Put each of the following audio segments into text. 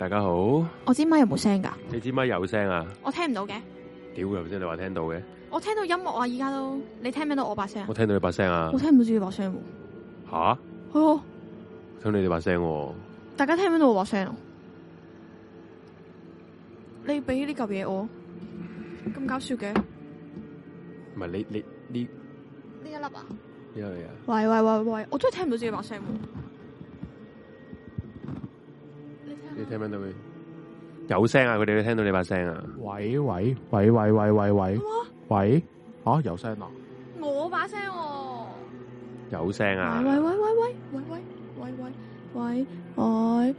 大家好，我枝咪有冇聲噶？你枝咪有聲啊？我聽唔到嘅，屌係咪先？你話聽到嘅？我聽到音樂啊，而家都你聽唔聽到我把聲？我聽到你把聲啊，我聽唔到自己把聲喎。吓、啊？哦，我聽到你哋把聲。大家聽唔聽到我把聲、啊？你俾呢嚿嘢我，咁搞笑嘅？唔係你你呢？呢一粒啊？呢粒啊？喂喂喂喂，我真係聽唔到自己把聲、啊。你聽唔聽到、uh？有聲啊！佢哋你聽到你把聲啊！喂喂喂喂喂喂喂喂啊！有聲啊！我把聲有聲啊！喂喂喂喂喂喂喂喂喂喂啊！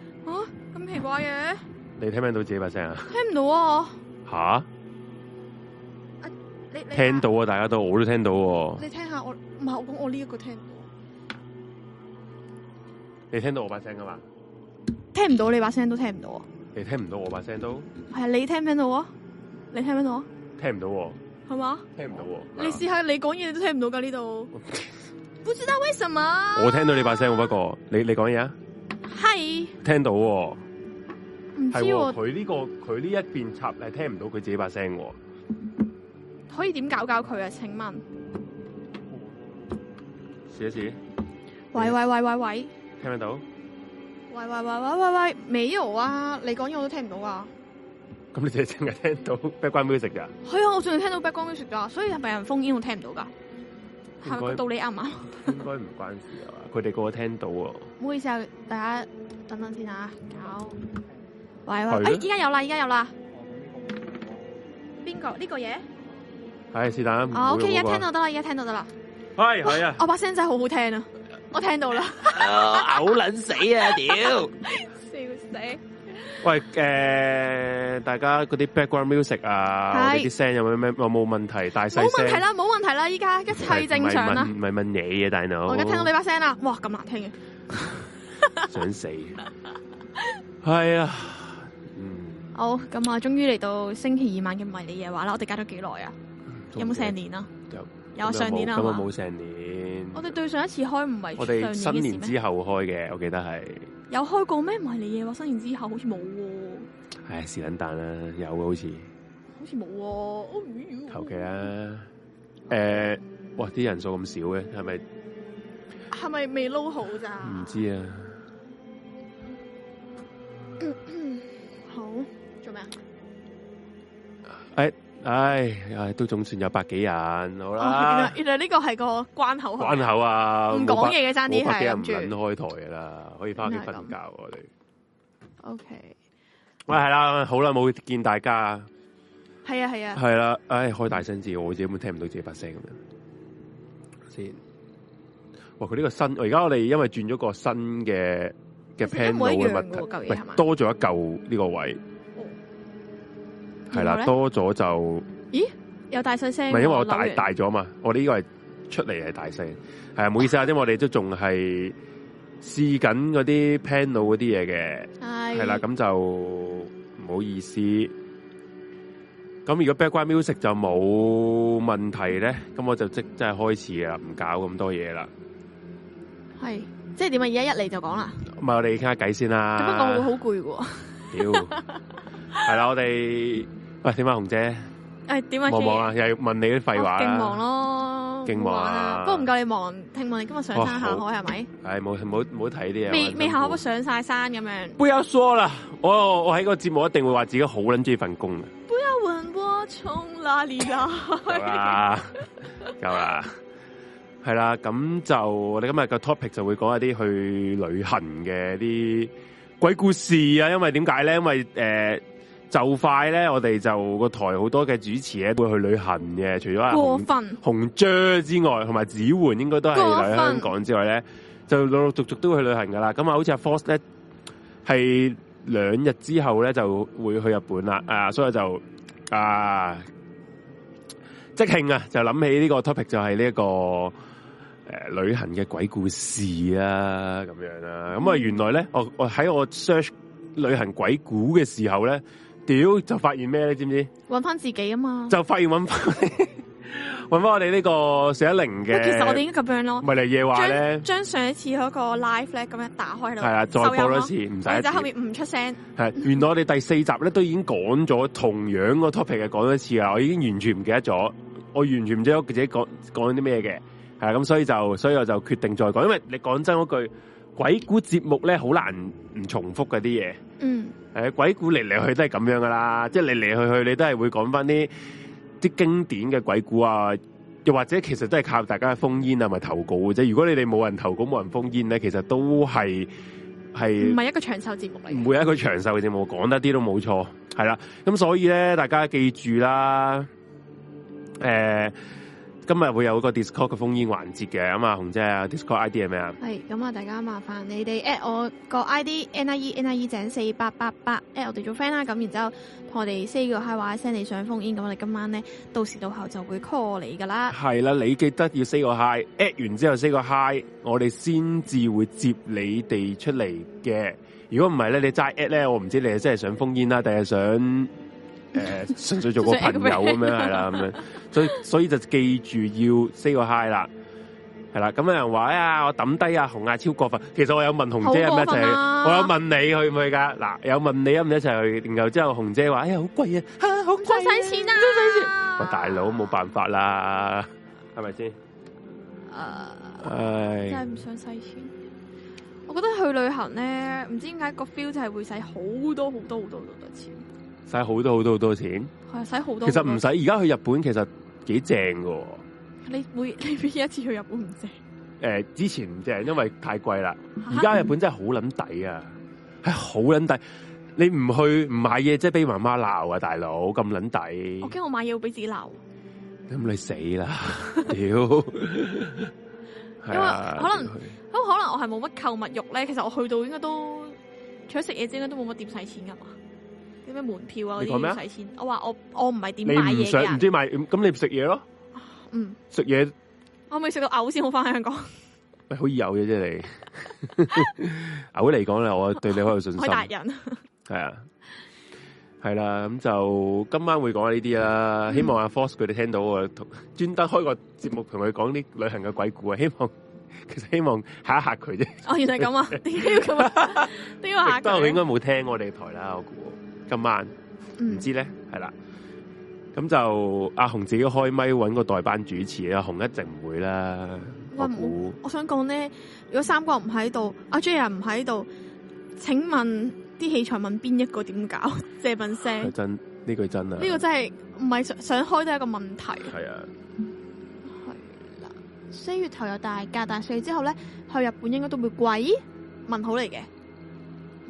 咁奇怪嘅，你聽唔聽到自己把聲啊？聽唔到啊！吓？你聽到啊？大家都我都聽到。你聽下我唔係我講我呢一個聽到。 你聽到我把聲㗎嘛？聽唔到，你把聲都聽唔到啊！你，你聽唔到我把聲都？係啊，你聽唔聽到啊？你聽唔聽到啊？聽唔到，係嘛？聽唔到，你試下你講嘢你都聽唔到噶呢度。不知道為什麼、啊？我聽到你把聲，不過你你講嘢啊？係聽到、哦，唔知喎。佢呢個佢呢一邊插係聽唔到佢自己把聲喎。可以點搞搞佢啊？請問，試一試。喂喂喂喂喂，聽唔聽到？喂喂喂喂喂喂，咪有啊？你講嘢我都聽唔到啊！咁你只係淨係聽到 background music 噶？係啊，我仲要聽到北 background music 噶，所以係咪人封音我聽唔到噶？係道理啱啊，應該唔關事啊，佢哋個個聽到啊！唔好意思啊，大家等等先吓、啊。搞，喂喂、啊，哎，依家有啦，依家有啦。邊個呢、這個嘢？係是但啊！哦、那個、OK，而家聽到得啦，而家聽到得啦。係係啊！我把聲仔好好聽啊！我聽到啦、 呃，嘔撚死啊！屌，笑死！喂，誒，大家嗰啲 background music 啊，嗰啲聲有冇咩？有冇問題？大細冇問題啦，冇問題啦，依家一切正常啦。唔係問嘢嘅、啊、Daniel 我而家聽到你把聲啦，哇，咁難聽嘅， 想死，係啊，嗯。 好，咁啊，終於嚟到星期二晚嘅迷你夜話啦，我哋隔咗幾耐啊，有冇成年啊？有上年啦，咁啊冇成年。我哋對上一次開唔係，我哋新年之後開嘅，我記得係。有開過咩？唔係你嘢喎，新年之後好似冇。係、哎、啊，是撚但啦，有好似。好似冇啊！求、哦、其、呃、啊！誒、嗯欸，哇，啲人數咁少嘅，係咪？係咪未撈好咋、啊？唔知啊。 好，做咩？誒、欸。唉，唉，都總算有百幾人，好啦，哦。原來呢個係個關口，關口啊，唔講嘢嘅爭啲係。唔肯開台啦，可以翻屋企瞓覺。我哋。OK。喂，係啦，好耐冇見大家。係啊，係啊。係啦，唉，開大聲啲，我自己根本聽唔到自己把聲咁樣。先。哇，佢呢個新，而家我哋因為轉咗個新嘅嘅 panel 嘅問題，多咗一嚿呢個位。係啦，多咗就咦，有大細聲。唔係因為我大大咗嘛，我哋呢個係出嚟係大聲，係啊，唔好意思啊，因為我哋都仲係試緊嗰啲 panel 嗰啲嘢嘅，係啦，咁、哎、就唔好意思。咁如果 background music 就冇問題咧，咁我就即即係開始啊，唔搞咁多嘢啦。係，即係點啊？而家一嚟就講啦。咪我哋傾下偈先啦。不過會好攰喎。屌，係啦，我哋。 喂，點啊，紅姐？誒、哎，點啊，忙忙啊？又問你啲廢話勁、啊、勁、哦、忙咯，勁忙、啊。不過唔夠你忙，聽聞你今日上山下海係咪？係冇，冇冇睇啲啊？未未下海，我、哎、上晒山咁樣。不要說啦，我我喺個節目一定會話自己好捻中意份工嘅。不要換波衝啦。夠啦，夠 啦。係啦，咁 就我哋今日個 topic 就會講一啲去旅行嘅啲鬼故事啊。因為點解咧？因為誒。呃就快咧，我哋就個台好多嘅主持咧會去旅行嘅，除咗紅過分紅 jez 之外，同埋子煥應該都係嚟香港之外咧，就陸陸續續都會去旅行噶啦。咁啊，好似阿 Force 咧係兩日之後咧就會去日本啦。啊，所以就啊即興啊就諗起呢個 topic 就係呢一個誒、呃、旅行嘅鬼故事啦，咁樣啦。咁啊，啊原來咧、嗯，我我喺我 search 旅行鬼故嘅時候咧。屌、哎、就發現咩你知唔知？揾翻自己啊嘛！就發現揾揾翻我哋呢個四一零嘅。其實我哋應該咁樣咯。咪嚟夜話咧，將上一次嗰個 live 咧咁樣打開咯。係啊，再播多次，唔使。就後面唔出聲。係，原來我哋第四集咧都已經講咗同樣個 topic 嘅講咗一次啊！我已經完全唔記得咗，我完全唔知我自己講講啲咩嘅。係啊，咁所以就所以我就決定再講，因為你講真嗰句。鬼故節目咧，好難唔重複嗰啲嘢。嗯，誒、呃，鬼故嚟嚟去都係咁樣噶啦，即係嚟嚟去去你都係會講翻啲啲經典嘅鬼故啊，又或者其實都係靠大家嘅封煙啊，咪投稿嘅啫。如果你哋冇人投稿，冇人封煙咧，其實都係係唔係一個長壽節目嚟，唔會一個長壽嘅節目，講得啲都冇錯，係啦。咁所以咧，大家記住啦，誒、呃。今日會有個 Discord 嘅封煙環節嘅，咁啊紅姐啊、嗯、Discord ID 係咩啊？係，咁啊大家麻煩你哋 at 我個 ID NIE NIE 井四八八八 at 我哋做 friend 啦，咁然之後同我哋 say 個 high n d 你想封煙，咁我哋今晚咧到時到後就會 call 你噶啦。係啦，你記得要 say 個 high，at 完之後 say 個 high，我哋先至會接你哋出嚟嘅。如果唔係咧，你齋 at 咧，我唔知你係真係想封煙啦，定係想？誒、呃，純粹做個朋友咁樣係啦，咁樣，所以所以就記住要 say 個 hi 啦，係啦。咁有人話、哎、呀，我抌低呀，紅啊，超過分。其實我有問紅姐、啊、一唔一齊，我有問你去唔去噶？嗱，有問你一唔一齊去？然後之後紅姐話哎呀，好貴啊，吓、啊，好使、啊、錢啊，錢大佬冇辦法啦，係咪先？誒，真係唔想使錢。我覺得去旅行咧，唔知點解個 feel 就係會使好多好多好多好多好多錢。使好多好多好多錢，係使好多。其實唔使，而家去日本其實幾正噶、哦。你每你邊一次去日本唔正？誒、呃，之前唔正，因為太貴啦。而、啊、家日本真係好捻抵啊，係好捻抵。你唔去唔買嘢，即係俾媽媽鬧啊，大佬咁捻抵。我驚我買嘢會俾自己鬧、啊。咁你要要死啦！屌 因為可能好 可能我係冇乜購物欲咧。其實我去到應該都除咗食嘢之外，應該都冇乜點使錢噶嘛。咩門票啊？嗰啲使錢，我話我我唔係點買嘢嘅人唔知買咁，你唔食嘢咯？嗯，食嘢，我咪食到嘔先，好翻香港、欸。喂，好易嘔嘅啫，你嘔嚟講咧，我對你好有信心。達人係 啊，係啦、啊，咁就今晚會講呢啲啦。希望阿 Force 佢哋聽到，同專登開個節目同佢講啲旅行嘅鬼故啊。希望,、啊嗯、希望其實希望吓一吓佢啫。哦，原來咁啊？點 解要咁啊？點解吓？不過佢應該冇聽我哋台啦，我估。今晚唔、嗯、知咧，係啦，咁就阿紅、啊、自己開咪揾個代班主持啦。紅、啊、一直唔會啦。嗯、我唔會，我想講咧，如果三國唔喺度，阿 j a 唔喺度，請問啲器材問邊一個點搞？借 問聲，真呢句真啊？呢、這個真係唔係想開都係一個問題。係啊，係啦，四月頭又大假大歲之後咧，去日本應該都會貴。問好嚟嘅。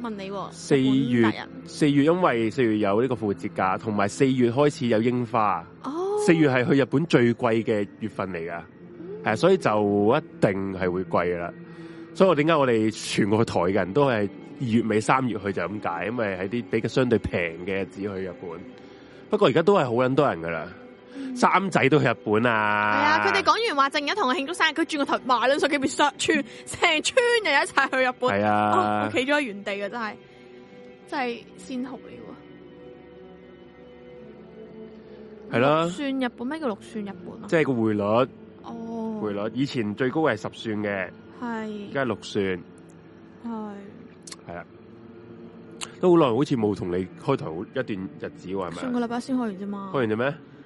問你四月四月，因為四月有呢個復活節假，同埋四月開始有櫻花，oh. 四月係去日本最貴嘅月份嚟噶，係，所以就一定係會貴噶啦。所以為什麼我點解我哋全個台嘅人都係二月尾三月去就咁解，因為喺啲比較相對平嘅日子去日本。不過而家都係好捻多人噶啦。嗯、三仔都去日本啊！係啊，佢哋講完話，正日同我慶祝生日，佢轉個頭話兩歲，佢變十串，成村人一齊去日本。係啊，企咗喺原地嘅真係真係仙豪了啊！係咯，算日本咩叫六算日本啊？即係個匯率哦，匯率以前最高係十算嘅，係而家係六算，係係啊，都好耐，好似冇同你開頭一段日子，係咪上個禮拜先開完啫嘛？開完啫咩？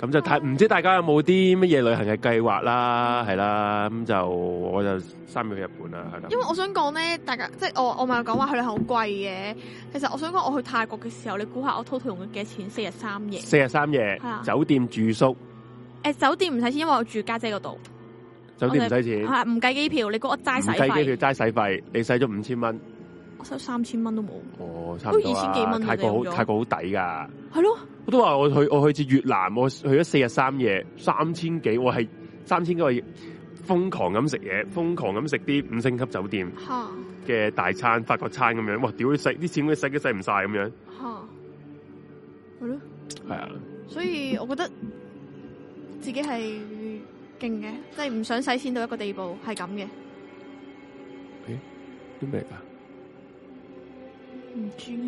咁就睇唔知大家有冇啲乜嘢旅行嘅計劃啦，係啦，咁就我就三月去日本啦，係啦。因為我想講咧，大家即係我我咪講話去旅行好貴嘅。其實我想講我去泰國嘅時候，你估下我 total 用咗幾多錢？四日三夜。四日三夜，啊、酒店住宿。誒、欸，酒店唔使錢，因為我住家姐嗰度。酒店唔使錢。係唔計機票？你估我齋使？唔計機票，齋使費，你使咗五千蚊。我收三千蚊都冇，哦，都二千幾蚊。泰國好，泰國好抵噶。係咯，我都話我去我去次越南，我去咗四日三夜，三千幾，我係三千幾，我瘋狂咁食嘢，瘋狂咁食啲五星級酒店嘅大餐、法國餐咁樣。哇，屌，你使啲錢，你使都使唔晒咁樣。吓，係咯，係啊。所以我覺得自己係勁嘅，即係唔想使錢到一個地步，係咁嘅。誒、欸，啲咩噶？唔知喎，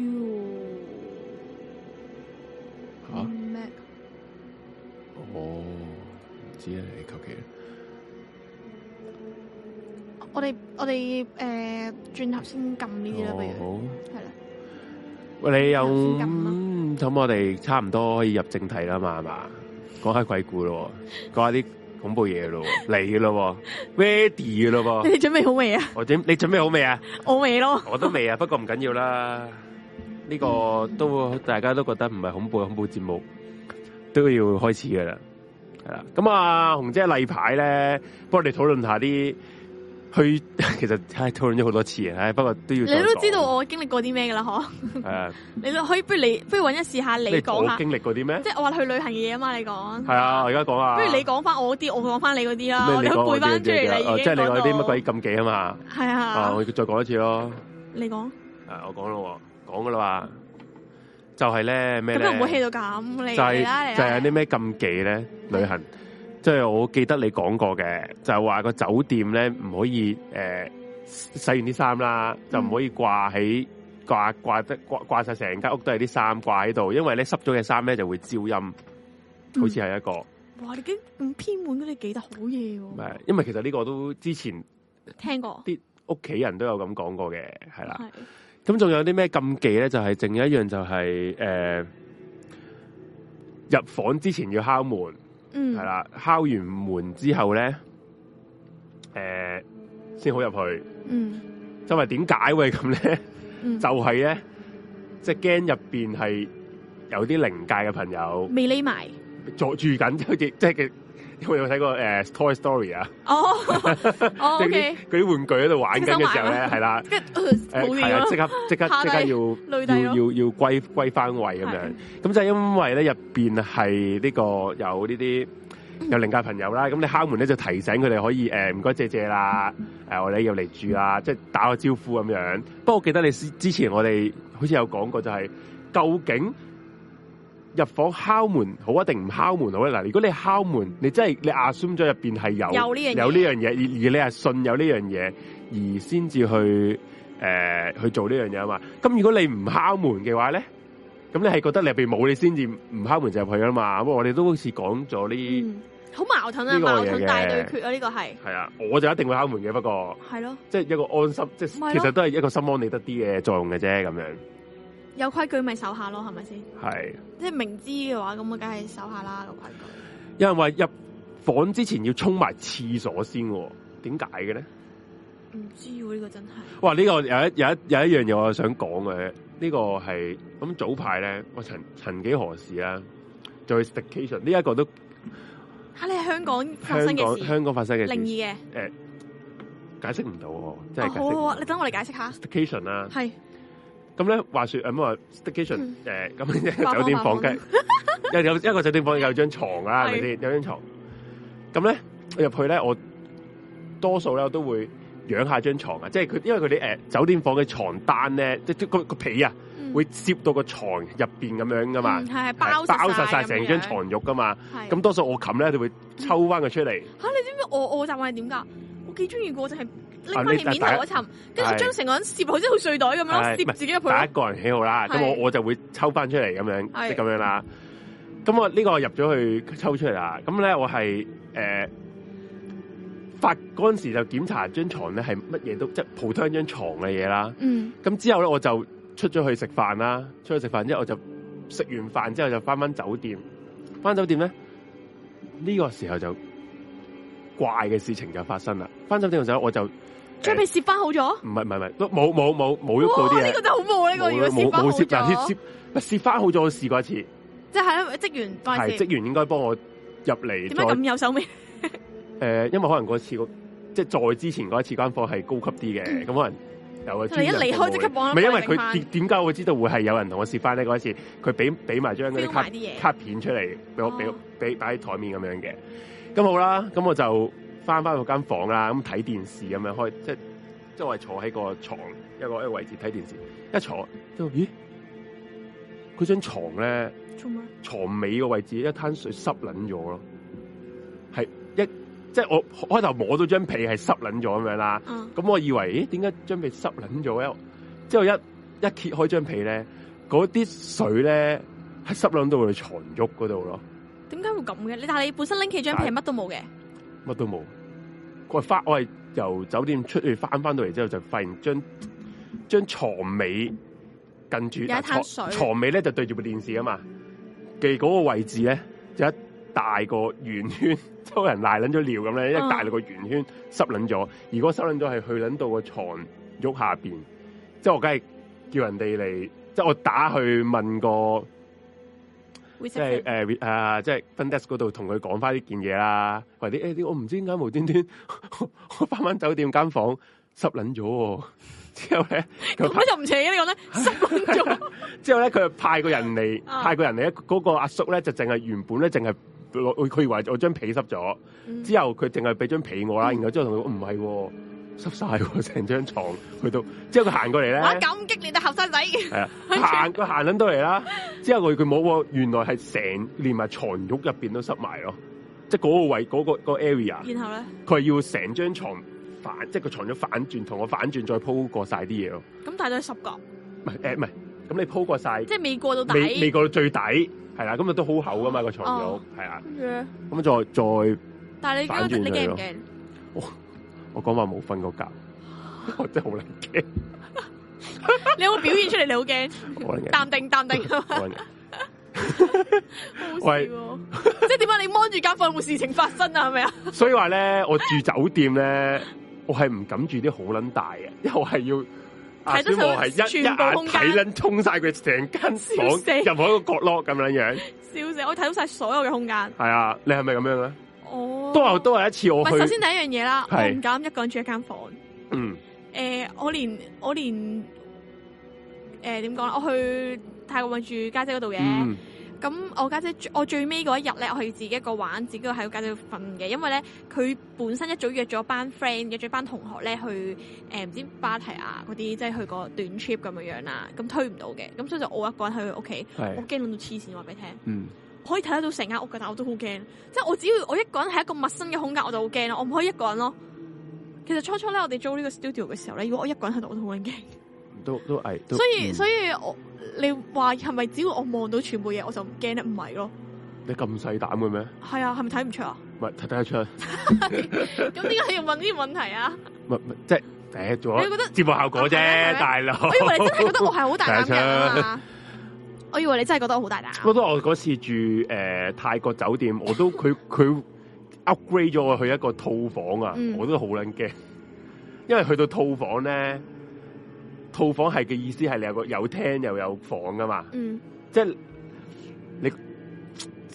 吓咩？哦，唔知啊，你求其，我哋我哋誒、呃、轉頭先撳呢啲啦，不、哦、如係啦。喂，你有咁，咁我哋差唔多可以入正題啦嘛，係嘛？講下鬼故咯，講下啲。恐怖嘢咯，嚟 咯來了 ，ready 嘅咯，你準備好未啊？我點你準備好未啊？我未咯，我都未啊，不過唔緊要啦，呢、這個都大家都覺得唔係恐怖恐怖節目，都要開始噶啦，係啦，咁啊，紅姐例牌咧，幫我哋討論下啲。去其實唉討論咗好多次啊，唉、哎、不過都要你都知道我經歷過啲咩噶啦嗬。Uh, 你都可以不如你不如搵一次下你講下經歷過啲咩？即係我話去旅行嘅嘢啊嘛，你講。係啊，我而家講啊。不如你講翻我啲，我講翻、就是、你嗰啲、uh, 啊，啊。你去背翻諸如你即係你嗰啲乜鬼禁忌啊嘛。係、uh, uh, 啊。我再講一次咯。你講。誒、uh,，我講咯，講噶啦嘛。就係咧咩？咁都唔會氣到咁就啦嚟啦。就係啲咩禁忌咧？旅行。嗯即係我記得你講過嘅，就係話個酒店咧唔可以誒、呃、洗完啲衫啦，嗯、就唔可以掛喺掛掛得掛掛晒成間屋都係啲衫掛喺度，因為咧濕咗嘅衫咧就會招陰，嗯、好似係一個。哇！你竟咁偏門，你記得好嘢喎。係，因為其實呢個都之前聽過，啲屋企人都有咁講過嘅，係啦。咁仲有啲咩禁忌咧？就係淨係一樣就係、是、誒、呃、入房之前要敲門。係、嗯、啦，敲完門之後咧，誒、呃，先好入去。嗯，就係點解會咁咧？就係、是、咧，即係驚入邊係有啲靈界嘅朋友未匿埋坐住緊，即係嘅。就是我有睇過誒、uh, Toy Story 啊，oh, oh, okay. 呃呃、哦，即係啲玩具喺度玩緊嘅時候咧，係啦，係啊，即刻即刻即刻要刻要要要歸歸翻位咁樣，咁就因為咧入邊係呢面、呢個有呢啲有靈界朋友啦，咁你敲門咧就提醒佢哋可以誒唔該謝謝姐姐啦，誒、嗯呃、我哋又嚟住啦、啊，即、就、係、是、打個招呼咁樣。不過我記得你之前我哋好似有講過就係、是、究竟。入房敲門好啊定唔敲門好嗱，如果你敲門，你真係你 assume 咗入邊係有有呢樣嘢，而你係信有呢樣嘢而先至去誒、呃、去做呢樣嘢啊嘛。咁如果你唔敲門嘅話咧，咁你係覺得你入邊冇你先至唔敲門就入去啊嘛。咁我哋都好似講咗呢，好、嗯、矛盾啊、這個，矛盾大對決啊、呢、這個係係啊,我就一定會敲門嘅，不過係咯，即係、就是、一個安心，即、就、係、是、其，其實都係一個心安理得啲嘅作用嘅啫，咁樣。有規矩咪守下咯，係咪先？係。即係明知嘅話，咁我梗係守下啦個規矩。有人話入房之前要沖埋廁所先，點解嘅咧？唔知呢、哦這個真係。哇！呢、這個有一有一有一樣嘢我想講嘅，這個、是那早呢個係咁早排咧，我曾陳幾何時啦、啊，做 station 呢一個都吓、啊、你是香港香港香港發生嘅香港發生嘅靈異嘅，誒、欸，解釋唔到，真係、哦。好、哦，你等我嚟解釋下 station 啦。係、啊。是咁咧，話説阿乜話 station 誒，咁、呃嗯呃、酒, 酒店房間有，有一個酒店房有張床啊，係咪先？有張床。咁咧入去咧，我多數咧都會養一下一張床啊，即係佢因為佢哋誒酒店房嘅床單咧，即係、嗰個個被啊，嗯、會攝到個床入邊咁樣噶嘛，係、嗯、包包實晒成張床褥噶嘛。咁多數我冚咧就會抽翻佢出嚟、嗯。嚇、啊！你知唔知我我就係點㗎？我幾中意個就係、是。拎翻面層跟住將成個人摵，好似好睡袋咁樣咯，自己一個人喜好啦，咁我我就會抽翻出嚟咁樣，即咁樣啦。咁我呢、呢個入咗去抽出嚟、呃就是、啦，咁咧我係誒，發嗰陣時就檢查張床咧係乜嘢都，即係普通一張床嘅嘢啦。咁之後咧我就出咗去食飯啦，出去食飯之後我就食完飯之後就翻翻酒店，翻酒店咧呢、呢個時候就。怪嘅事情就發生啦！翻咗呢條我就準備攝翻好咗。唔係唔係唔係，都冇冇冇冇喐到啲。人。呢、呢個真好冇呢、呢個。如果冇冇攝嗱攝翻好咗試過一次。即係咧，職員怪事。係職員應該幫我入嚟。點解咁有手尾 、呃？因為可能嗰次，即係再之前嗰一次關課係高級啲嘅，咁、嗯、可能有係一,一離開即刻冇啦。唔係因為佢點解會知道會係有人同我攝翻呢？嗰一次佢俾俾埋張啲卡卡片出嚟俾我俾俾擺喺台面咁樣嘅。咁好啦，咁我就翻翻個間房啦，咁睇電視咁樣開，即係即係我係坐喺個床一個一個位置睇電視，一坐就咦，佢張床咧，床尾個位置一灘水濕撚咗咯，係一即係我開頭摸到張被係濕撚咗咁樣啦，咁、嗯、我以為咦點解張被濕撚咗咧？之後一一揭開張被咧，嗰啲水咧係濕撚到去床褥嗰度咯。點解會咁嘅？你但係你本身拎起張皮乜都冇嘅，乜都冇。我翻我係由酒店出去翻翻到嚟之後就發現張張床尾近住床，啊、床尾咧就對住部電視啊嘛。嘅、那、嗰個位置咧就一大個圓圈，有人瀨撚咗尿咁咧、嗯，一大一個圓圈濕撚咗。如果濕撚咗係去撚到個床褥下邊，即係我梗係叫人哋嚟，即係我打去問個。即係誒啊，即係 Fundesk 嗰度同佢講翻呢件嘢啦，或者誒啲我唔知點解無端端我返返酒店間房濕撚咗，之後咧我就唔邪嘅、啊這個、呢個咧濕撚咗， 濕了 之後咧佢就派個人嚟，派個人嚟，嗰、啊那個阿叔咧就淨係原本咧淨係佢以為我張被濕咗，之後佢淨係俾張被我啦，然後之後同佢唔係。嗯濕晒喎，成張床去到，之後佢行過嚟咧，哇！感激你哋後生仔，係啊，行佢行緊到嚟啦，之後佢佢冇喎，原來係成連埋床褥入邊都濕埋咯，即係嗰個位嗰、個、個 area。然後咧，佢係要成張床反，即係個床褥反轉，同我反轉再鋪過晒啲嘢咯。咁大概濕角，唔係誒，唔、呃、係，咁你鋪過晒，即係未過到底，未過到最底，係啦、啊，咁啊都好厚噶嘛個床褥，係、哦、啊，跟咁再再，但係你反轉、啊、你記唔記？哦我講話冇瞓過覺，我真係好撚驚。你有冇表現出嚟？你好驚？淡定，淡定。喂，即係點解你摸住間房會事情發生啊？係咪啊？所以話咧，我住酒店咧，我係唔敢住啲好撚大嘅，因為我係要阿蕭禾係一一眼睇撚通晒佢成間房，任何一個角落咁樣樣。笑死！我睇到晒所有嘅空間。係啊，你係咪咁樣咧？都係係一次我去首先第一樣嘢啦，我唔敢一個人住一間房。嗯。誒、呃，我連我連誒點講咧？我去泰國住家姐嗰度嘅。咁、嗯、我家姐，姐我最尾嗰一日咧，我係自己一個玩，自己喺個家姐度瞓嘅。因為咧，佢本身一早約咗班 friend，約咗班同學咧去誒唔、呃、知芭提雅嗰啲，即係去個短 trip 咁樣樣啦。咁推唔到嘅，咁所以就我一個人喺佢屋企，我驚到黐線，話俾你聽。嗯。可以睇得到成間屋㗎，但我都好驚，即係我只要我一個人喺一個陌生嘅空間，我就好驚，我唔可以一個人咯。其實初初咧，我哋租呢個 studio 嘅時候咧，如果我一個人喺度，我都好驚。都都危。所以、嗯、所以我，我你話係咪只要我望到全部嘢，我就唔驚？唔係咯。你咁細膽嘅咩？係啊，係咪睇唔出啊？唔係，睇得出。咁點解要問呢啲問題啊？唔係唔係，即係誒咗。你覺得節目效果啫、啊啊，大佬。 我以為你真係覺得我係好大膽嘅。看 我以為你真係覺得好大壓力。我覺得我嗰次住、呃、泰國酒店，我都佢佢 upgrade 咗我去一個套房啊，嗯、我都好撚驚。因為去到套房咧，套房係嘅意思係你有個有廳又有房噶嘛。嗯，即你，即係你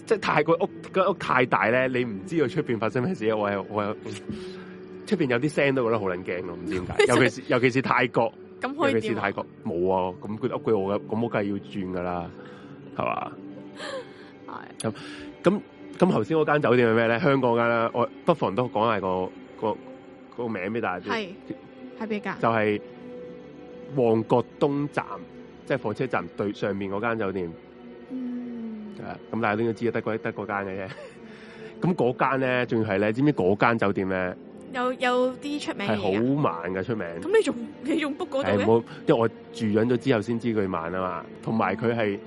即係泰國屋，屋太大咧，你唔知道出面發生咩事。我係我有出面有啲聲都覺得好撚驚，我唔知點解。 尤其是尤其是泰國。尤其 是泰國冇啊，咁佢屋句我嘅，咁我梗係要轉噶啦，係嘛？係。咁咁咁，頭先嗰間酒店係咩咧？香港間啦，我不妨都講下、個個個名俾大家知。係，係邊間？就係、是、旺角東站，即、就、係、是、火車站對上面嗰間酒店。嗯。係啊，咁大家都應該知得個得個間嘅啫。咁 嗰間咧，仲要係咧，知唔知嗰間酒店咧？有有啲出名係好慢嘅出名。咁你仲你仲 book 嗰度咧？我、欸，我住緊咗之後先知佢慢啊嘛。同埋佢係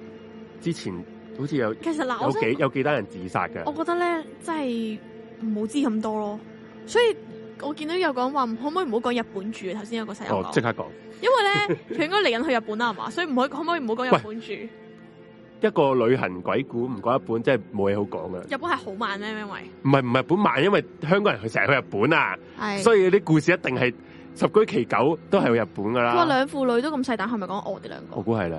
之前好似有，其實嗱，有幾有幾多人自殺嘅。我覺得咧，真係唔好知咁多咯。所以我見到有個人話，可唔可以唔好講日本住啊？頭先有個室友講，即、哦、刻講，因為咧佢應該嚟緊去日本啦，係嘛，所以唔可以，可唔可以唔好講日本住。一個旅行鬼故唔講一本，真係冇嘢好講噶。日本係好慢咩？因為唔係唔係本慢，因為香港人佢成日去日本啊，所以啲故事一定係十居其九都係去日本噶啦。咁兩父女都咁細膽，係咪講我哋兩個？我估係啦，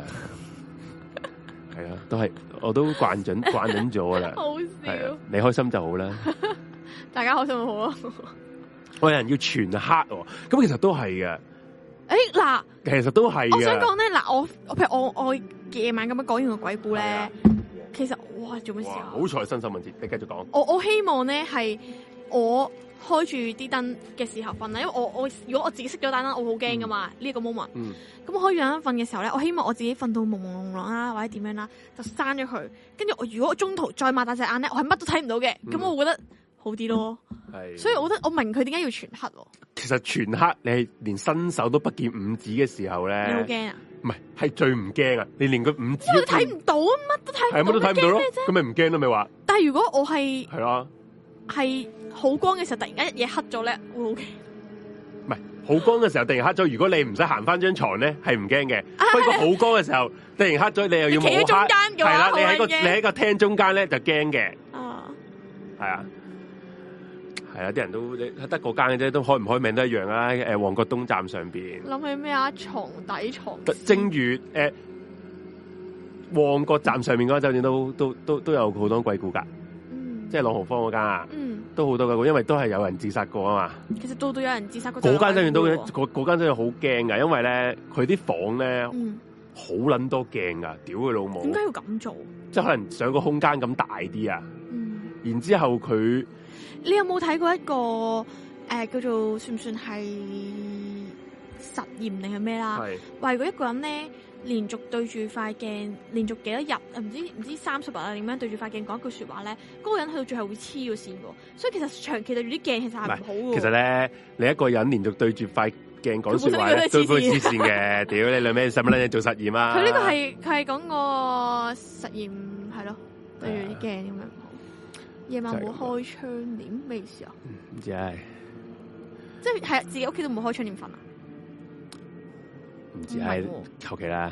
係 啊，都係我都慣准慣准咗噶啦。 好笑，啊，你開心就好啦。 大家開心就好啊。 我有人要全黑喎，哦，咁其實都係嘅。誒、欸、嗱，其實都係。我想講咧，嗱，我我譬如我我夜晚咁樣講完個鬼故咧，其實哇做咩事啊？好彩，新新聞節，你繼續講。我我希望咧係我開住啲燈嘅時候瞓啦，因爲我我如果我自己熄咗盞燈，我好驚噶嘛呢、嗯這個 moment。咁、嗯、我開住盞燈瞓嘅時候咧，我希望我自己瞓到朦朦朧朧啦，或者點樣啦、啊，就閂咗佢。跟住我如果中途再擘大隻眼咧，我係乜都睇唔到嘅。咁我會覺得。好啲咯，所以我覺得我問佢點解要全黑？其實全黑你連伸手都不見五指嘅時候咧，好驚啊？唔係係最唔驚啊！你連個五指不不，啊、都睇唔到，乜都睇，乜都睇唔到咯，咁咪唔驚咯？咪話？但係如果我係係咯，係好、啊、光嘅時候突然間一嘢黑咗咧，會好驚？唔係好光嘅時候突然黑咗， 如果你唔使行翻張床咧，係唔驚嘅。不過好光嘅時候 突然黑咗，你又要冇黑，企喺中間，係啦，啊，你喺個你喺個廳中間咧就驚嘅。啊，係啊。係啊，啲人都得嗰間嘅啫，都開唔開名都一樣啊。誒，旺角東站上邊，諗起咩啊？床底床，正月誒，旺角站上面嗰間酒店都都都都有好多鬼故噶、嗯，即係朗豪坊嗰間啊，嗯，都好多鬼故，因為都係有人自殺過啊嘛。其實都都有人自殺嗰間酒店都間真係好驚噶，因為咧佢啲房咧好捻多鏡噶，屌佢老母，點解要咁做？即係可能想個空間咁大啲啊，嗯，然之後佢。你有冇睇過一個誒、呃、叫做算唔算係實驗定係咩啦？如果一個人咧，連續對住塊鏡連續幾多日，唔知唔知三十日啊定咩，點樣對住塊鏡講一句說話咧，嗰個人去到最後會黐咗線嘅。所以其實長期對住啲鏡其實係唔好嘅。其實咧，你一個人連續對住塊鏡講說話不次次都會黐線嘅。屌 你兩咩細蚊仔做實驗啊！佢呢個係佢係講個實驗係咯，對住啲鏡咁樣。Yeah. 夜晚冇開窗簾，咩意思啊？唔、嗯、知係，即係自己屋企都冇開窗簾瞓啊， 啊？唔知係求其啦。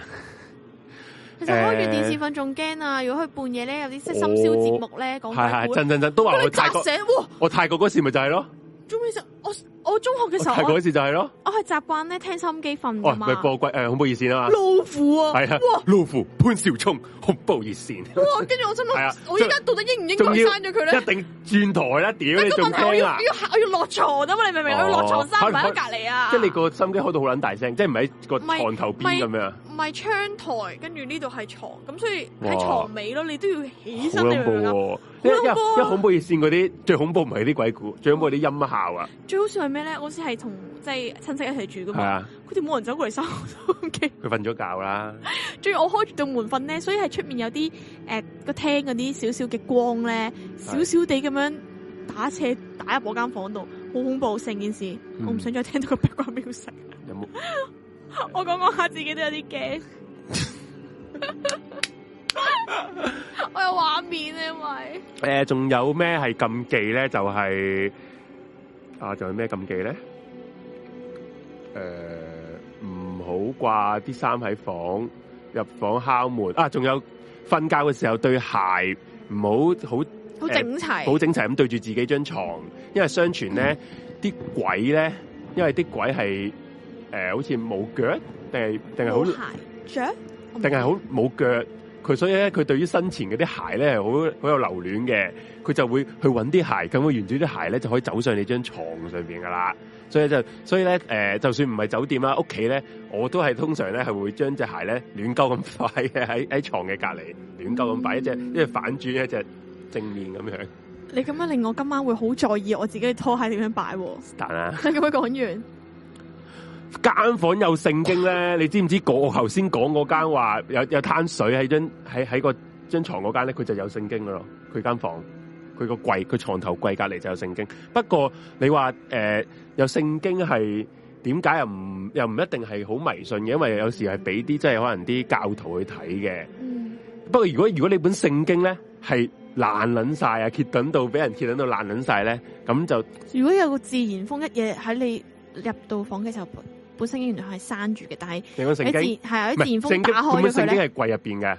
其實開住電視瞓仲驚啊！如果佢半夜咧，有啲即係深宵節目咧，講係係震震震，都話去泰國。哇！我泰國嗰時咪就係咯。做咩事？我。我中學嘅時候，嗰、okay, 時就係咯，我係習慣咧聽收音機瞓咪播鬼誒、呃、恐怖熱線啊！老虎啊，係、啊、哇，老虎潘少聰恐怖熱線、啊。哇，跟住我真係、啊，我而家到底應唔應該閂咗佢咧？一定轉台啦，屌！即係我我要我要落床啊嘛，你明唔明、哦？我要落床閂喺隔籬啊！即係、啊、你個收音機開到好撚大聲，即係唔喺個床頭邊咁樣，唔係窗台，跟住呢度係床，咁所以喺床尾咯，你都要起身。起恐怖一、啊啊、恐怖熱、啊、線嗰啲最恐怖唔係啲鬼故，最恐怖啲音效啊！最好咩咧？我好似係同即係親戚一齊住噶嘛。佢哋冇人走過嚟收。佢瞓咗覺啦。仲要我開住道門瞓咧，所以係出面有啲誒個廳嗰啲少少嘅光咧，少少地咁樣打斜打入我間房度，好恐怖的。成件事我唔想再聽到個壁卦描述。有冇？我講講下自己都有啲驚。我有畫面咧、呃，因為。誒，仲有咩係禁忌咧？就係、是。啊！仲有咩禁忌咧？誒、呃，唔好掛啲衫喺房，入房敲門。啊，仲有瞓覺嘅時候對鞋唔好好好整齊，好、呃、整齊咁對住自己張床。因為相傳咧，啲、嗯、鬼咧，因為啲鬼係、呃、好似冇腳定係定係好鞋定係好冇腳。佢所以咧，佢對於生前嗰啲鞋咧，好好有留戀嘅。佢就會去揾啲鞋，咁佢沿住啲鞋咧，就可以走上你張床上邊噶啦。所以就所以咧，誒、呃，就算唔係酒店啦，屋企咧，我都係通常咧係會將隻鞋咧亂鳩咁擺喺喺床嘅隔離，亂鳩咁擺一隻，即、嗯、係反轉一隻正面咁樣。你咁樣令我今晚會好在意我自己嘅拖鞋點樣擺喎？但啊，咁樣講完。間房間有聖經咧，你知唔知我頭先講嗰間話有有攤水喺張喺喺個張床嗰間咧，佢就有聖經噶咯。佢間房佢個櫃佢床頭櫃隔籬就有聖經。不過你話誒、呃、有聖經係點解又唔又唔一定係好迷信嘅？因為有時係俾啲即係可能啲教徒去睇嘅、嗯。不過如果如果你本聖經咧係爛捻曬啊，揭抌到俾人揭抌到爛捻曬咧，咁就如果有個自然風一夜喺你入到房嘅時候。本身原來係閂住嘅，但係你電係喺電風打開咗咧。本身係櫃入邊嘅，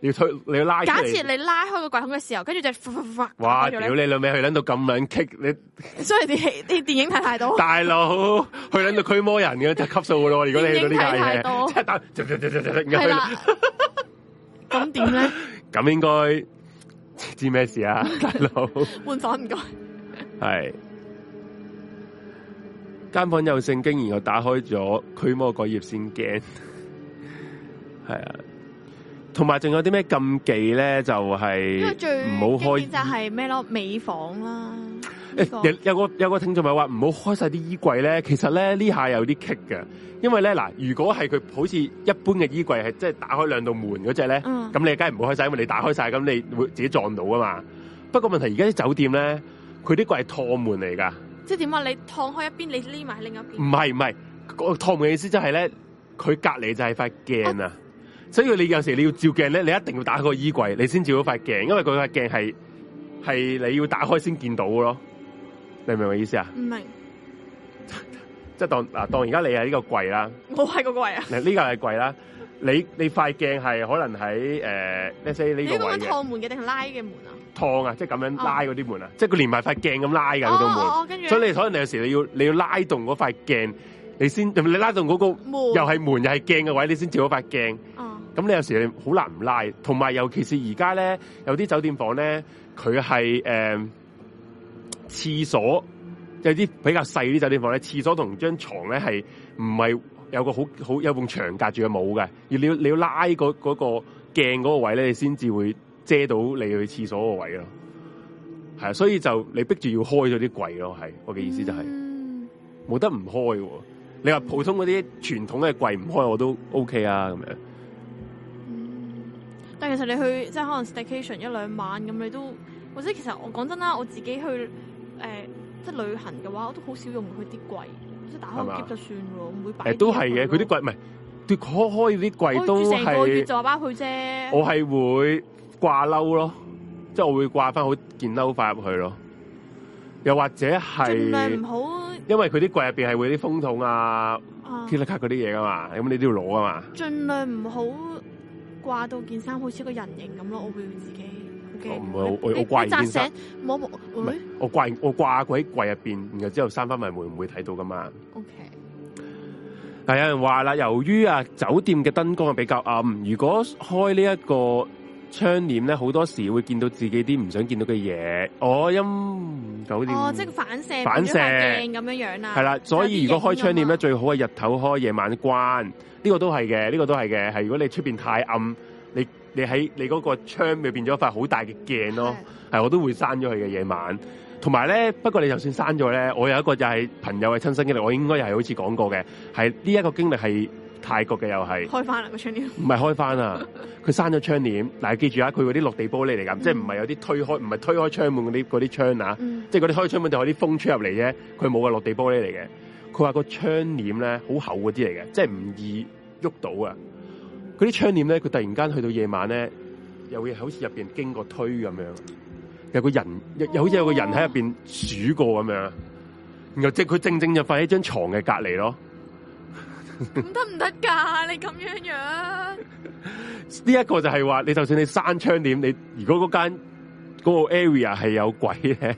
你要推你要拉。假設你拉開個櫃桶嘅時候，跟住就哇！哇！屌你老味，去撚到咁卵棘，你所以啲戲啲電影睇太多。大佬，去撚到驅魔人嘅就級數嘅咯，如果你睇到呢家嘢，即係打。係啦，咁點咧？咁應該知咩事啊？大佬，換房唔該，係。間房有聖經，然又打開咗驅魔嗰頁先驚，係啊，同埋仲有啲咩禁忌咧？就係唔好開。就係咩咯？美房啦，啊這個哎。有有個有個聽眾咪話唔好開晒啲衣櫃咧。其實咧呢這下有啲棘嘅，因為咧嗱，如果係佢好似一般嘅衣櫃係即係打開兩道門嗰隻咧，咁、嗯、你梗係唔好開晒，因為你打開晒咁你會自己撞到啊嘛。不過問題而家啲酒店咧，佢啲櫃係趟門嚟噶。即係點啊？你燙開一邊，你匿埋喺另一邊。唔係唔係，個燙門嘅意思即係咧，佢隔籬就係塊鏡啊，所以你有時你要照鏡咧，你一定要打開個衣櫃，你先照到塊鏡，因為嗰塊鏡係係你要打開先見到嘅咯。你明唔明我意思啊？唔明。 即係當嗱，當而家你係呢個櫃啦，我喺個櫃啊。 呢個係櫃啦，你你塊鏡係可能喺誒呢些呢個位嘅。你講緊燙門嘅定係拉嘅門啊？框啊，即係咁樣拉嗰啲門啊，即係佢連埋塊鏡咁拉噶嗰種門，啊啊門啊，所以你可能有時你要你要拉動嗰塊鏡，你先你拉動嗰個又係門又係門又係鏡嘅位置，你先照嗰塊鏡。哦，咁你有時好難唔拉，同埋尤其是而家咧，有啲酒店房咧，佢係誒廁所有啲比較細啲酒店房咧，廁所同張床咧係唔係有個好好有埲牆隔住嘅冇嘅，你要你要拉嗰、嗰個鏡嗰、嗰個、個位咧，你先至會。遮到你去廁所個位咯，係啊，所以就你逼住要開咗啲櫃咯，係我嘅意思就係、是，冇、嗯、得唔開嘅。你話普通嗰啲傳統嘅櫃唔開我都 O、OK、K 啊，咁樣。但、嗯、係其實你去即係可能 staycation 一兩晚咁，你都或者其實我講真啦，我自己去誒、呃、即係旅行嘅話，我都好少用佢啲櫃，即係打開篋就算咯，唔會擺。都係嘅，佢啲櫃唔係，開開啲櫃都成個月就包佢啫，我係會。掛褸咯，即係我會掛翻好件褸翻入去咯，又或者係盡量唔好，因為佢啲櫃入邊係會有啲風筒啊、貼恤卡嗰啲嘢噶嘛，咁你都要攞啊嘛。盡量唔好掛到件衫，好似個人形咁咯。我會自己、okay? 我唔會我我掛件衫，我掛我掛佢喺櫃入邊，然後之後閂翻埋門，會唔會睇到噶嘛？O K。但有人話啦，由於啊酒店嘅燈光係比較暗，如果開呢、這、一個。窗簾咧，好多時會見到自己啲唔想見到嘅嘢。哦，陰九點哦，即係反射，反射鏡咁樣樣，啊、啦，係啦。所以如果開窗簾咧，啊，最好係日頭開，夜晚關。呢、這個都係嘅，呢、這個都係嘅。係如果你出邊太暗，你你喺你嗰個窗裏變咗一塊好大嘅鏡咯。係我都會閂咗佢嘅夜晚。同埋咧，不過你就算閂咗咧，我有一個就係朋友嘅親身經歷，我應該又係好似講過嘅，係呢一個經歷係。泰國嘅又係開翻啦個窗簾，唔係開翻啊！佢閂咗窗簾。嗱，記住啊，佢嗰啲落地玻璃嚟噶，mm. 即係唔係有啲推開，唔係推開窗門嗰啲啲窗啊，mm. 即係嗰啲開窗門就有啲風吹入嚟啫。佢冇個落地玻璃嚟嘅。佢話個窗簾咧好厚嗰啲嚟嘅，即係唔易喐到啊。嗰啲窗簾咧，佢突然間去到夜晚咧，又會好似入邊經過推咁樣，有個人又、oh. 又好似有個人喺入邊鼠過咁樣，然後即係佢正正就瞓喺張床嘅隔籬咯。得唔得噶？你咁樣樣呢一個就係話，你就算你閂窗簾，你如果嗰間嗰個 area 係有鬼嘅，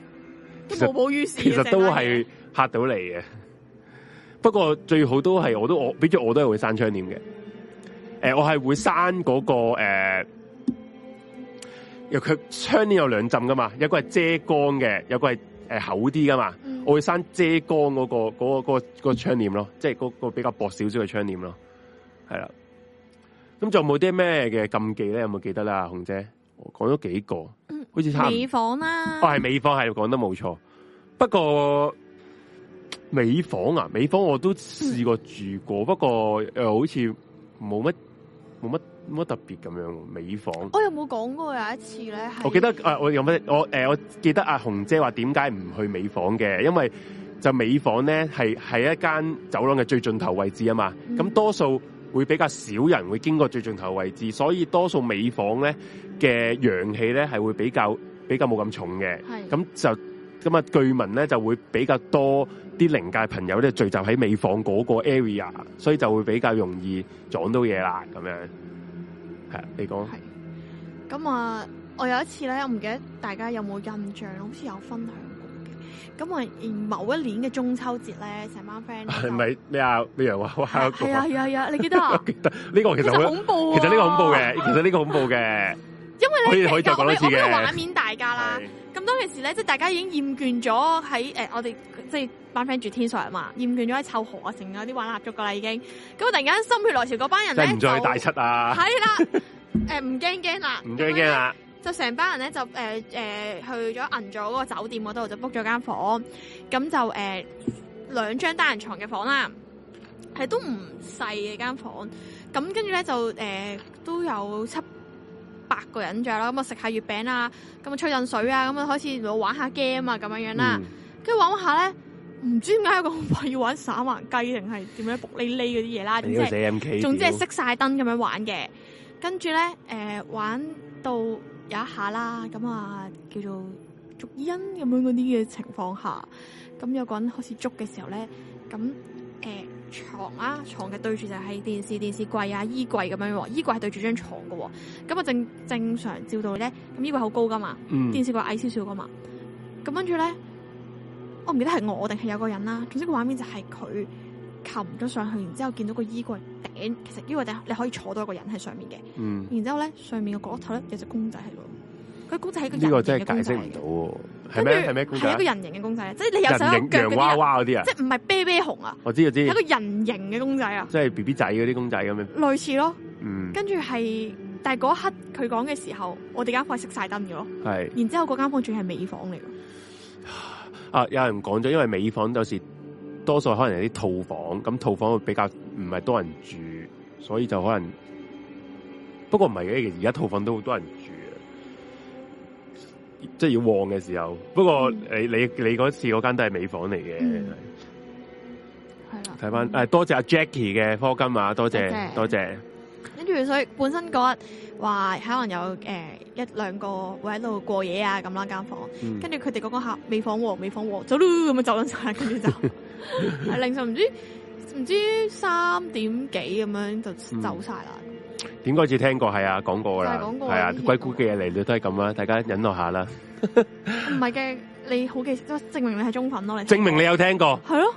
其實都係嚇到你嘅。 不過最好都係，我都我，比咗我都係會閂窗簾嘅。誒、呃，我係會閂嗰、嗰個誒，佢、呃、窗簾有兩浸噶嘛，有一個係遮光嘅，有一個係。誒，厚啲噶嘛。我會閂遮光嗰個嗰個嗰個嗰個窗簾咯，即係嗰個比較薄少少嘅窗簾咯，係啦。咁仲有冇啲咩嘅禁忌咧？有冇記得啦，紅姐？我講咗幾個，好似差唔多美房啦，啊，哦係美房係講得冇錯，不過美房啊，美房我都試過住過，嗯、不過又，呃、好似冇乜冇乜。乜特別咁樣，尾房。我有冇講過有一次咧，我記得我有咩？我我，我記得阿紅姐話點解唔去尾房嘅？因為就尾房咧，係係一間走廊嘅最盡頭位置啊嘛。咁、嗯、多數會比較少人會經過最盡頭位置，所以多數尾房咧嘅陽氣咧係會比較比較冇咁重嘅。咁就咁啊，據聞咧就會比較多啲靈界朋友咧聚集喺尾房嗰個 area，所以就會比較容易撞到嘢啦咁樣。係，你講。係，咁啊，我有一次咧，我唔記得大家有冇印象，好似有分享過嘅。咁啊，而某一年嘅中秋節咧，成班 friend 係咪？咩啊？咩人話哇？係啊，係啊，啊，啊，你記得啊？ 我記得。呢、這個其實好恐怖，其實呢個恐怖嘅，其實呢個恐怖嘅、啊。 因為咧，可以可以再講多次嘅。呢個畫面大家啦。咁當其時呢，咧，即係大家已經厭倦咗喺誒，我哋即係班 friend 住天水啊嘛，厭倦咗喺臭河啊，成啲玩蠟燭噶啦已經。咁突然間心血來潮，嗰、啊 呃、班人咧，唔再大七啊，係啦，誒唔驚驚啦，唔驚驚啦，就成班人咧就誒誒去咗銀座嗰個酒店嗰度就 book 咗間房，咁就誒兩張單人床嘅房啦，係都唔細嘅間房。咁跟住咧就誒、呃、都有七。八個人在啦，咁啊食下月餅啊，咁啊吹陣水啊，咁啊開始玩下 game 啊，咁樣樣啦，跟、嗯、住玩玩下咧，唔知點解有個同學要玩散環雞定係點樣卜哩哩嗰啲嘢啦，總之係熄晒燈咁樣玩嘅，跟住咧誒玩到有一下啦，咁啊叫做捉音咁樣嗰啲嘅情況下，咁有個人開始捉嘅時候咧，咁誒。呃床啊，床嘅對住就係電視，電視櫃啊，衣櫃咁樣，衣櫃係對住張床嘅、啊，咁啊正正常照到呢，咧，咁衣櫃好高噶嘛，mm. 電視櫃矮少少噶嘛，咁跟住咧，我唔記得係我定係有個人啦、啊，總之個畫面就係佢擒咗上去，然之後見到個衣櫃頂，其實衣櫃頂你可以坐到一個人喺上面嘅，mm. 然之後咧上面個角落頭咧有隻公仔喺度。佢公仔係呢個真係解釋唔到喎，係咩係咩係一個人形嘅公、公、公仔，即係你有手有腳嗰啲啊！即係唔係啤啤熊啊？我知我知，係一個人形嘅公仔啊！即係 B B 仔嗰啲公仔咁樣，類似咯。跟住係，但係嗰刻佢講嘅時候，我哋間房熄晒燈嘅咯。係，然之後嗰間房仲係美房嚟。啊！有人講咗，因為美房有時多數可能係啲套房，咁套房會比較唔係多人住，所以就可能不過唔係嘅，而家套房都好多人住。即係要旺嘅時候，不過誒、嗯，你你嗰次嗰間都係美房嚟嘅，係、嗯、啦。睇翻誒，多謝阿、啊、Jackie 嘅科金啊，多謝姐姐多謝。跟住所以本身嗰日話可能有誒一兩個會喺度過夜啊咁啦間房間，跟住佢哋嗰個客美房和美房和走咗咁樣走咗晒，跟住 後就 凌晨唔知唔知道三點幾咁樣就走晒啦。嗯點開始聽過係啊，講過啦，係啊，鬼故嘅嘢嚟，都係咁啦，大家忍耐一下啦。唔係嘅，你好嘅，證明你係忠粉咯、啊，你了證明你有聽過，係咯。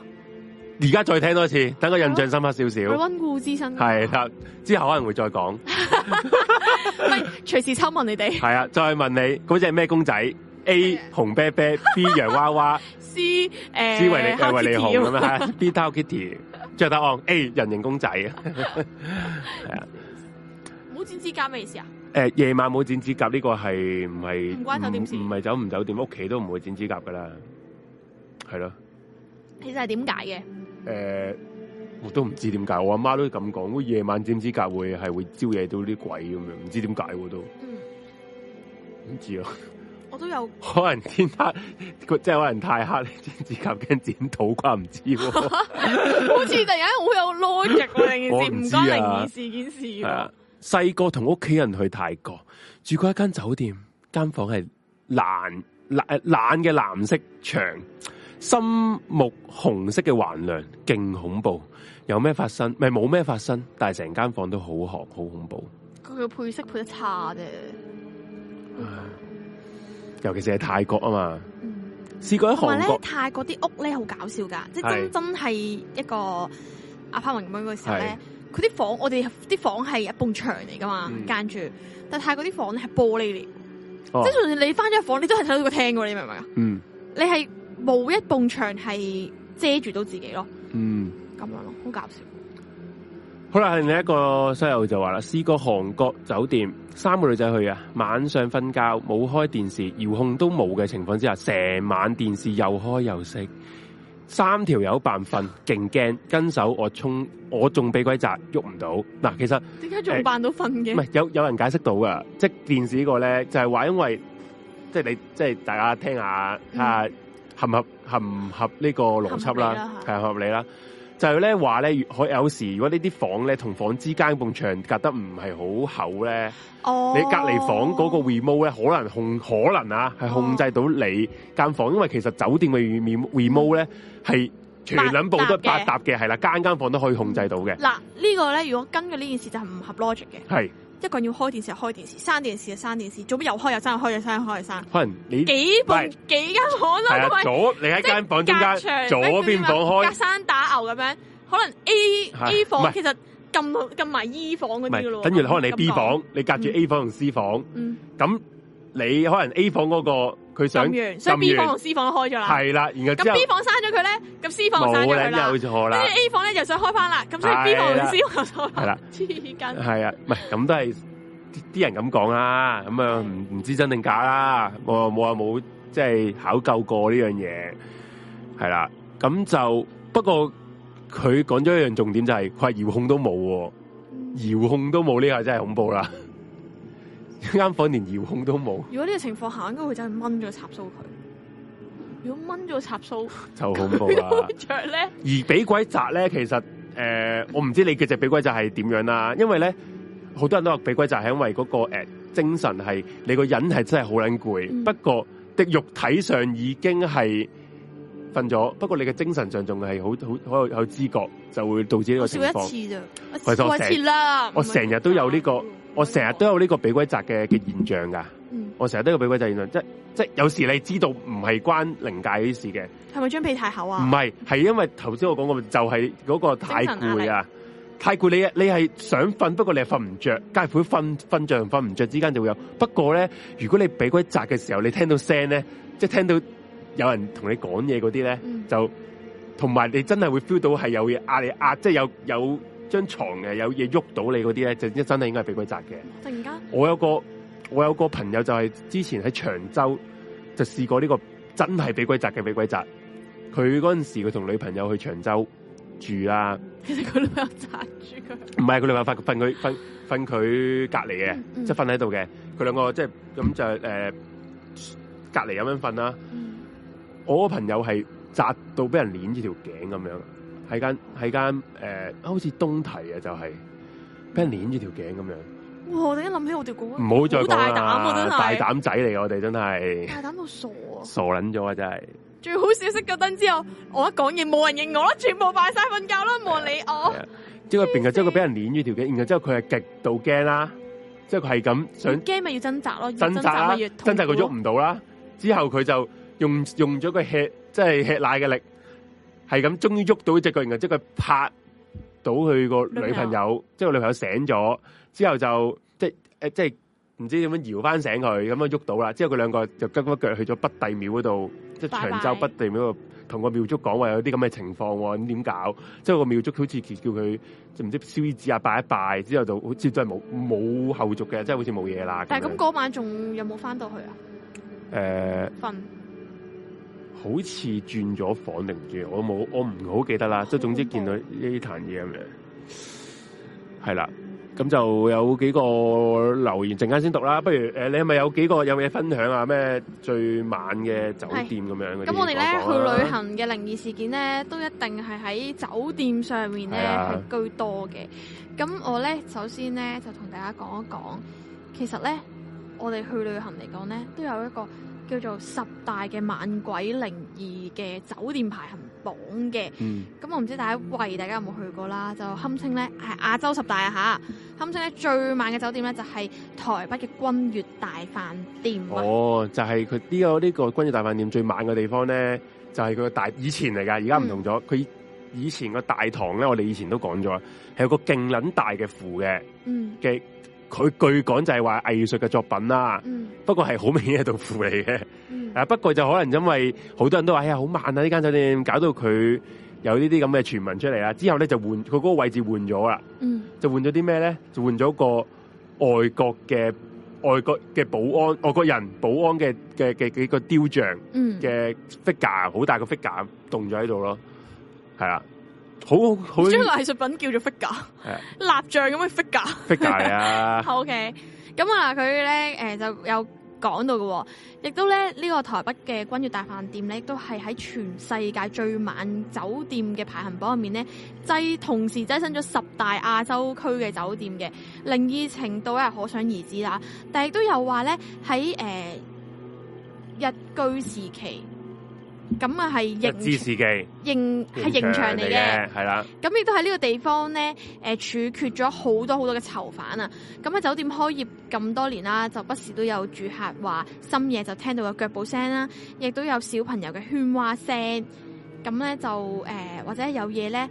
而家、啊、再聽多次，等我印象深刻少少。溫故知新係，之後可能會再講。 隨時隨時抽問你哋。係啊，再問你嗰隻咩公仔？A、啊、紅啤啤，B 洋娃娃 ，C 誒、呃、，C 維尼係維尼紅 B 淘 Kitty，最後答案 A 人形公仔 是啊。係啊。剪指甲咩意思啊？誒、呃，夜晚冇剪指甲呢、這個係唔係唔關酒店事？唔係走唔走酒店，屋企都唔會剪指甲噶啦，係咯。其實係點解嘅？誒、呃，我都唔知點解，我阿媽都咁講，夜晚剪指甲會係會招惹到啲鬼咁樣，唔知點解我都。唔、嗯、知道啊。我都有。可能天黑，即係可能太黑，剪指甲驚剪土瓜唔知道、啊。 好似突然間好有 logic、啊、 件事唔關靈異事件事、啊。細個同屋企人去泰國住過一間酒店，間房係藍誒、藍嘅藍藍色牆，深木紅色嘅橫樑，勁恐怖。有咩發生？唔係冇咩發生，但係成間房間都好寒，好恐怖。佢嘅配色配得差啫，啊。尤其是喺泰國啊嘛，試、嗯、過喺韓國呢泰國啲屋咧好搞笑噶即係真真係一個阿帕文嗰個時候咧。佢啲房，我哋啲房係一棟牆嚟噶嘛，嗯、間住。但泰國啲房咧係玻璃嚟，哦、即係就算你翻咗房，你都係睇到個廳噶，你明唔明啊？嗯，你係冇一棟牆係遮住到自己咯。嗯，咁樣咯，嗯、好搞笑。好啦，係另一個室友就話啦，試過韓國酒店三個女仔去啊，晚上瞓覺冇開電視，遙控都冇嘅情況之下，成晚電視又開又熄。三條友扮瞓，勁驚跟手我衝，我仲俾鬼扎，喐唔到嗱。其實點解仲扮到瞓嘅？唔係、欸、有有人解釋到噶，即係電視個呢個咧，就係、是、話因為即係你即係大家聽下啊，合唔合合唔合呢個邏輯啦？係合理啦。啊就係咧話咧，可有時如果呢啲房咧同房之間埲牆隔得唔係好厚咧，oh. 你隔離房嗰個 remove 呢，咧，可能控可能啊，係控制到你間房，oh. 因為其實酒店嘅 remove 呢，咧、嗯、係全兩部都八達嘅，係啦，間間房都可以控制到嘅。嗱，這個、呢個咧如果跟嘅呢件事就係唔合 logic 嘅。係。一個人要開電視就開電視，閂電視就閂電視，做乜又開又閂，開又閂，開又閂？可能你幾本幾間房咯，左你喺間房中間，左邊房開隔山打牛咁樣，可能 A A 房其實撳埋 E 房嗰啲咯，跟住可能你 B 房、嗯、你隔住 A 房同 C 房，咁、嗯嗯、你可能 A 房嗰，嗰個。佢想，所以 B 房同 C 房都開咗啦。係啦，然後咁 B 房閂咗佢咧，咁 C 房閂咗佢啦。冇理由錯啦。跟住 A 房咧就想開翻啦，咁所以 B 房同 C 房開啦，黐筋。係啊，唔係咁都係啲人咁講啊，咁啊唔唔知真定假啦，我冇話冇即係考究過呢樣嘢。係啦，咁就不過佢講咗一樣重點就係佢遙控都冇，遙控都冇呢個真係恐怖啦。間 房連遙控都冇。如果呢個情況下應該佢真係掹咗插蘇佢。如果掹咗插蘇，就恐怖啦、啊。而俾鬼砸咧，其實誒、呃，我唔知你嘅只俾鬼砸係點樣啦。因為咧，好多人都話俾鬼砸係因為嗰、那個誒、呃、精神係你個人係真係好撚攰，不過啲肉體上已經係。瞓咗，不過你嘅精神上仲係好好，有有知覺，就會導致呢個情況。一次咋、就是，我次啦，我成日都有呢、這個這個，我成日都有呢個被鬼閘嘅嘅現象噶、嗯。我成日都有被鬼閘現象，即即有時你知道唔係關靈界啲事嘅，係咪張被太厚啊？唔係，係因為頭先我講過，就係嗰個太攰啊，太攰你，你係想瞓，不過你係瞓唔着，介乎瞓瞓着瞓唔着之間就會有。不過咧，如果你被鬼閘嘅時候，你聽到聲咧，即係聽到。有人同你講嘢嗰啲咧，就同埋你真係會 feel 到係有嘢壓你壓。壓、就是，即係有張有張床嘅有嘢喐到你嗰啲咧，就真係應該係被鬼壓嘅。突然間，我有個我有個朋友就係之前喺長洲，就試過呢個真係被鬼壓嘅被鬼壓。佢嗰陣時佢同女朋友去長洲住啦。其實佢女朋友揸住佢。唔 係，佢女朋友瞓佢瞓瞓佢隔籬嘅，即係瞓喺度嘅。佢、嗯、兩、就是、個即係咁就誒、是呃、隔籬咁樣瞓啦、啊。嗯我個朋友係扎到俾人碾住條頸咁樣，喺間喺間誒，好似東堤啊，就係俾人碾住條頸咁樣。哇！我哋一諗起我哋唔好再好大膽啊，真係大膽仔嚟，我哋真係大膽到傻啊，傻捻咗啊，真係。最好笑，熄咗燈之後我一講嘢冇人認我啦，全部擺晒瞓覺啦，冇、啊、人理我。啊啊啊、之後變嘅之後佢俾人碾住條頸，然後之後佢係極度驚啦，即係佢係咁想驚咪要掙扎咯，掙扎啊，掙扎佢喐唔到啦。之後佢就。用用咗個吃即係吃奶嘅力，係咁終於喐到隻腳，即係佢拍到佢個女朋友，友即係個女朋友醒咗之後就即係誒即係唔知點樣搖翻醒佢，咁樣喐到啦。之後佢兩個就急急腳去咗北帝廟嗰度，即係長洲北帝廟度，同個廟祝講話有啲咁嘅情況，咁點搞？即係個廟祝好似叫佢就唔知燒紙啊拜一拜，之後就好似真係冇冇後續嘅，即係好似冇嘢啦。但係咁嗰晚仲有冇翻到去啊？誒、呃，瞓。好似轉咗房定唔住，我冇我唔好記得啦。即係總之見到呢灘嘢咁樣，係啦。咁就有幾個留言，陣間先讀啦。不如誒、呃，你係咪有幾個有嘢分享啊？咩最晚嘅酒店咁、嗯、樣？咁我哋咧去旅行嘅靈異事件咧，都一定係喺酒店上面咧係居多嘅。咁我咧首先咧就同大家講一講，其實咧我哋去旅行嚟講咧，都有一個。叫做十大嘅猛鬼靈異嘅酒店排行榜嘅，咁我唔知道大家位大家有冇去過啦，就堪稱咧係亞洲十大啊吓、嗯，堪稱咧最猛嘅酒店咧就係、是、台北嘅君悦大飯店。哦，就係佢呢個呢、這個君悦大飯店最猛嘅地方咧，就係佢個大以前嚟噶，而家唔同咗，佢、嗯、以前個大堂咧，我哋以前都講咗，係有個勁捻大嘅符嘅，嘅、嗯。佢據講就係話藝術嘅作品啦、嗯，不過係好明顯喺度富嚟嘅。誒、嗯、不過就可能因為好多人都話：哎呀好慢啊！呢間酒店搞到佢有呢啲咁嘅傳聞出嚟啦。之後咧就換佢嗰個位置換咗啦、嗯，就換咗啲咩咧？就換咗個外國嘅外國嘅保安外國人保安嘅嘅嘅幾個雕像嘅 figure 好、嗯、大個 figure 動咗喺度咯，係啊。好好，啲藝術品叫做 figure，yeah. 蠟像咁嘅 figure，figure 啊。O K，咁啊佢咧誒就有講到嘅喎，亦都咧呢個台北嘅君悦大飯店咧，亦都係喺全世界最晚酒店嘅排行榜入面咧擠，同時擠身咗十大亞洲區嘅酒店嘅，靈異程度咧係可想而知啦。但係亦都有話咧喺誒日據時期。咁啊，係刑場，事記刑係刑場嚟嘅，係啦。咁亦都喺呢個地方咧，誒、呃，處決咗好多好多嘅囚犯啊。咁喺酒店開業咁多年啦、啊，就不時都有住客話深夜就聽到有腳步聲啦、啊，亦都有小朋友嘅喧嘩聲。咁咧就誒、呃，或者有嘢咧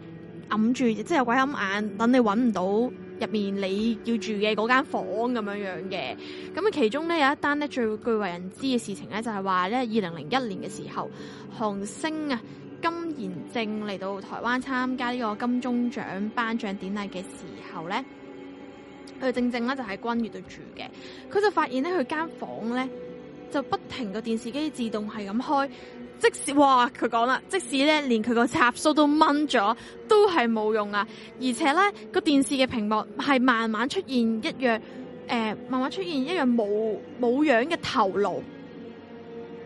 揞住，即係、就是、鬼揞眼，等你揾唔到。入面你要住嘅嗰間房咁樣樣嘅，咁啊，其中咧有一單咧最具為人知嘅事情咧就係話咧，二零零一年嘅時候，韓星啊金賢正嚟到台灣參加呢個金鐘獎頒獎典禮嘅時候咧，佢正正咧就喺君悅度住嘅，佢就發現咧佢間房咧就不停個電視機自動係咁開。即使哇，佢講啦，即使咧連佢個插蘇都掹咗，都係冇用啊！而且咧個電視嘅屏幕係慢慢出現一樣，誒、呃，慢慢出現一樣冇冇樣嘅頭顱，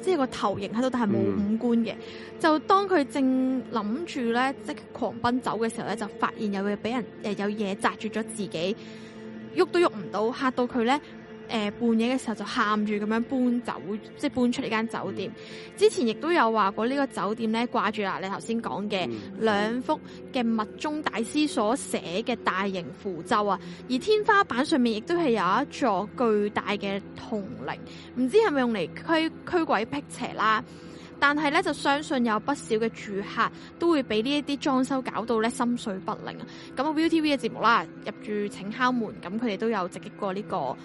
即係個頭型喺度，但係冇五官嘅。就當佢正諗住咧即係狂奔走嘅時候咧，就發現有嘢俾人誒有嘢紮住咗自己，喐都喐唔到，嚇到佢咧。誒、呃、半夜嘅時候就喊住咁樣搬走，即係搬出呢間酒店。嗯、之前亦都有話過呢個酒店咧掛住啊，你頭先講嘅兩幅嘅密宗大師所寫嘅大型符咒啊、嗯，而天花板上面亦都係有一座巨大嘅銅鈴，唔知係咪用嚟驅驅鬼辟邪啦？但係咧就相信有不少嘅住客都會俾呢一啲裝修搞到咧心緒不寧啊！咁啊，ViuTV 嘅節目啦，入住請敲門，咁佢哋都有直擊過呢、呢個。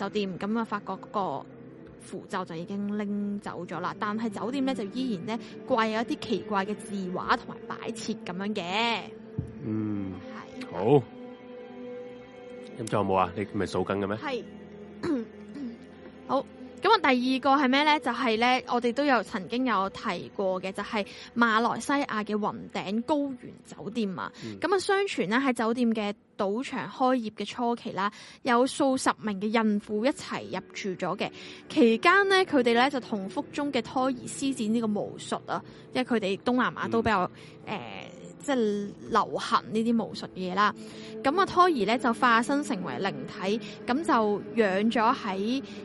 酒店咁啊，那發覺嗰個符咒就已經拎走咗啦，但係酒店咧就依然咧掛有一啲奇怪嘅字畫同埋擺設咁樣嘅。嗯，係好。咁仲有冇啊？你唔係數緊嘅咩？係好。咁啊，第二個係咩咧？就係咧，我哋都有曾經有提過嘅，就係、是、馬來西亞嘅雲頂高原酒店啊。咁、嗯、啊，相傳咧喺酒店嘅賭場開業嘅初期啦，有數十名嘅孕婦一齊入住咗嘅期間咧，佢哋咧就同腹中嘅胎兒施展呢個巫術啊，因為佢哋東南亞都比較誒。嗯呃即係流行呢啲巫術嘢啦，咁個胎兒咧就化身成為靈體，咁就養咗喺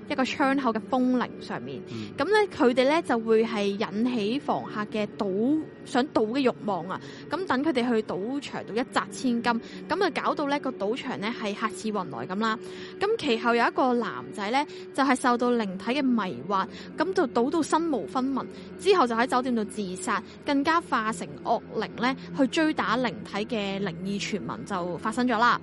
一個窗口嘅風鈴上面，咁咧佢哋咧就會係引起房客嘅賭想賭嘅欲望啊，咁等佢哋去賭場度一擲千金，咁啊搞到咧，這個賭場咧係客似雲來咁啦，咁其後有一個男仔咧就係、是、受到靈體嘅迷惑，咁就賭到身無分文，之後就喺酒店度自殺，更加化成惡靈咧去。追打靈體嘅靈異傳聞就發生咗啦。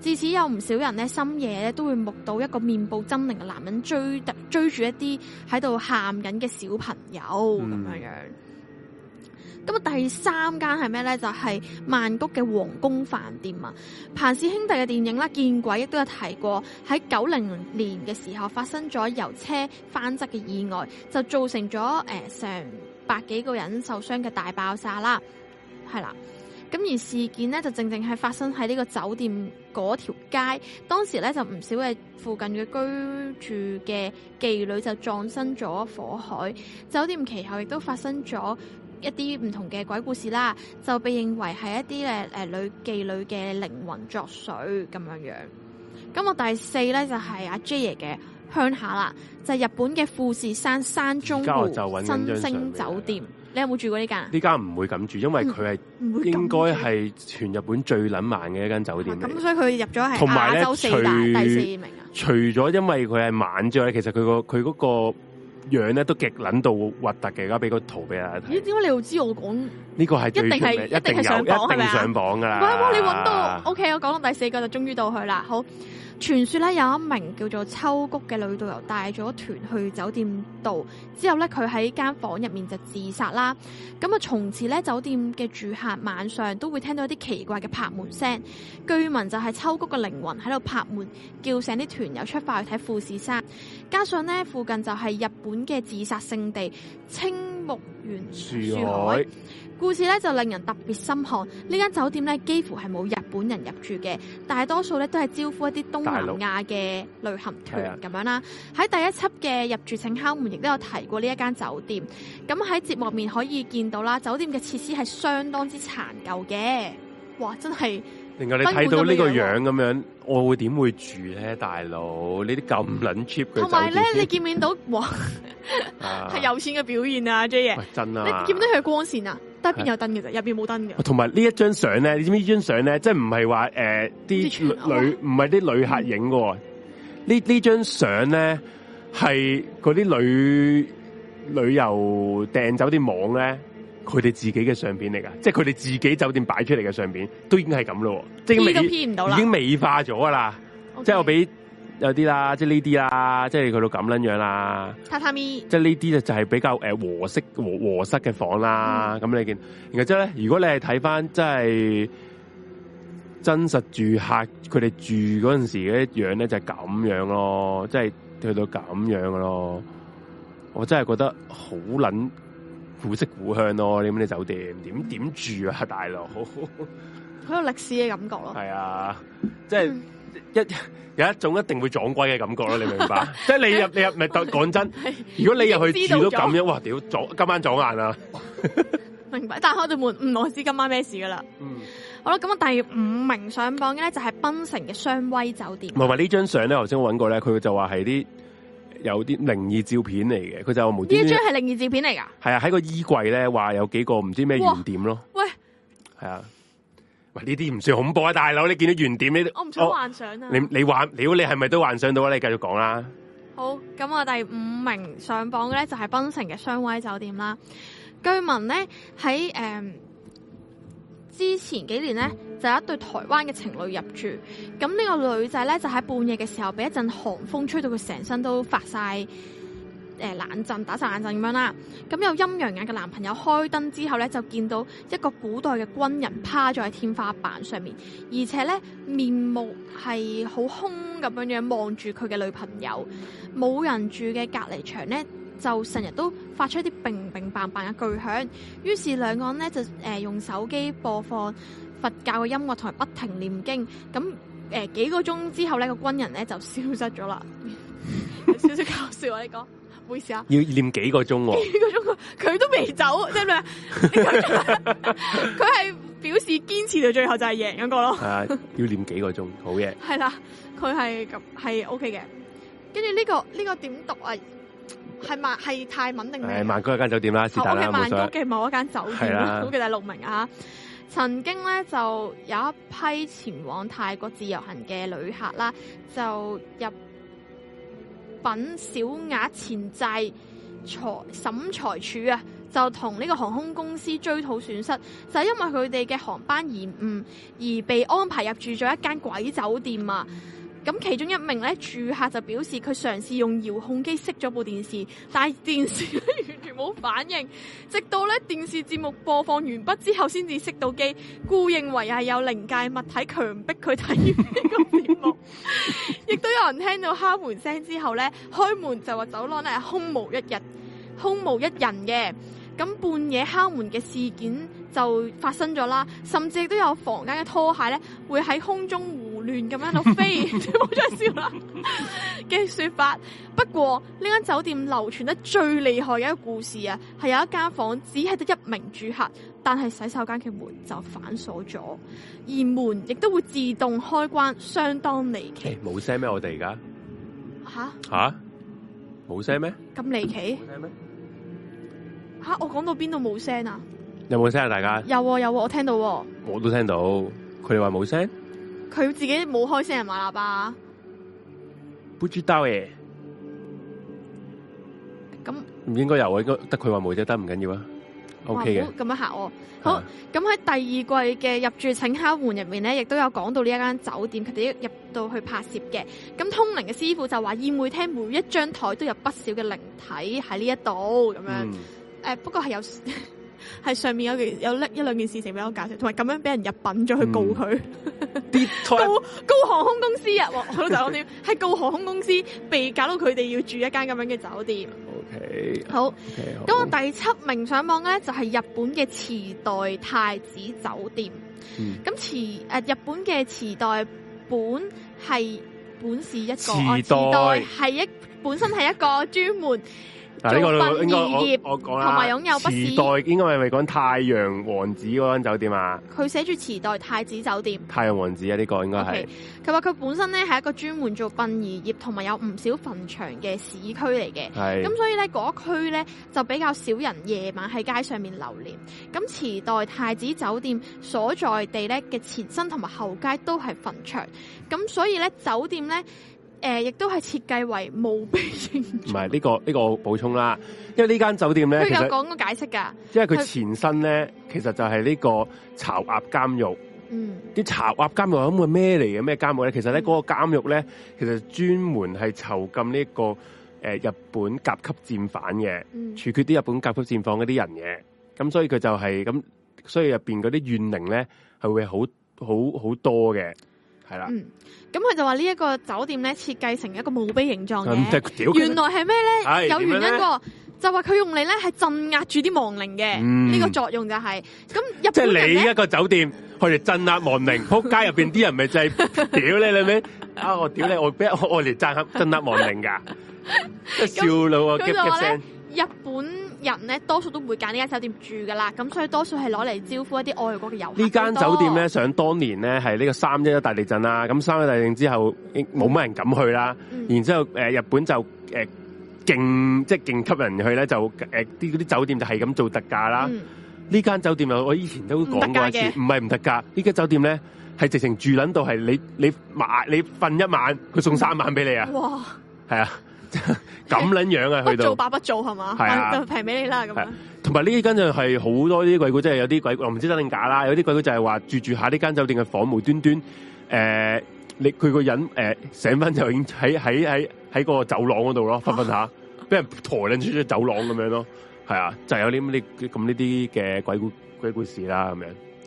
自此有唔少人咧，深夜都會目睹一個面部猙獰嘅男人追追住一啲喺度喊緊嘅小朋友咁樣、嗯、樣。咁啊，第三間係咩呢？就係、是、曼谷嘅皇宮飯店啊。彭氏兄弟嘅電影啦，見鬼亦都有提過喺九零年嘅時候發生咗由車翻側嘅意外，就造成咗誒、呃、成百幾個人受傷嘅大爆炸啦。係啦，咁而事件呢，就正正係發生喺呢個酒店嗰條街，當時呢，就唔少嘅附近嘅居住嘅妓女就葬身咗火海。酒店其後亦都發生咗一啲唔同嘅鬼故事啦，就被認為係一啲誒誒女妓女嘅靈魂作祟咁樣樣。咁我第四呢，就係、是、阿 J 爺嘅鄉下啦，就係、是、日本嘅富士山山中湖新星酒店。你有冇住過呢間？呢間唔會咁住，因為佢係應該係全日本最捻慢嘅一間酒店。咁所以佢入咗係亞洲四大第四名啊！除咗因為佢係慢之外，其實佢個佢嗰個樣咧都極捻到核突嘅。而家俾個圖俾大家睇。咦？點解你會知我講？呢個係一定係一定係上一定上榜噶啦。哇！你搵到 OK，我講到第四個就終於到佢啦。好。傳說咧有一名叫做秋谷嘅女導遊帶咗團去酒店度，之後咧佢喺間房入面就自殺啦。咁啊，從此咧酒店嘅住客晚上都會聽到一啲奇怪嘅拍門聲。據聞就係秋谷嘅靈魂喺度拍門，叫醒啲團友出發去睇富士山。加上呢附近就係日本嘅自殺聖地青木原樹海。故事咧就令人特別心寒。呢間酒店咧幾乎係冇日本人入住嘅，大多數咧都係招呼一啲東南亞嘅旅行團咁樣啦。喺、啊、第一輯嘅入住請敲門亦都有提過呢一間酒店。咁喺節目面可以見到啦，酒店嘅設施係相當之殘舊嘅。哇！真係，另外你睇到呢個樣咁樣，這個樣，我會點會住咧？大佬，這這呢啲咁撚 cheap 嘅，同埋咧你見唔見到？ 哇，係、啊、有錢嘅表現啊，Jay 真啊，你見唔見到佢光線啊？邊有燈嘅啫，入邊冇燈嘅。同埋呢一張相咧，你知唔知呢張相咧，即係唔係話誒啲女唔係啲旅客影嘅？呢呢張相咧係嗰啲旅旅遊訂酒店啲網咧，佢哋自己嘅相片嚟噶，即係佢哋自己酒店擺出嚟嘅相片，都已經係咁咯，即係已經美化咗噶啦，okay。即係我俾。有啲啦，即係呢啲啦，即係去到咁撚樣啦，榻榻米，即係呢啲就就係比較誒和式和和式嘅房啦。咁、嗯、你見，然後之後咧，如果你係睇翻，即係真實住客佢哋住嗰陣時嘅一樣咧，就係咁樣咯，即、就、係、是、去到咁樣嘅咯。我真係覺得好撚古色古香咯，你咁啲酒店點點住啊？大佬，好、嗯、 有歷史嘅感覺咯，係啊，即係。嗯一有一種一定會撞鬼嘅感覺咯，你明唔明白？ 即係你，你入你入咪，講 真，如果你入去住都咁樣， 哇！屌，左今晚左眼啦！明白， 但係開到門，唔我知今晚咩事噶啦。嗯，好啦，咁我第五名上榜嘅咧就係、是、檳城嘅雙威酒店。唔係呢張相咧，頭先我搵過咧，佢就話係啲有啲靈異照片嚟嘅，佢就，就無。呢張係靈異照片嚟噶？係啊，喺個衣櫃咧，話有幾個唔知咩原點咯。喂，係啊。呢啲唔算恐怖啊，大佬！你見到原點呢？我唔想幻想啊！哦、你你話，如果你係咪都幻想到咧，你繼續講啦。好，咁我第五名上榜嘅咧就係檳城嘅雙威酒店啦。據聞呢，喺誒、嗯、之前幾年呢，就有一對台灣嘅情侶入住，咁呢個女仔咧就喺半夜嘅時候俾一陣寒風吹到佢成身都發晒。誒、欸，冷震打晒冷震咁樣啦，咁、嗯、有陰陽眼嘅男朋友開燈之後咧，就見到一個古代嘅軍人趴咗喺天花板上面，而且咧面目係好空咁樣樣望住佢嘅女朋友。冇人住嘅隔離牆咧，就成日都發出一啲乒乒棒棒嘅巨響。於是兩個咧就誒、呃，用手機播放佛教嘅音樂，同埋不停念經。咁、嗯、誒、呃，幾個鐘之後咧，個軍人咧就消失咗啦。有、 嗯、少少搞笑啊！你講。會啊！要念幾個鐘喎、啊，幾個鐘佢、啊、都未走，即 係，佢係 表示堅持到最後就係贏嗰個咯。係要念幾個鐘， 好嘢，係啦，佢係咁係 OK 嘅。跟住呢個呢、這個點讀啊？係、哎、萬係泰文定咩？係曼谷一間酒店啦、哦 okay，是但啦，嘅，曼谷嘅某一間酒店啦，好嘅，第六名啊，曾經咧就有一批前往泰國自由行嘅旅客啦，就入。品小額錢債裁審裁處啊，就同呢個航空公司追討損失，就係因為佢哋嘅航班延誤而被安排入住咗一間鬼酒店啊！咁其中一名咧住客就表示，佢嘗試用遙控機熄咗部電視，但係電視咧完全冇反應，直到咧電視節目播放完畢之後先至熄到機。故認為係有靈界物體強迫佢睇呢個節目。亦 都有人聽到敲門聲之後咧，開門就話走廊咧係空無一日空無一人嘅。咁半夜敲門嘅事件就發生咗啦，甚至都有房間嘅拖鞋咧會喺空中，亂咁喺度飛，冇 再笑啦嘅說法。不過呢間酒店流傳得最厲害嘅一個故事啊，係有一間房只係得一名住客，但係洗手間嘅門就反鎖咗，而門亦都會自動開關，相當離奇。冇聲咩？我哋而家吓吓冇聲咩？咁離奇咩？吓我講到邊度冇聲啊？有冇聲啊？大家有、啊、有、啊、我聽到、啊，我都聽到，佢哋話冇聲。佢自己冇開聲，係咪喇叭？唔應該有啊，該得佢話冇就得唔緊要啊。O K 嘅。咁樣吓我，好。咁、啊、喺第二季嘅入住請敲門入面咧，亦都有講到呢一間酒店，佢哋入到去拍攝嘅。咁通靈嘅師傅就話宴會廳每一張台都有不少嘅靈體喺呢一度咁樣。誒、嗯呃，不過係有。 係上面有件有叻一兩件事情俾我解釋，同埋咁樣俾人入稟咗去告佢，告、嗯、告 航空公司啊！我 我都就講添，係告航空公司被搞到佢哋要住一間咁樣嘅酒店。O、okay, K，好。咁、okay, 我第七名上榜咧，就係、是、日本嘅池袋太子酒店。咁、嗯、池誒、呃，日本嘅池袋本係本市一個池袋係、哦、一本身係一個專門。做殯儀業，同埋擁有不少。時代應該係咪講太陽王子嗰間酒店啊？佢寫住時代太子酒店。太陽王子啊，呢、這個應該係。佢話佢本身咧係一個專門做殯儀業，同埋有唔少墳場嘅市區嚟嘅。係。咁所以咧嗰、那個、區咧就比較少人夜晚喺街上面流連。咁時代太子酒店所在地咧嘅前身同埋後街都係墳場。咁所以咧酒店咧。誒、呃，亦都係設計為墓碑型。唔係呢個呢、呢個我補充啦，因為呢間酒店咧，佢有講過解釋㗎。因為佢前身咧，是其實就係呢個巢鴨監獄。嗯，嗯。啲巢鴨監獄咁會咩嚟嘅？咩監獄咧？其實咧，個、嗯、個監獄咧，其實專門係囚禁呢、呢個誒、呃、日本甲級戰犯嘅。嗯。處決啲日本甲級戰犯嗰啲人嘅，咁所以佢就係、是、咁，所以入面嗰啲怨靈咧，係會好好好多嘅，係啦。嗯咁、嗯、佢就話呢一個酒店咧，設計成一個墓碑形狀，原來係咩咧？有原因嘅，就話佢用嚟咧係鎮壓住啲亡靈嘅，呢、嗯這個作用就係、是。咁、嗯、即係你一個酒店，佢哋鎮壓亡靈，扑 街入邊啲人咪就係屌你你咪 啊我屌你，我俾我我嚟鎮壓鎮壓亡靈噶，笑咯喎！咁、嗯、日本。人咧多數都會揀呢間酒店住噶啦，咁所以多數係攞嚟招呼一啲外國嘅遊客。呢間酒店咧，想當年咧係呢個三一一大地震啦，咁三一大地震之後，冇乜人敢去啦、嗯。然之後誒、呃、日本就誒勁，即係勁吸引人去咧，就誒啲啲酒店就係咁做特價啦。呢、嗯、間酒店又我以前都講過一次，唔係唔特價。呢間酒店咧係直情住撚到係你你，晚你瞓一晚，佢送三晚俾你啊！哇，係啊！ 咁撚樣啊，去到做八不做係嘛？係，啊啊、就平俾你啦咁樣。同埋呢間就係好多啲鬼故，即係有啲鬼，我唔知真定假啦。有啲鬼故就係話住住下呢間酒店嘅房，無端端誒，你佢個人誒醒翻就已經喺喺喺喺個走廊嗰度咯，瞓瞓下，俾人抬撚出咗走廊咁樣咯。係啊，就係有呢啲咁呢啲嘅鬼故鬼故事啦咁樣。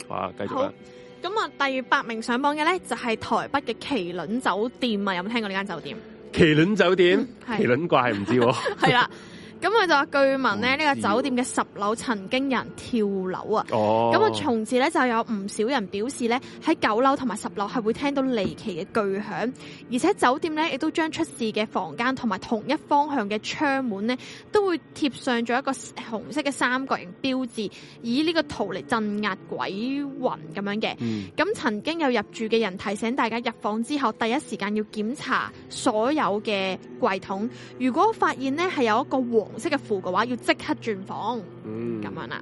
好，繼續啦。咁啊，第八名上榜嘅咧就係台北嘅麒麟酒店啊，有冇聽過呢間酒店？麒麟酒店，麒、嗯、麟怪唔知喎。係啊。 咁佢就話：據聞咧，呢、這個酒店嘅十樓曾經有人跳樓啊！咁、哦、啊，從此咧就有唔少人表示咧，喺九樓同埋十樓係會聽到離奇嘅巨響，而且酒店咧亦都將出事嘅房間同埋同一方向嘅窗門咧，都會貼上咗一個紅色嘅三角形標誌，以呢個圖嚟鎮壓鬼魂咁樣嘅。咁、嗯、曾經有入住嘅人提醒大家入房之後，第一時間要檢查所有嘅櫃桶，如果發現呢係有一個黃紅色嘅符嘅話，要即刻轉房，嗯，咁樣啦。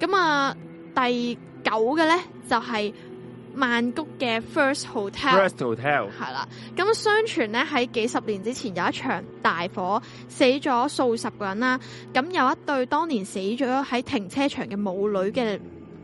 咁啊，第九嘅咧就係、是、曼谷嘅 First Hotel。First Hotel 係啦。咁相傳咧喺幾十年之前有一場大火，死咗數十個人啦。咁有一對當年死咗喺停車場嘅母女嘅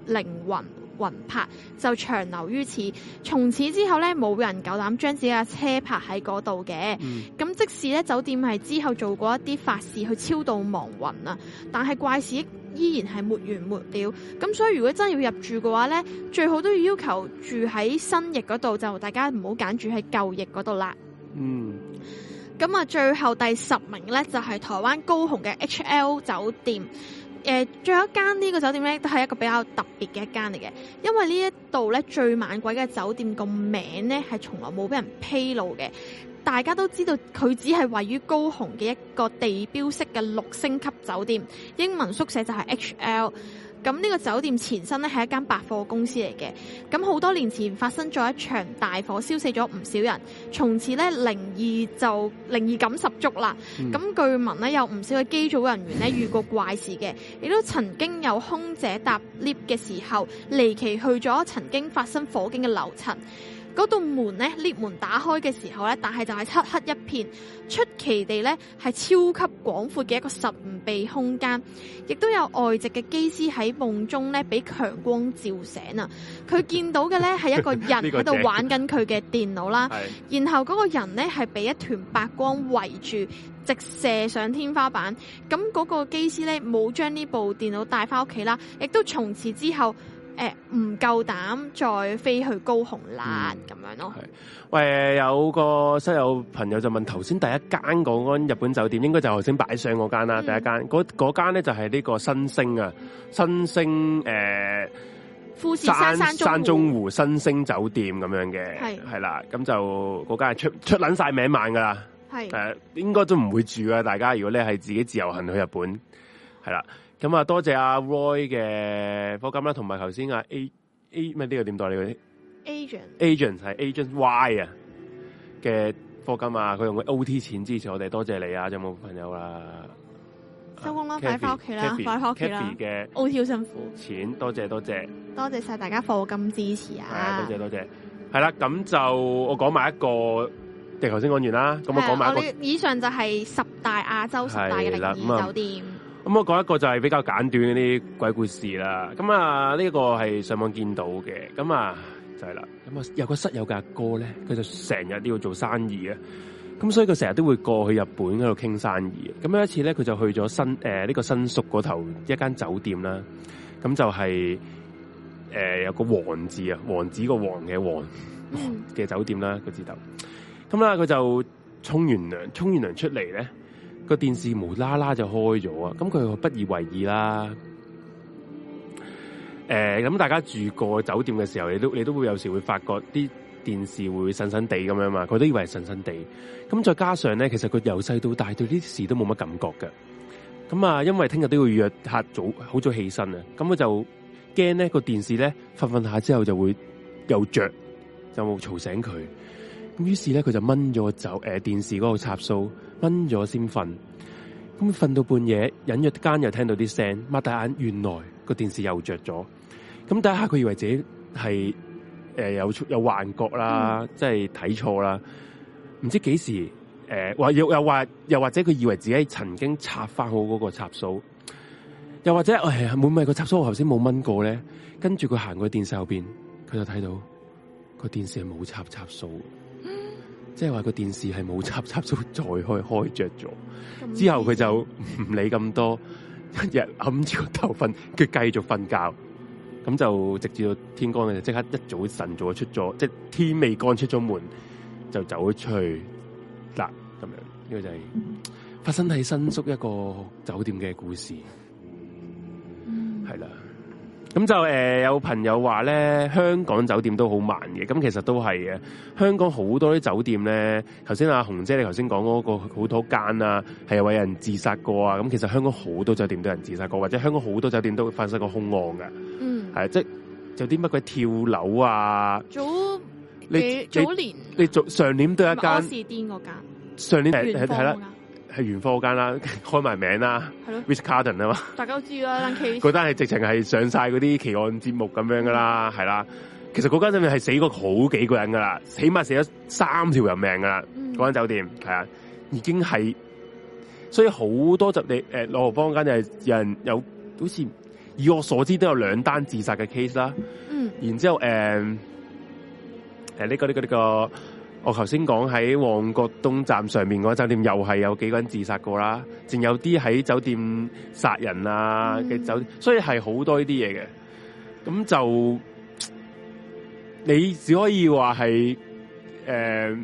靈魂。雲拍就長留於此，從此之後咧冇人夠膽將自己嘅車泊喺嗰度嘅。咁、嗯、即使咧酒店係之後做過一啲法事去超度亡魂啊，但係怪事依然係沒完沒了。咁所以如果真要入住嘅話咧，最好都要要求住喺新翼嗰度，就大家唔好揀住喺舊翼嗰度啦。嗯。咁啊，最後第十名咧就係、是、台灣高雄嘅 HL 酒店。誒，最後一間呢個酒店咧，都係一個比較特別嘅一間嚟嘅，因為呢一度最猛鬼嘅酒店個名咧，係從來冇俾人披露嘅，大家都知道佢只係位於高雄嘅一個地標式嘅六星級酒店，英文縮寫就係 HL。咁、這、呢個酒店前身呢係一間百貨公司嚟嘅，咁好多年前發生咗一場大火，燒死咗唔少人，從此呢，靈異就靈異感十足啦。咁、嗯、據聞呢，有唔少嘅機組人員呢遇過怪事嘅，亦都曾經有空姐搭 lift 嘅時候離奇去咗曾經發生火警嘅樓層。嗰道門咧，呢門打開嘅時候咧，但係就係漆黑一片，出奇地咧係超級廣闊嘅一個神秘空間，亦都有外籍嘅機師喺夢中咧俾強光照醒啊！佢見到嘅咧係一個人喺度玩緊佢嘅電腦啦， 然後嗰個人呢係被一團白光圍住，直射上天花板。咁嗰個機師咧冇將呢部電腦帶翻屋企啦，亦都從此之後。誒、欸，唔夠膽再飛去高雄啦，咁樣咯。係，喂，有個室友朋友就問頭先第一間嗰間日本酒店，應該就頭先擺上嗰間啦，第一間，嗰間咧就係呢個新星啊，新星誒、呃，富士山山中湖新星酒店咁樣嘅，係啦，咁就嗰間係出出捻曬名萬噶啦，係，誒、呃，應該都唔會住啊，大家如果咧係自己自由行去日本，係啦。咁啊，多謝阿、啊、Roy 嘅課金啦，同埋頭先啊，A A 乜呢個點代理啲 Agent Agent 係 Agent Y 啊嘅課金啊，佢用佢 OT 錢支持我哋，多謝你啊！就有冇朋友啦？收工啦、啊，快翻屋企啦，快翻屋企啦！嘅 OT 好辛苦錢，多謝多謝，多謝晒大家課金支持啊！多、啊、謝多謝，係啦，咁就我講埋一個，即頭先講完啦，咁、啊、我講埋一個我，以上就係十大亞洲十大嘅靈異酒店。嗯啊咁、嗯、我講一個就係比較簡短嘅啲鬼故事啦。咁啊呢、這個係上網見到嘅。咁啊就係、是、啦。咁啊有個室友嘅阿哥咧，佢就成日都要做生意啊。咁所以佢成日都會過去日本喺度傾生意。咁有一次咧，佢就去咗新誒呢、呃這個新宿嗰頭一間酒店啦。咁就係、是、誒、呃、有個王字啊，王子個王嘅王嘅 酒店啦，佢知道。咁啦，佢就沖完涼，沖完涼出嚟咧。個電視無啦啦就開咗啊！咁佢不以為意啦。誒、呃，咁大家住過酒店嘅時候，你都你都會有時會發覺啲電視會神神地咁樣嘛，佢都以為係神神地。咁再加上咧，其實佢由細到大對呢啲事都冇乜感覺嘅。咁啊，因為聽日都要約客早，好早起身啊，咁佢就驚咧個電視咧瞓瞓下之後就會又着，就冇吵醒佢。咁，於是咧，佢就掹咗走。誒，電視嗰個插數，掹咗先瞓。咁瞓到半夜，隱約間又聽到啲聲，擘大眼，原來個電視又着咗。咁第一下佢以為自己係誒、呃、有有幻覺啦，嗯、即係睇錯啦。唔知幾時誒、呃，又又話又，又或者佢以為自己曾經插翻好嗰個插數，又或者誒，會唔會個插數我頭先冇掹過咧？跟住佢行過電視後面，佢就睇到個電視係冇插插數。即係話個電視係冇插插蘇，再開開着咗，之後佢就唔理咁多，一日冚住個頭瞓，佢繼續瞓覺，咁就直至到天光咧，就即刻一早晨早出咗，即係天未光出咗門就走咗出去啦，咁樣呢、這個就係發生喺新宿一個酒店嘅故事，係、嗯、啦。咁就誒、呃，有朋友話咧，香港酒店都好慢嘅。咁其實都係嘅。香港好多啲酒店咧，頭先阿紅姐你頭先講嗰個好多間啊，係有位人自殺過啊。咁其實香港好多酒店都有人自殺過，或者香港好多酒店都發生過凶案嘅。嗯，係即就有啲乜鬼跳樓啊？早你早年、啊、你早上年都有一間，阿士上年係係啦。係元科嗰間啦，開埋名啦，Rich Carter 啊嘛，大家都知啦、啊，嗰單係直情係上晒嗰啲奇案節目咁樣噶啦，係、嗯、啦。其實嗰間酒店係死過好幾個人噶啦，起碼死咗三條人命噶啦，嗰間酒店係啊，已經係。所以好多集地誒，六合坊間就係有人有好似以我所知都有兩單自殺嘅 case 啦。嗯，然後，然之後誒誒呢個呢個呢個。這個這個我頭先講喺旺角東站上面嗰酒店又係有幾個人自殺過啦，仲有啲喺酒店殺人啊嘅、嗯、酒店，所以係好多呢啲嘢嘅。咁就你只可以話係誒，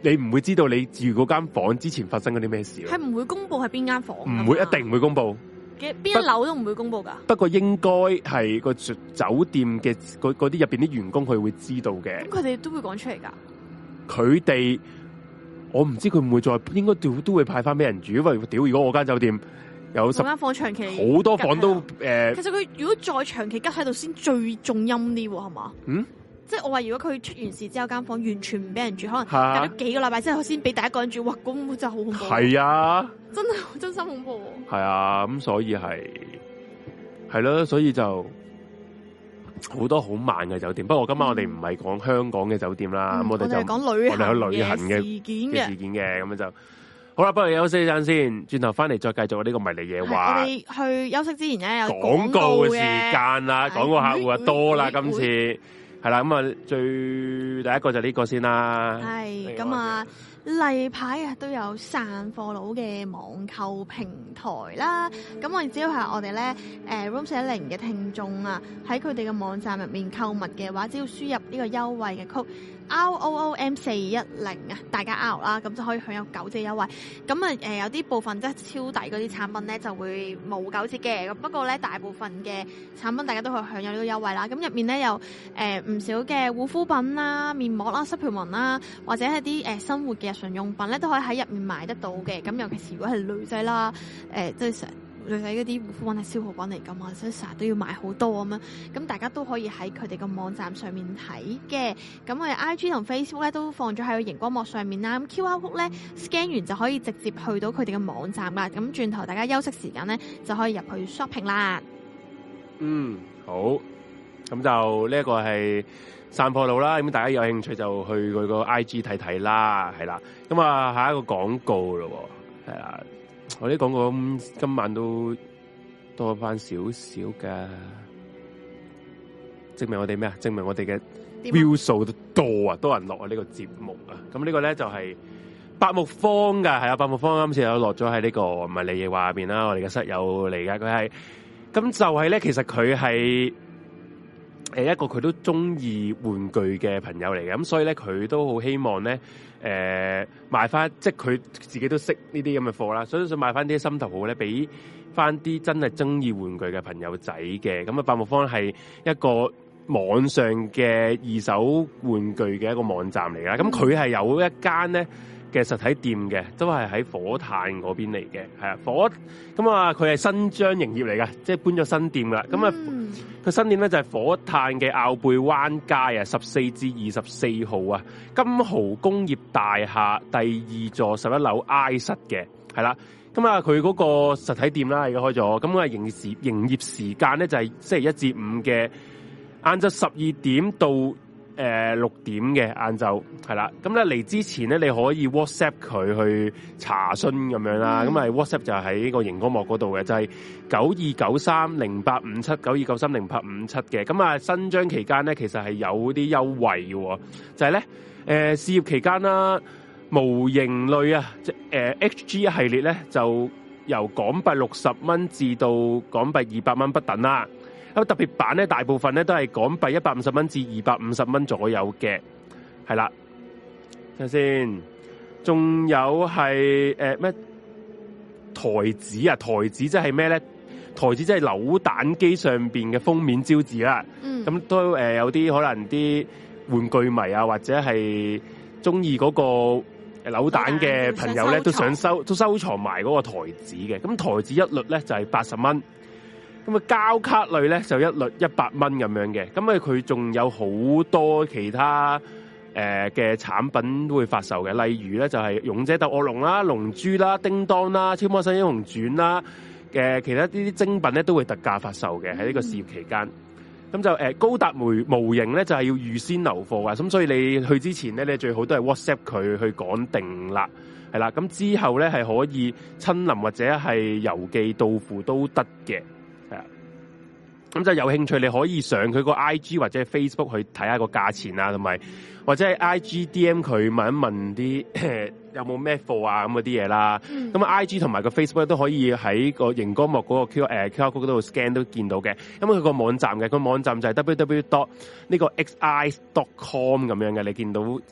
你唔會知道你住嗰間房之前發生嗰啲咩事。係唔會公佈係邊間房？唔會、啊、一定唔會公佈。邊一樓都唔會公布噶，不過應該係個住酒店嘅嗰啲入邊啲員工佢會知道嘅。咁佢哋都會講出嚟噶？佢哋我唔知佢唔會再應該都都會派翻俾人住，因為屌如,如果我間酒店有間房長期好多房都誒、呃，其實佢如果再長期拮喺度先最重音啲係嘛？嗯。即係我話，如果佢出完事之後，間房完全唔俾人住，可能隔咗幾個禮拜之後先俾第一個人住，哇！咁真係好恐怖。係啊，真係真心恐怖。係啊，咁所以係係咯，所以就好多好慢嘅酒店。不過今晚我哋唔係講香港嘅酒店啦，咁、嗯、我哋就講旅遊嘅旅行嘅事件嘅事件嘅，咁樣就好啦。不如休息陣先，轉頭翻嚟再繼續呢個迷你嘢話。去休息之前咧有廣告嘅時間啦，廣告客戶啊多啦，今次。係啦，咁啊，最第一個就係呢個先啦。係，咁啊，例牌啊都有散貨佬嘅網購平台啦。咁我哋只要係我哋咧，誒、呃、Room 四一零嘅聽眾啊，喺佢哋嘅網站入面購物嘅話，只要輸入呢個優惠嘅 code。R o o m 四一零啊，大家 out 啦，咁就可以享有九折優惠。咁啊，誒有啲部分即係超抵嗰啲產品咧，就會冇九折嘅。咁不過咧，大部分嘅產品，大家都可以享有這個優惠呢個優惠啦。咁入面咧有誒唔、呃、少嘅護膚品啦、面膜啦、Supplement 啦，或者係啲誒生活嘅日常用品咧，都可以喺入面買得到嘅。咁尤其是如果係女仔啦，誒即係想。就是女仔嗰啲護膚品啊、消耗品嚟噶嘛，所以成日都要買好多吖嘛。咁大家都可以喺佢哋嘅網站上面睇嘅。咁我哋 I G 同 Facebook 咧都放咗喺個熒光幕上面啦。咁 Q R code 咧 scan 完就可以直接去到佢哋嘅網站啦。咁轉頭大家休息時間咧就可以入去 shopping 啦。嗯，好。咁就呢一個係散貨路啦。咁大家有興趣就去佢個 I G 睇睇啦。係啦。咁啊，下一個廣告咯喎。係啦。我啲講講，今晚都多翻少少噶，證明我哋咩啊？證明我哋嘅票數都多啊！多人落啊呢個節目啊！咁呢個咧就係、是、八木方噶，係啊，八木方今次有落咗喺呢個唔係你嘅華入邊啦，我哋嘅室友嚟噶，佢係咁就係咧，其實佢係誒一個佢都中意玩具嘅朋友嚟嘅。咁所以咧佢都好希望咧。誒賣翻即係佢自己都識呢啲咁嘅貨啦，所以想賣翻啲心頭好咧，俾翻啲真係中意玩具嘅朋友仔嘅。咁啊，百物方係一個網上嘅二手玩具嘅一個網站嚟㗎啦。咁佢係有一間咧。嘅實體店嘅都係喺火炭嗰邊嚟嘅，係啊，火咁啊，佢係新張營業嚟嘅，即係搬咗新店啦。咁啊佢新店咧就係、是、火炭嘅坳背灣街啊，十四至二十四號啊，金豪工業大廈第二座十一樓 I 室嘅係啦。咁啊佢嗰個實體店啦而家開咗，咁啊營時營業時間咧就係、是、星期一至五嘅晏晝十二點到。誒、呃，六點嘅晏晝係啦，咁咧嚟之前咧，你可以 WhatsApp 佢去查詢咁樣啦，咁、嗯、啊 WhatsApp 就喺個熒光幕嗰度嘅，就係九二九三零八五七九二九三零八五七嘅，咁啊新張期間咧，其實係有啲優惠嘅，就係、是、咧，誒、呃，事業期間啦、啊，模型類啊，即誒、呃、HG 系列咧，就由港幣六十蚊至到港幣二百蚊不等啦。咁特別版咧，大部分咧都係港幣一百五十蚊至二百五十蚊左右嘅，係啦。睇下先，仲有係誒咩台紙啊？台紙即係咩咧？台紙即係扭蛋機上邊嘅封面招紙啦。咁、嗯、都誒、呃、有啲可能啲玩具迷啊，或者係中意嗰個扭蛋嘅朋友咧，都想收都收藏埋嗰個台紙嘅。咁台紙一律咧就係八十蚊。咁、嗯、啊，膠卡類咧就一律一百蚊咁樣嘅，咁啊佢仲有好多其他誒嘅、呃、產品都會發售嘅，例如咧就係、是、勇者鬥惡龍啦、龍珠啦、叮噹啦、超魔神英雄傳啦，誒、呃、其他啲啲精品咧都會特價發售嘅喺呢個試業期間。咁、嗯嗯、就誒、呃、高達模模型咧就係、是、要預先留貨㗎。咁所以你去之前咧，你最好都係 WhatsApp 佢去講定啦，係啦，咁、嗯、之後咧係可以親臨或者係郵寄到付都得嘅。咁就有興趣，你可以上佢個 IG 或者 Facebook 去睇下個價錢啊，同埋或者 IGDM 佢問一問啲 有冇咩貨啊咁嗰啲嘢啦。咁、嗯、啊 IG 同埋個 Facebook 都可以喺個熒光幕嗰個 Q 誒 QR Code 嗰度 scan 都見到嘅。咁佢個網站嘅，個網站就係 www 呢、呢個 xis.com 咁樣嘅。你見到誒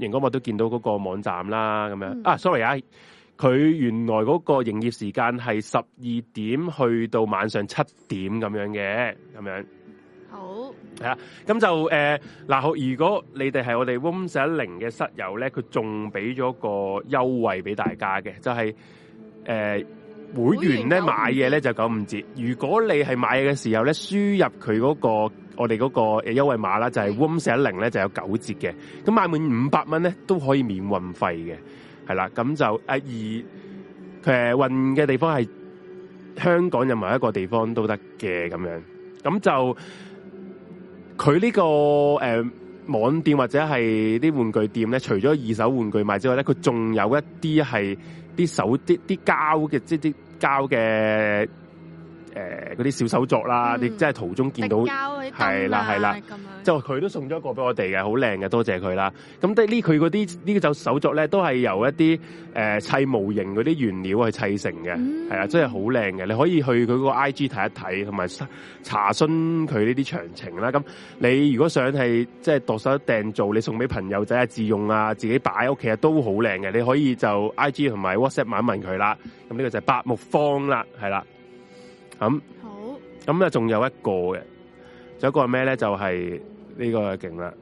熒光幕都見到嗰個網站啦。咁樣、嗯、啊，sorry 啊。佢原來嗰個營業時間係十二點去到晚上七點咁樣嘅。咁樣好係啊。咁就誒嗱、呃，如果你哋係我哋 WOMS10 嘅室友咧，佢仲俾咗個優惠俾大家嘅，就係、是、誒、呃、會員咧買嘢咧就九五折。如果你係買嘢嘅時候咧，輸入佢嗰、那個我哋嗰個優惠碼啦，就係 WOMS10 咧就有九折嘅。咁買滿五百蚊咧都可以免運費嘅。係啦，咁就誒、啊、而誒運嘅地方係香港任何一個地方都得嘅，咁樣，咁就佢呢、這個誒、呃、網店或者係啲玩具店咧，除咗二手玩具賣之外咧，佢仲有一啲係啲手啲啲膠嘅，即啲膠嘅。誒、呃，嗰啲小手作啦，嗯、你真係途中見到係啦係啦，就佢都送咗一個俾我哋嘅，好靚嘅，多謝佢啦。咁、這個、呢，佢嗰啲呢個手作咧，都係由一啲誒、呃、砌模型嗰啲原料去砌成嘅，係、嗯、啊，真係好靚嘅。你可以去佢個 I G 睇一睇，同埋查查詢佢呢啲詳情啦。咁你如果想係即係度手訂做，你送俾朋友仔啊，自用啊，自己擺喺屋企啊，都好靚嘅。你可以就 I G 同埋 WhatsApp 問問佢啦。咁呢個就百木坊啦，係啦。咁、嗯、好，咁、嗯、啊，仲、嗯、有一個嘅，仲有一個係咩咧？就係、是、呢、這個勁啦，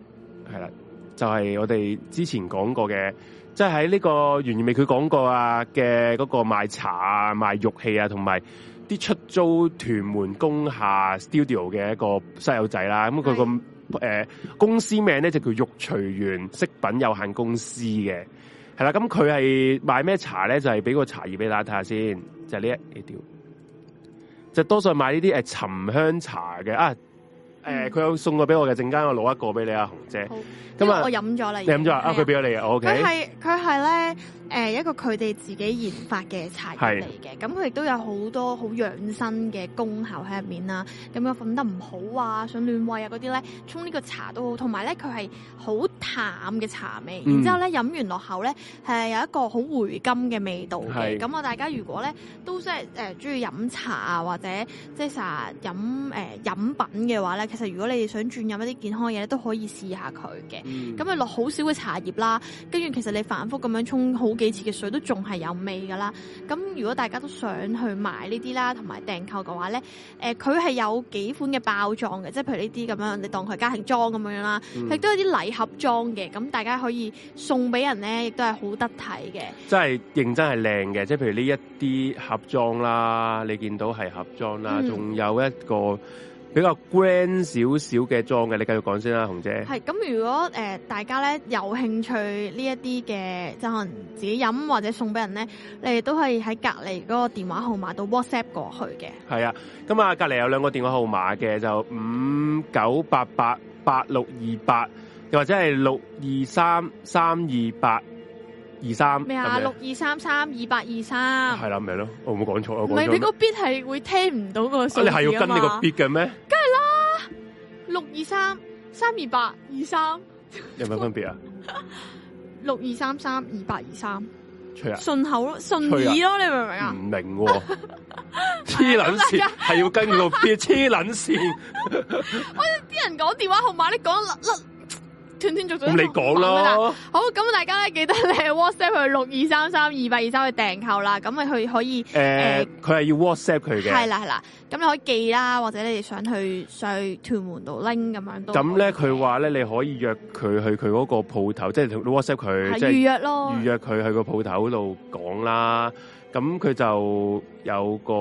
係啦，就係、是、我哋之前講過嘅，即係喺呢個原原未佢講過啊嘅嗰個賣茶啊、賣玉器啊，同埋啲出租屯門工廈 studio 嘅一個細友仔啦、啊。咁佢個誒公司名咧，就叫玉隨緣飾品有限公司嘅，係啦。咁佢係賣咩茶咧？就係、是、俾個茶葉俾大家睇下先，就係、是、呢一一條就多數買呢啲誒沉香茶嘅啊。誒、嗯、佢、呃、有送過俾我嘅，陣間我攞一個俾你啊，紅姐。咁、嗯、啊、啊，我飲咗啦，飲咗啊，佢俾咗你啊，我 OK。佢係佢係咧，誒，一個佢哋自己研發嘅茶嚟嘅，咁佢亦都有好多好養生嘅功效喺入面啦。咁我瞓得唔好啊，想暖胃啊嗰啲咧，沖呢個茶都好。同埋咧，佢係好淡嘅茶味，嗯、然之後咧飲完落口咧係有一個好回甘嘅味道嘅。咁我大家如果咧都即係誒中意飲茶啊，或者即係成日飲飲品嘅話咧。其實如果你哋想轉入一啲健康嘢，都可以試下佢嘅。咁啊落好少嘅茶葉啦，跟住其實你反覆咁樣沖好幾次嘅水，都仲係有味噶啦。咁如果大家都想去買呢啲啦，同埋訂購嘅話咧，誒、呃，佢係有幾款嘅包裝嘅，即係譬如呢啲咁樣，你當佢家庭裝咁樣啦，亦都有啲禮盒裝嘅，咁大家可以送俾人咧，亦都係好得體嘅。真係認真係靚嘅，即係譬如呢一啲盒裝啦，你見到係盒裝啦，仲、嗯、有一個。比較 grand 少少嘅裝嘅，你繼續講先啦，紅姐。係咁，如果、呃、大家咧有興趣呢一啲嘅，就可能自己飲或者送俾人咧，你哋都可以喺隔離嗰個電話號碼度 WhatsApp 過去嘅。係啊，咁啊，隔離有兩個電話號碼嘅，就五九八八八六二八，又或者係六二三三二八。二三咩啊？六二三三二八二三係啦，明唔明咯？我冇講錯啊！唔係你個 bit 係會聽唔到個，所以你係要跟呢個 bit 嘅咩？梗係啦，六二三三二八二三有咩分別啊？六二三三二八二三，吹啊，順口咯，順耳咯，你明唔明啊？唔 明經病，黐捻線係要跟個 bit，黐捻線。喂， 啲 人講電話號碼，你講六斷斷續續咁你講咯，好咁大家咧記得你 WhatsApp 佢六二三三二八二三去訂購啦，咁你佢可以誒，佢、呃、係、欸、要 WhatsApp 佢嘅，係啦係啦，咁你可以寄啦，或者你哋想去上去屯門度拎咁樣都。咁咧佢話咧你可以約佢去佢嗰個鋪頭，即、就、係、是、WhatsApp 佢，係預、就是、約咯，預約佢去個鋪頭度講啦。咁佢就有個，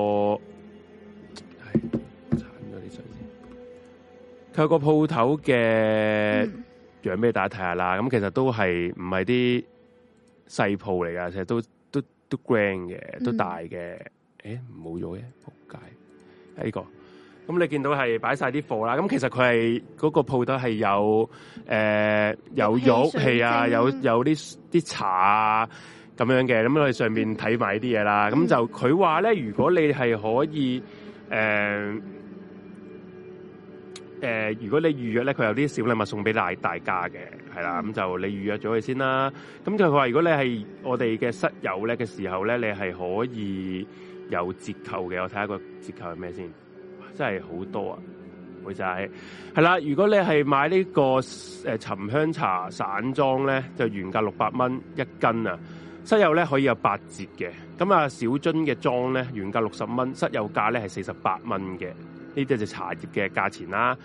係殘咗啲水先。佢有個鋪頭嘅。嗯養咩？大家睇下啦。咁其實都係唔係啲細鋪嚟噶，其實都都都 grand 嘅，都大嘅。誒，冇咗嘅，撲街。係呢個，咁你見到係擺晒啲貨啦。咁其實佢係嗰個鋪頭係有誒，有肉器啊，有有啲啲茶啊咁樣嘅。咁去上面睇埋啲嘢啦。咁就佢話咧，如果你係可以誒。誒、呃，如果你預約咧，佢有啲小禮物送俾大大家嘅，係啦，咁就你預約咗佢先啦。咁就佢話，如果你係我哋嘅室友咧嘅時候咧，你係可以有折扣嘅。我睇下個折扣係咩先，真係好多啊！偉、就、仔、是，係啦，如果你係買呢、這個、呃、沉香茶散裝咧，就原價六百蚊一斤啊。室友咧可以有八折嘅。咁啊，小樽嘅裝咧原價六十蚊，室友價咧係四十八蚊嘅。呢啲就係茶葉嘅價錢啦，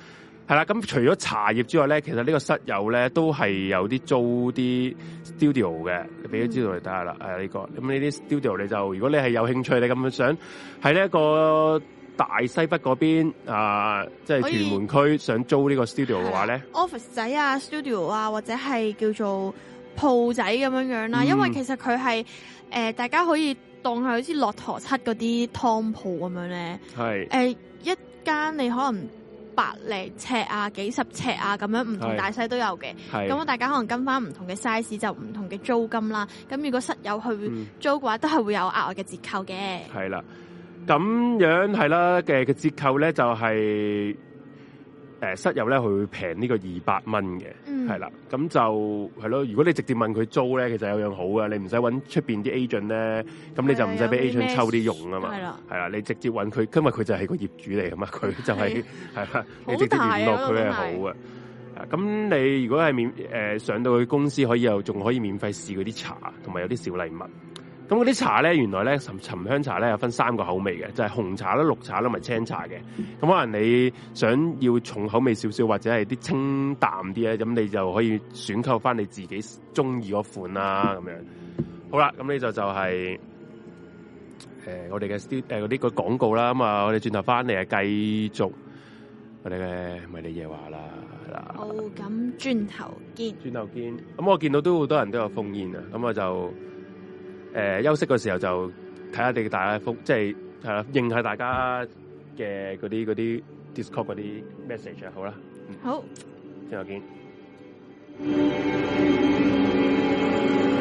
係啦。咁除咗茶葉之外咧，其實呢個室友咧都係有啲租啲 studio 嘅，俾咗資料你睇下啦。呢、嗯啊呢個咁呢啲 studio 你就如果你係有興趣，你咁樣想喺呢一個大西北嗰邊啊，即、就、係、是、屯門區想租呢個 studio 嘅話咧，office 仔啊，studio 啊，或者係叫做鋪仔咁樣樣啦。呃嗯、因為其實佢係、呃、大家可以當係好似駱駝七嗰啲湯鋪咁樣咧。係、呃、一。間你可能百零尺啊，幾十尺啊，咁樣唔同大細都有嘅。係。咁啊，大家可能跟翻唔同嘅 size 就唔同嘅租金啦。咁如果室友去租嘅話，嗯、都係會有額外嘅折扣嘅。係啦，咁樣係啦，嘅嘅折扣咧就係、是。誒、呃、室友咧，佢會平呢個二百蚊嘅，係、嗯、啦，咁就係咯。如果你直接問佢租咧，其實有樣好嘅，你唔使搵出面啲 agent 咧，咁你就唔使俾 agent 抽啲傭啊嘛，係啦，係啦，你直接搵佢，今日佢就係個業主嚟噶嘛，佢就係係啦，你直接聯絡佢係、啊、好嘅。咁你如果係免、呃、上到去公司，可以又仲可以免費試嗰啲茶，同埋有啲小禮物。咁嗰啲茶咧，原來咧沉沉香茶咧有分三個口味嘅，就係、是、紅茶啦、綠茶啦同埋青茶嘅。咁、嗯、可能你想要重口味少少，或者係啲清淡啲咧，咁你就可以選購翻你自己中意嗰款啦。咁樣好啦，咁呢就就是、係、呃、我哋嘅 studio 呢個廣告啦。咁啊，我哋轉頭翻嚟繼續我哋嘅迷你夜話啦。好，咁、哦、轉頭見，轉頭見。咁我見到都好多人都有封宴啊，咁我就。誒、呃、休息嘅時候就睇下你大家覆，即係係啦，認下，啊、大家嘅嗰啲啲 Discord 嗰啲 message 好啦。好、嗯，之後見。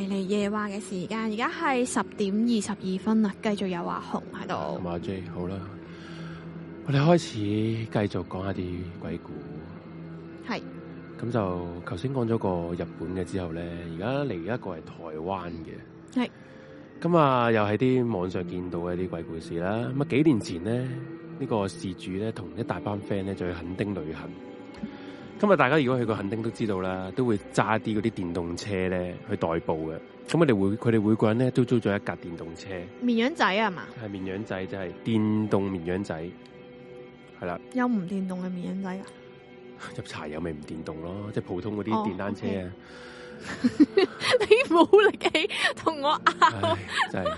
嚟嚟夜話嘅時間，而家係十點二十二分啦，繼續有阿紅喺度。同埋阿 J，好啦，我哋開始繼續講一啲鬼故。係咁就，頭先講咗個日本嘅之後咧，而家嚟一個係台灣嘅。係咁啊，又係啲網上見到嘅啲鬼故事啦。咁啊，幾年前咧，呢個事主咧同一大班 friend 咧就去墾丁旅行。今日大家如果去過墾丁都知道啦，都會揸啲嗰啲電動車咧去代步嘅。咁佢哋會，佢哋每個人咧都租咗一架電動車。綿羊仔係嘛？係綿羊仔，就係電動綿羊仔。係啦，有唔電動嘅綿羊仔啊？入柴油咪唔電動咯，即係普通嗰啲電單車啊。Oh, okay. 你冇力氣同我拗，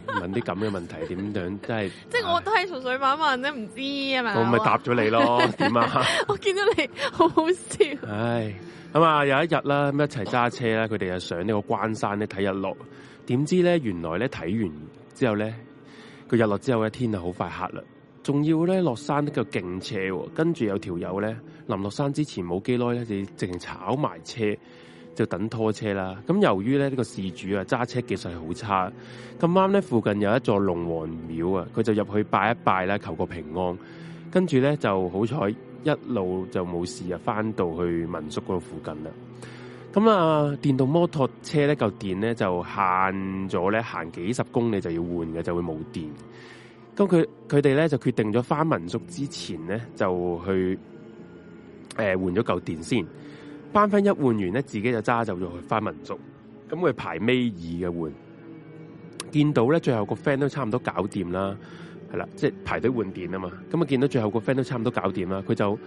問啲咁嘅問題，點樣真係？即係我都係純粹玩問啫，唔知係咪？我咪答咗你咯，點 啊？我見到你好好笑。唉，咁、嗯、啊，有一日啦，咁一齊揸車啦，佢哋就上呢個關山咧睇日落。點知咧，原來咧睇完之後咧，個日落之後嘅天就好快黑啦，仲要咧落山呢個勁斜，跟住有條友咧臨落山之前冇幾耐咧，就直程炒埋車。就等拖車啦。咁由於咧呢、呢個事主啊揸車技術係好差，咁啱咧附近有一座龍王廟啊，佢就入去拜一拜啦，求個平安。跟住咧就好彩一路就冇事啊，翻到去民宿嗰度附近啦。咁啊，電動摩托車咧嚿、那個、電咧就限咗咧行幾十公里就要換嘅，就會冇電。咁佢佢哋咧就決定咗翻民宿之前咧就去誒、呃、換咗嚿電先。班 friend 一換完咧，自己就揸走咗去翻民宿。咁佢排尾二嘅換，見到咧最後個 friend 都差唔多搞掂啦，係啦，即係排隊換電啊嘛。咁啊見到最後個 friend 都差唔多搞掂啦，佢，就是、就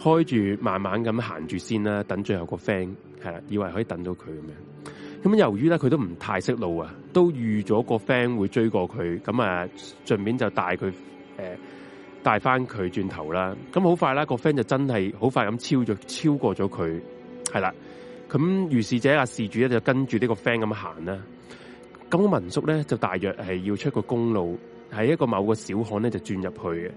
開住慢慢咁行住先啦，等最後個 friend 係啦，以為可以等到佢咁樣。咁由於咧佢都唔太識路啊，都預咗個 friend 會追過佢，咁啊，順便就帶佢誒帶翻佢轉頭啦。咁好快啦，個 friend 就真係好快咁超咗超過咗佢。係啦，咁於是者阿事主咧就跟住呢個 friend 咁行啦，咁民宿咧就大約係要出個公路，喺一個某個小巷咧就轉入去嘅，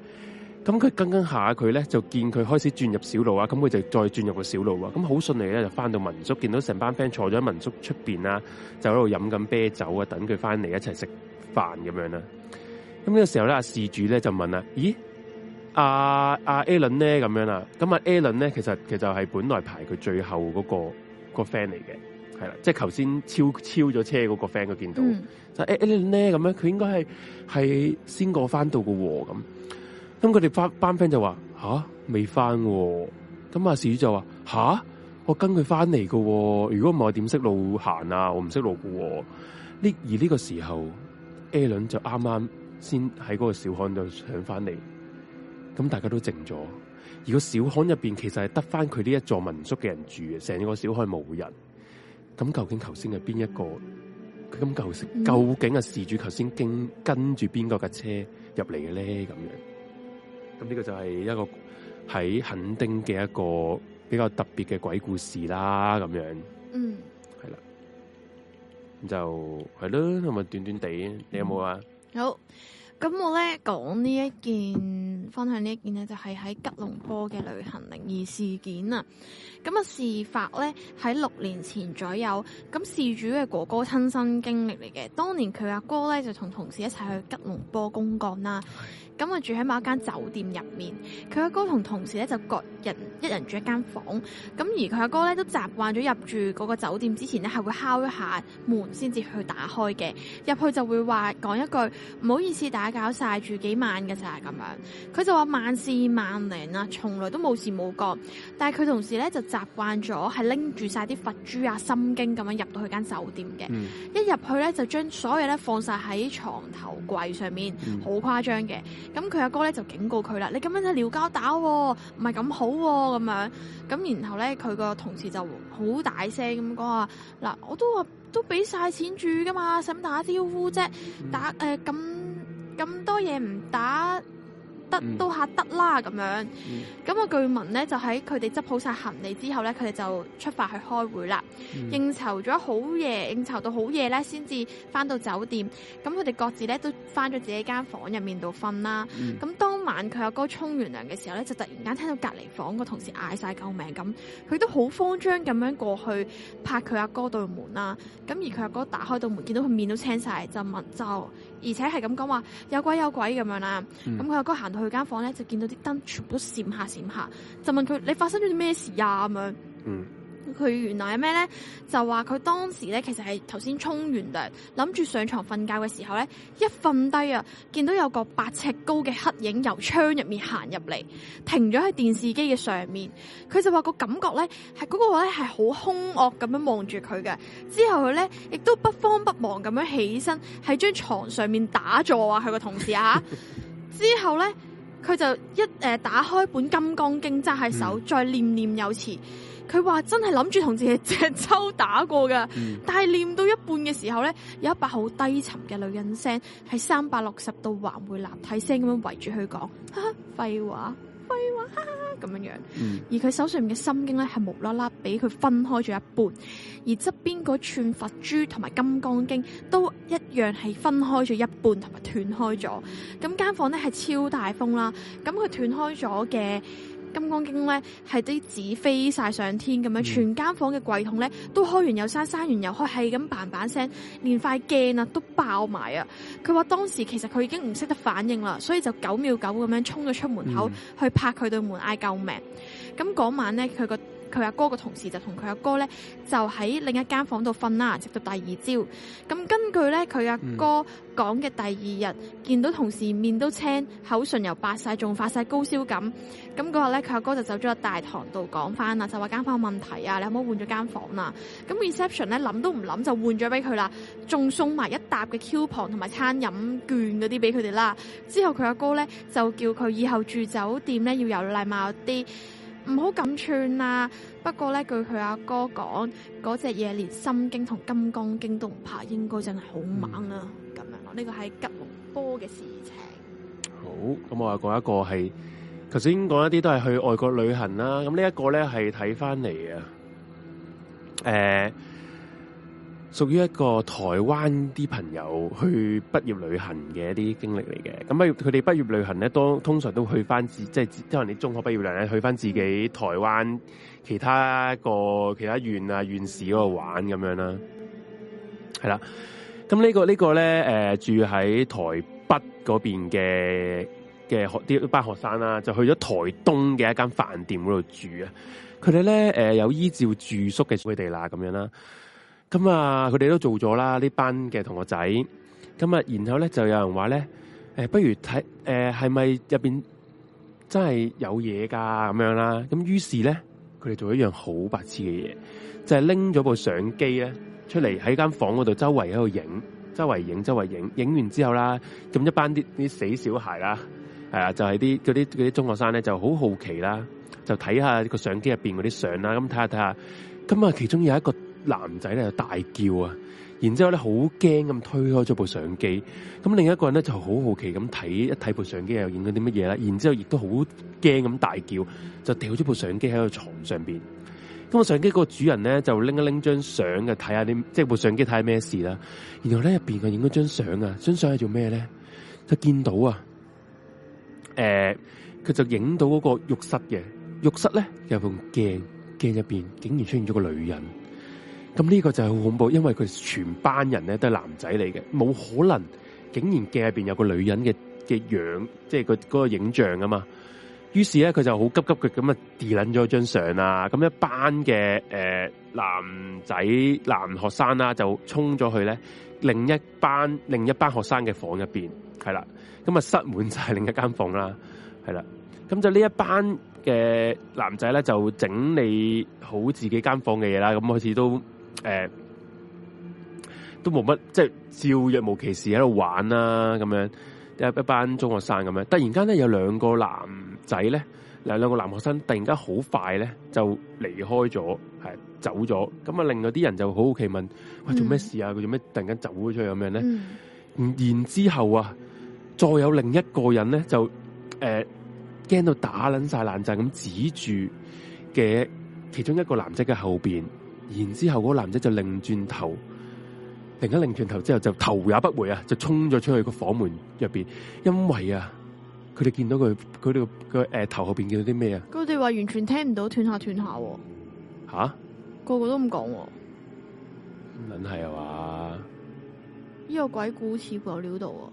咁佢跟跟下佢咧就見佢開始轉入小路啊，咁佢就再轉入個小路啊，咁好順利咧就翻到民宿，見到成班 friend 坐咗喺民宿出邊啊，就喺度飲緊啤酒啊，等佢翻嚟一齊食飯咁樣啦，咁呢個時候咧阿事主咧就問啦，咦？阿阿 Allen 咧咁樣啦，咁阿 Allen 咧，其實其實係本來排佢最後嗰個個 friend 嚟嘅，係啦，即係頭先超超咗車嗰個 friend 佢見到就 Allen 咧咁樣，佢應該係係先過翻到嘅咁。咁佢哋班班 friend 就話吓未翻，咁阿事主就話吓，我跟佢翻嚟嘅，如果唔係我點識路行啊？我唔識路嘅呢。而呢個時候，Allen 就啱啱先喺嗰個小巷度上翻嚟。Uh, 咁大家都靜咗，而個小巷入邊其實係得翻佢呢一座民宿嘅人住嘅，成個小巷無人。咁究竟頭先係邊一個？咁究竟、嗯、究竟係事主頭先跟跟住邊個架車入嚟嘅咧？咁樣，咁呢個就係一個喺墾丁嘅一個比較特別嘅鬼故事啦。咁樣，嗯，係啦，就係咯，係咪斷斷地，你有冇、嗯、啊？好。咁我咧講呢一件，分享呢一件呢就係喺吉隆坡嘅旅行靈異事件啊！咁啊事發咧喺六年前左右，咁事主嘅哥哥親身經歷嚟嘅。當年佢阿哥咧就同同事一齊去吉隆坡公幹啦。 咁佢住喺某一間酒店入面，佢阿哥同同事咧就各人一人住一間房。咁而佢阿哥咧都習慣咗入住嗰個酒店之前咧係會敲一下門先至去打開嘅。入去就會話講一句唔好意思打攪晒住幾晚嘅咋咁樣。佢就話萬事萬靈啊，從來都冇事冇過。但係佢同事咧就習慣咗係拎住晒啲佛珠啊、心經咁樣入到去間酒店嘅，嗯。一入去咧就將所有咧放晒喺床頭櫃上面，好誇張嘅。咁佢阿哥咧就警告佢啦，你咁樣就撩交打，啊，唔係咁好喎，啊，咁樣咁，然後咧佢個同事就好大聲咁講啊，嗱，我都話都俾晒錢住噶嘛，使乜打招呼啫？打誒咁咁多嘢唔打。得都吓得啦咁樣，咁、嗯，那個據聞呢，就喺佢哋執好曬行李之後呢，佢哋就出發去開會啦、嗯。應酬咗好夜，應酬到好夜呢，先至翻到酒店。咁佢哋各自呢，都翻咗自己間房入面度瞓啦。咁、嗯、當晚佢阿哥沖完涼嘅時候呢，就突然間聽到隔離房個同事嗌曬救命咁，佢都好慌張咁樣過去拍佢阿哥對門啦、啊。咁而佢阿哥，哥打開對門，見到佢面都青晒，就問就。而且係咁講話，有鬼有鬼咁樣啦，咁佢阿哥行到去間房咧，就見到啲燈全部都閃下閃下，就問佢：你發生咗啲咩事呀？咁樣。嗯。佢原來係咩呢？就話佢當時咧，其實係頭先沖完涼，諗住上床瞓覺嘅時候咧，一瞓低啊，見到有個八尺高嘅黑影由窗入面行入嚟，停咗喺電視機嘅上面。佢就話個感覺咧，係嗰個位係好兇惡咁樣望住佢嘅。之後佢咧亦都不慌不忙咁樣起身喺張床上面打坐啊，佢個同事啊。 之後咧，佢就一誒打開本金剛經揸喺手，嗯，再念念有詞。佢話真係諗住同自己隻秋打過噶、嗯，但係念到一半嘅時候咧，有一把好低沉嘅女人聲，係三百六十度環回立體聲咁樣圍住佢講，哈哈，廢話，廢話，哈哈咁樣樣。嗯、而佢手上面嘅心經咧係無啦啦俾佢分開咗一半，而側邊嗰串佛珠同埋金剛經都一樣係分開咗一半同埋斷開咗。咁、嗯、間房咧係超大風啦，咁佢斷開咗嘅。金剛經咧係啲紙飛晒上天咁樣，全間房嘅櫃桶咧都開完又閂，閂完又開，係咁嘭嘭聲，連塊鏡啊都爆埋啊！佢話當時其實佢已經唔識得反應啦，所以就九秒九咁樣衝咗出門口、嗯、去拍佢對門嗌救命。咁嗰晚咧，佢個。佢阿哥個同事就同佢阿哥咧，就喺另一間房度瞓啦，直到第二朝。咁根據咧，佢阿哥講嘅第二日、嗯，見到同事面都青，口唇又白晒，仲發晒高燒咁。咁嗰日咧，佢阿哥就走咗去大堂度講翻啦，就話間房有問題啊，你可唔可以換咗間房啊？咁 reception 咧諗都唔諗就換咗俾佢啦，仲送埋一沓嘅 coupon 同埋餐飲券嗰啲俾佢哋啦。之後佢阿哥咧就叫佢以後住酒店咧要有禮貌啲。唔好咁串啦。不過咧，據佢阿哥講，嗰隻嘢連心經同金剛經都唔怕，應該真係好猛啊！咁、嗯、樣咯，呢個係吉隆坡嘅事情。好，咁我又講一個係，頭先講一啲都係去外國旅行啦。咁呢一個咧係睇翻嚟啊，誒。呃屬於一個台灣啲朋友去畢業旅行嘅一啲經歷嚟嘅，咁佢哋畢業旅行咧，都通常都去翻自即係，通常你中學畢業咧去翻自己台灣其他個其他縣啊縣市嗰度玩咁樣啦，係啦。咁呢、呢個呢個咧、呃、住喺台北嗰邊嘅嘅學啲一班學生啦、啊，就去咗台東嘅一間飯店嗰度住啊。佢哋咧有依照住宿嘅規定啦咁樣啦。咁啊，佢哋都做咗啦，呢班嘅同學仔。咁啊，然後咧就有人話咧，誒、欸，不如睇，誒、欸，係咪入邊真係有嘢噶咁樣啦？咁於是咧，佢哋做一樣好白痴嘅嘢，就係拎咗部相機咧出嚟喺間房嗰度，周圍喺度影，周圍影，周圍影，影完之後啦，咁一班啲啲死小孩啦，係啊，就係啲嗰啲啲中學生咧，就好好奇啦，就睇下個相機入邊嗰啲相啦，咁睇下睇下，咁啊，其中有一個。男仔咧就大叫啊，然之後咧好驚咁推開咗部相機，咁另一個人咧就好好奇咁睇一睇部相機又影咗啲乜嘢啦，然之後亦都好驚咁大叫，就掉咗部相機喺個床上邊。咁個相機個主人咧就拎一拎張相嘅睇下啲，即係部相機睇下咩事啦。然後咧入邊又影咗張相啊，張相係做咩咧？就見到啊，誒、呃，佢就影到嗰個浴室嘅浴室咧有部鏡，鏡入邊竟然出現咗個女人。咁呢個就係好恐怖，因為佢全班人咧都係男仔嚟嘅，冇可能竟然鏡入邊有個女人嘅嘅樣，即係佢嗰個影像啊嘛。於是咧，佢就好急急嘅咁啊，跌捻咗張相啦。咁一班嘅誒、呃、男仔男學生啦，就衝咗去咧另一班另一班學生嘅房入邊，係啦。咁啊，塞滿晒另一間房啦，係啦。咁就呢一班嘅男仔咧，就整理好自己間房嘅嘢啦。咁好似都。誒，都冇乜，即係照若無其事喺度玩啦，啊，咁樣一一班中學生咁樣，突然間咧有兩個男仔咧，嗱兩，兩個男學生突然間好快咧就離開咗，係走咗，咁啊令到啲人就好好奇問：嗯、喂，做咩事啊？佢做咩突然間走咗出去咁樣咧、嗯？然之後啊，再有另一個人咧就誒驚到打撚晒冷震咁指住嘅其中一個男仔嘅後邊。然之後嗰個男仔就擰轉頭，突然間擰轉頭之後就頭也不回啊，就衝咗出去個房門入邊。因為啊，佢哋見到佢，佢哋個誒頭後邊見到啲咩啊？佢哋話完全聽唔到，斷下斷下、啊。吓、啊，個個都咁講、啊。梗係話，呢、呢個鬼故事似乎有料到啊！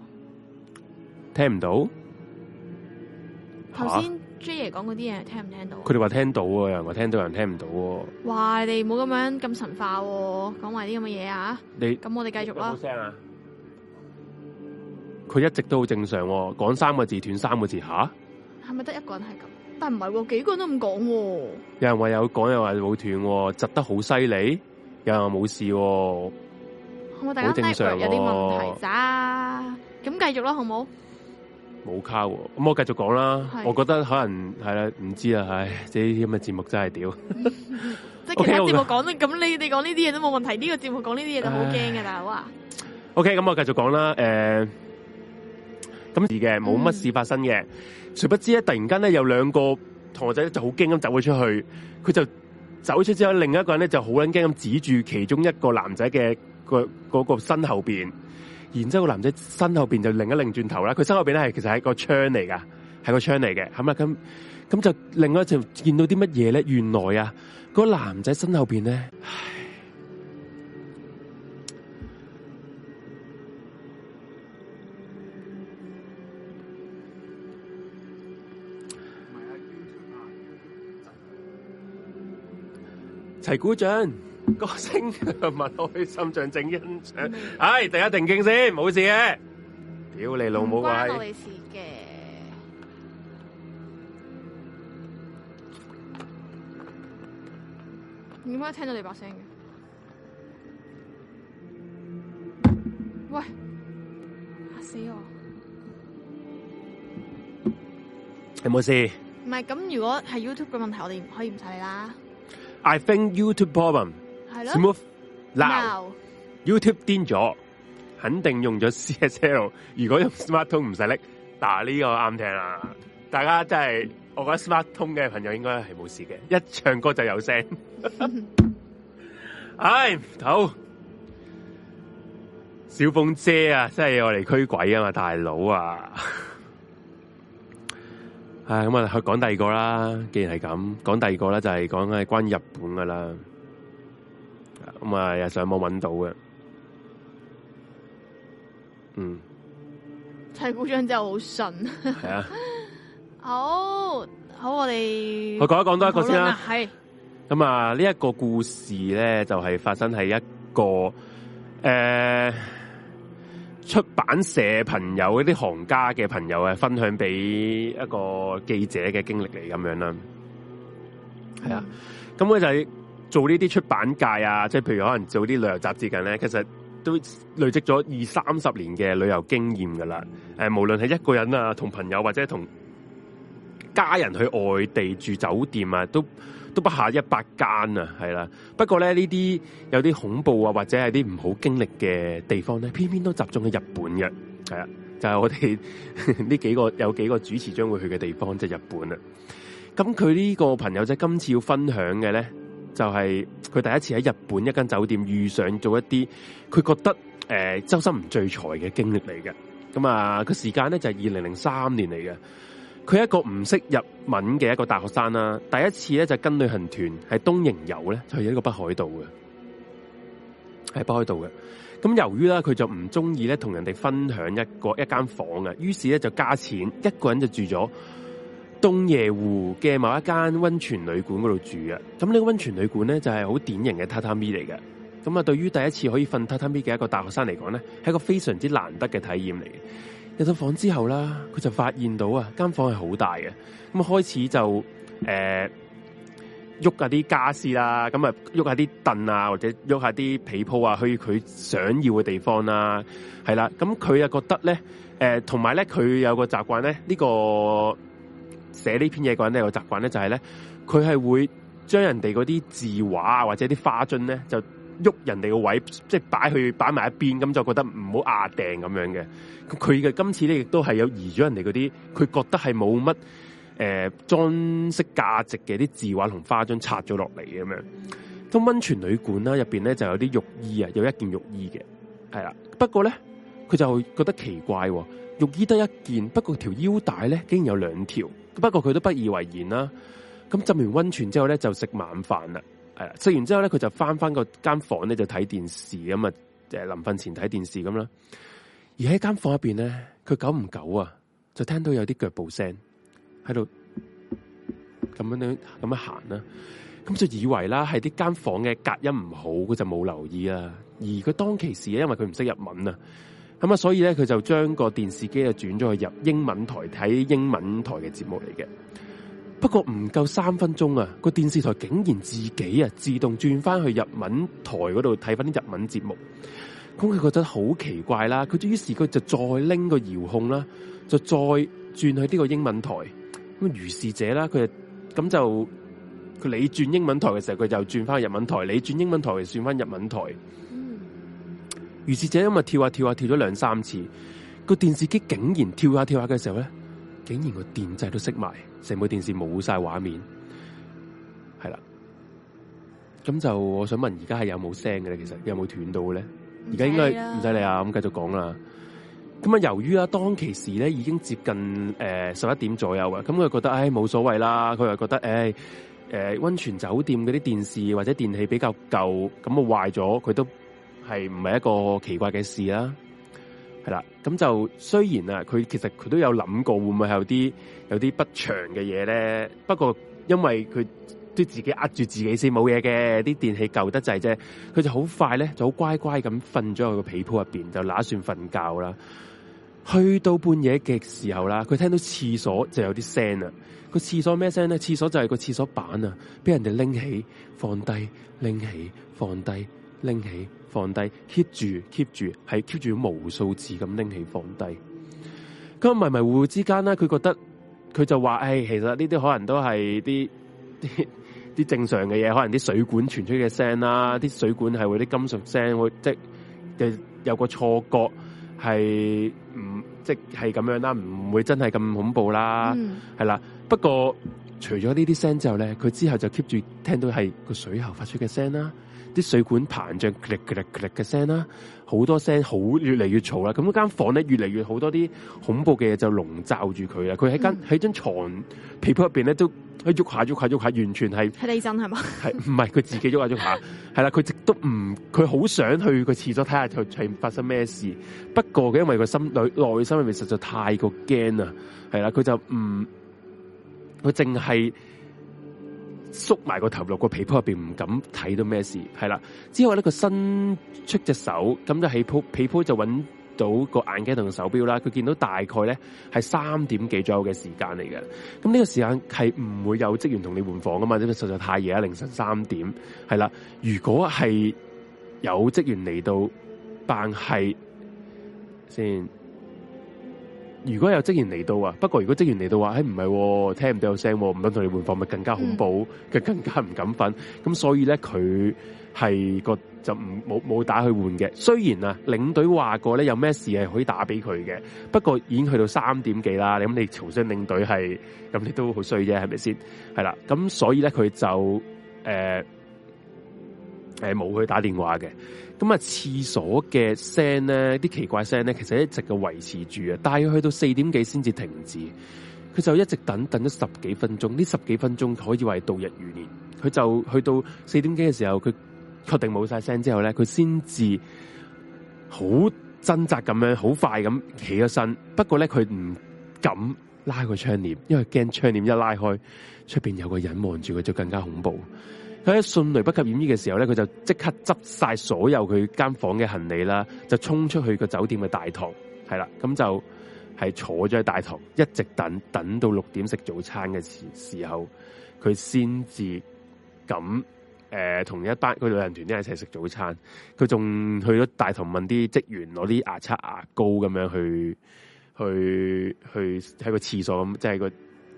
聽唔到？頭先。啊 J 爺講嗰啲嘢聽唔聽到？佢哋話聽到啊，有人話聽到，有人聽唔到。哇，你哋唔好咁樣咁神化、啊，講埋啲咁嘅嘢啊！你咁我哋繼續啦、聲啊。佢、啊、一直都好正常、啊，講三個字斷三個字，吓？係咪得一個人係咁？但係唔係喎，幾個人都咁講喎。有人話有講，又話冇斷，窒得好犀利。有人話冇、啊、事喎、啊，我大家正常、啊、有啲問題咋、啊？咁繼續啦、啊，好冇？冇卡喎，咁我繼續講啦。我覺得可能係啦，唔知呀，唉，即呢啲咁嘅節目真係屌。 即係其他節目講得，咁、okay, 你哋講呢啲嘢都冇問題。呢、這個節目講呢啲嘢都好驚嘅啦，哇。O K，咁我繼續講啦。誒、嗯，咁事嘅冇乜事發生嘅，誰不知咧？突然間咧，有兩個同學仔就好驚咁走咗出去。佢就走出之後，另一個人咧就好撚驚咁指住其中一個男仔嘅個嗰個身後邊。然之後個男仔身後邊就擰一擰轉，轉頭啦，佢身後邊咧係其實係個窗嚟噶，係個窗嚟嘅，係咁。咁就另外就見到啲乜嘢咧？原來啊，個男仔身後邊咧，唉，齊鼓掌。歌聲唔咪開心，像整音像，係定一定驚先，冇事嘅。屌你老母鬼！關我哋事嘅。點解聽到你把聲嘅？喂！嚇死我！有冇事？唔係咁，如果係 YouTube 嘅問題，我哋可以唔使你啦。I think YouTube problem。smooth YouTube 癲咗，肯定用咗 C S L。如果用 Smart 通唔使拎，但呢個啱聽啦。大家真係，我覺得 Smart 通嘅朋友應該係冇事嘅。一唱歌就有聲。唉、 哎，好，小鳳姐啊，真係我嚟驅鬼啊嘛，大佬啊。 唉，咁啊去講第二個啦。既然係咁，講第二個咧就係講係關於日本噶啦。咁、嗯、啊，又上網揾到嘅，嗯，睇古裝真係好順，係啊，好，好，我哋，我講一講多一個先啦、嗯，係，咁啊，呢、這、一個故事咧，就係、是、發生喺一個誒、呃、出版社朋友一啲行家嘅朋友啊，分享俾一個記者嘅經歷嚟咁樣啦，係、嗯、啊、嗯嗯，咁、嗯、佢就係、是。做呢啲出版界啊，即係譬如可能做啲旅遊雜誌咁咧，其實都累積咗二三十年嘅旅遊經驗噶啦。誒，無論係一個人啊，同朋友或者同家人去外地住酒店啊，都都不下一百間啊，係啦。不過咧，呢啲有啲恐怖啊，或者係啲唔好經歷嘅地方咧，偏偏都集中喺日本嘅，係啊，就係我哋呢幾個有幾個主持將會去嘅地方，即係日本啊。咁佢呢個朋友仔今次要分享嘅咧？就係、是、佢第一次喺日本一間酒店遇上做一啲佢覺得誒、呃、周身唔聚財嘅經歷嚟嘅，咁啊個時間咧就係二零零三年嚟嘅。佢係一個唔識日文嘅一個大學生啦，第一次咧就跟旅行團喺東瀛遊咧，就去一個北海道嘅，喺北海道嘅。咁由於啦佢就唔中意咧同人哋分享一個一間房啊，於是咧就加錢一個人就住咗，東夜湖嘅某一間溫泉旅館嗰度住啊。咁呢個溫泉旅館咧就係好典型嘅榻榻米嚟嘅。咁啊，對於第一次可以瞓榻榻米嘅一個大學生嚟講咧，係一個非常之難得嘅體驗嚟嘅。入到房之後啦，佢就發現到啊，間房係好大嘅。咁啊，開始就誒喐下啲家私啦，咁啊，喐下啲凳啊，或者喐下啲被鋪啊，去佢想要嘅地方啦，係啦。咁佢又覺得咧，誒，同埋咧，佢有個習慣咧，呢個。寫呢篇嘢嗰陣咧，有習慣咧，就係咧，佢係會將人哋嗰啲字畫啊，或者啲花樽咧，就喐人哋個位，即係擺佢擺埋一邊，咁就覺得唔好壓定咁樣嘅。咁佢嘅今次咧，亦都係有移咗人哋嗰啲，佢覺得係冇乜誒裝飾價值嘅啲字畫同花樽拆咗落嚟咁樣。咁溫泉旅館啦，入邊咧就有啲浴衣啊，有一件浴衣嘅，係啦。不過咧，佢就覺得奇怪喎，浴衣得一件，不過條腰帶咧竟然有兩條。不過佢都不以為然啦。咁浸完温泉之後咧，就食晚飯啦。係啦，食完之後咧，佢就翻翻個間房咧，就睇電視咁啊，即係臨瞓前睇電視咁啦。而喺間房入邊咧，佢久唔久啊，就聽到有啲腳步聲喺度咁樣樣咁樣行啦。咁就以為啦，係啲間房嘅隔音唔好，佢就冇留意啦。而佢當其時咧，因為佢唔識日文啊。咁、嗯、啊，所以咧，佢就將個電視機啊轉咗去入英文台睇英文台嘅節目嚟嘅。不過唔夠三分鐘啊，個電視台竟然自己啊自動轉翻去日文台嗰度睇翻啲日文節目。咁佢覺得好奇怪啦，佢於是佢就再拎個遙控啦，就再轉去呢個英文台。咁如是者啦，佢就咁就佢你轉英文台嘅時候，佢又轉翻去日文台；你轉英文台，佢轉翻日文台。如是者因為跳下跳下跳咗兩三次，電機跳呀跳呀電個電視機竟然跳下跳下嘅時候咧，竟然個電掣都熄埋，成部電視冇晒畫面。係啦，咁就我想問，而家係有冇聲嘅咧？其實有冇斷到嘅咧？而家應該唔使理啊，咁繼續講啦。咁啊，由於啊當其時咧已經接近誒十一點左右啊，咁佢覺得誒冇所謂啦，佢又覺得誒誒溫泉酒店嗰啲電視或者電器比較舊，咁啊壞咗佢都。係唔係一個奇怪嘅事啦？係啦，咁就雖然啊，佢其實佢都有諗過會唔會係有啲有啲不祥嘅嘢咧。不過因為佢都自己壓住自己先冇嘢嘅，啲電器舊得滯啫。佢就好快咧，就好乖乖咁瞓咗喺個被鋪入邊，就打算瞓覺啦。去到半夜嘅時候啦，佢聽到廁所就有啲聲啊。個廁所咩聲咧？廁所就係個廁所板啊，俾人哋拎起放低，拎起放低，拎起放放低，keep 住，keep 住，係 keep 住無數次咁拎起放低。咁迷迷糊糊之間咧，佢覺得佢就話：誒，其實呢啲可能都係啲啲正常嘅嘢，可能啲水管傳出嘅聲啦，啲水管係會啲金屬聲，會即係有個錯覺係唔即係咁樣啦，唔會真係咁恐怖啦，係、嗯、啦。不過除咗呢啲聲之後咧，佢之後就 keep 住聽到係個水喉發出嘅聲啦。啲水管膨脹，click click click 嘅聲啦，好多聲，好越嚟越嘈啦。咁間房咧，越嚟越好多啲恐怖嘅嘢就籠罩住佢啦。佢喺間喺張床被鋪入邊咧都喺喐下喐下喐下，完全係係地震係嘛？係唔係佢自己喐下喐下？係 啦，佢直都唔，佢好想去個廁所睇下係發生咩事。不過嘅因為個心內內心入面實在太過驚啊，係啦，佢就唔，佢淨係。縮埋個頭落個被鋪入邊，唔敢睇到咩事。係啦，之後咧佢伸出隻手咁，就起鋪被鋪就揾到個眼鏡同手表啦，佢見到大概咧係三點幾左右嘅時間嚟嘅，咁呢個時間係唔會有職員同你換房㗎嘛，因為實在太夜啦，凌晨三點係啦，如果係有職員嚟到辦，但係先。如果有職員嚟到啊，不過如果職員嚟到話，誒唔係，聽唔到有聲，唔想同你換房，咪更加恐怖，佢更加唔敢瞓，咁所以咧佢係個就唔冇冇打去換嘅。雖然啊，領隊話過咧有咩事係可以打俾佢嘅，不過已經去到三點幾啦，咁你嘈醒領隊係咁，你都好衰啫，係咪先？係啦，咁所以咧佢就誒誒冇去打電話嘅。咁啊！廁所嘅聲咧，啲奇怪聲咧，其實一直就維持住啊，但係佢去到四點幾先至停止。佢就一直等等咗十幾分鐘，呢十幾分鐘可以話係度日如年。佢就去到四點幾嘅時候，佢確定冇晒聲之後咧，佢先至好掙扎咁樣，好快咁起咗身。不過咧，佢唔敢拉個窗簾，因為驚窗簾一拉開，出面有個人望住佢就更加恐怖。佢喺迅雷不及掩耳嘅時候咧，佢就即刻執晒所有佢間房嘅行李啦，就衝出去個酒店嘅大堂，係啦，咁就係坐咗喺大堂，一直等等到六點食早餐嘅時時候，佢先至咁誒，同一班個旅行團啲人一齊食早餐。佢仲去咗大堂問啲職員攞啲牙刷牙膏咁樣去去去喺個廁所咁，即係個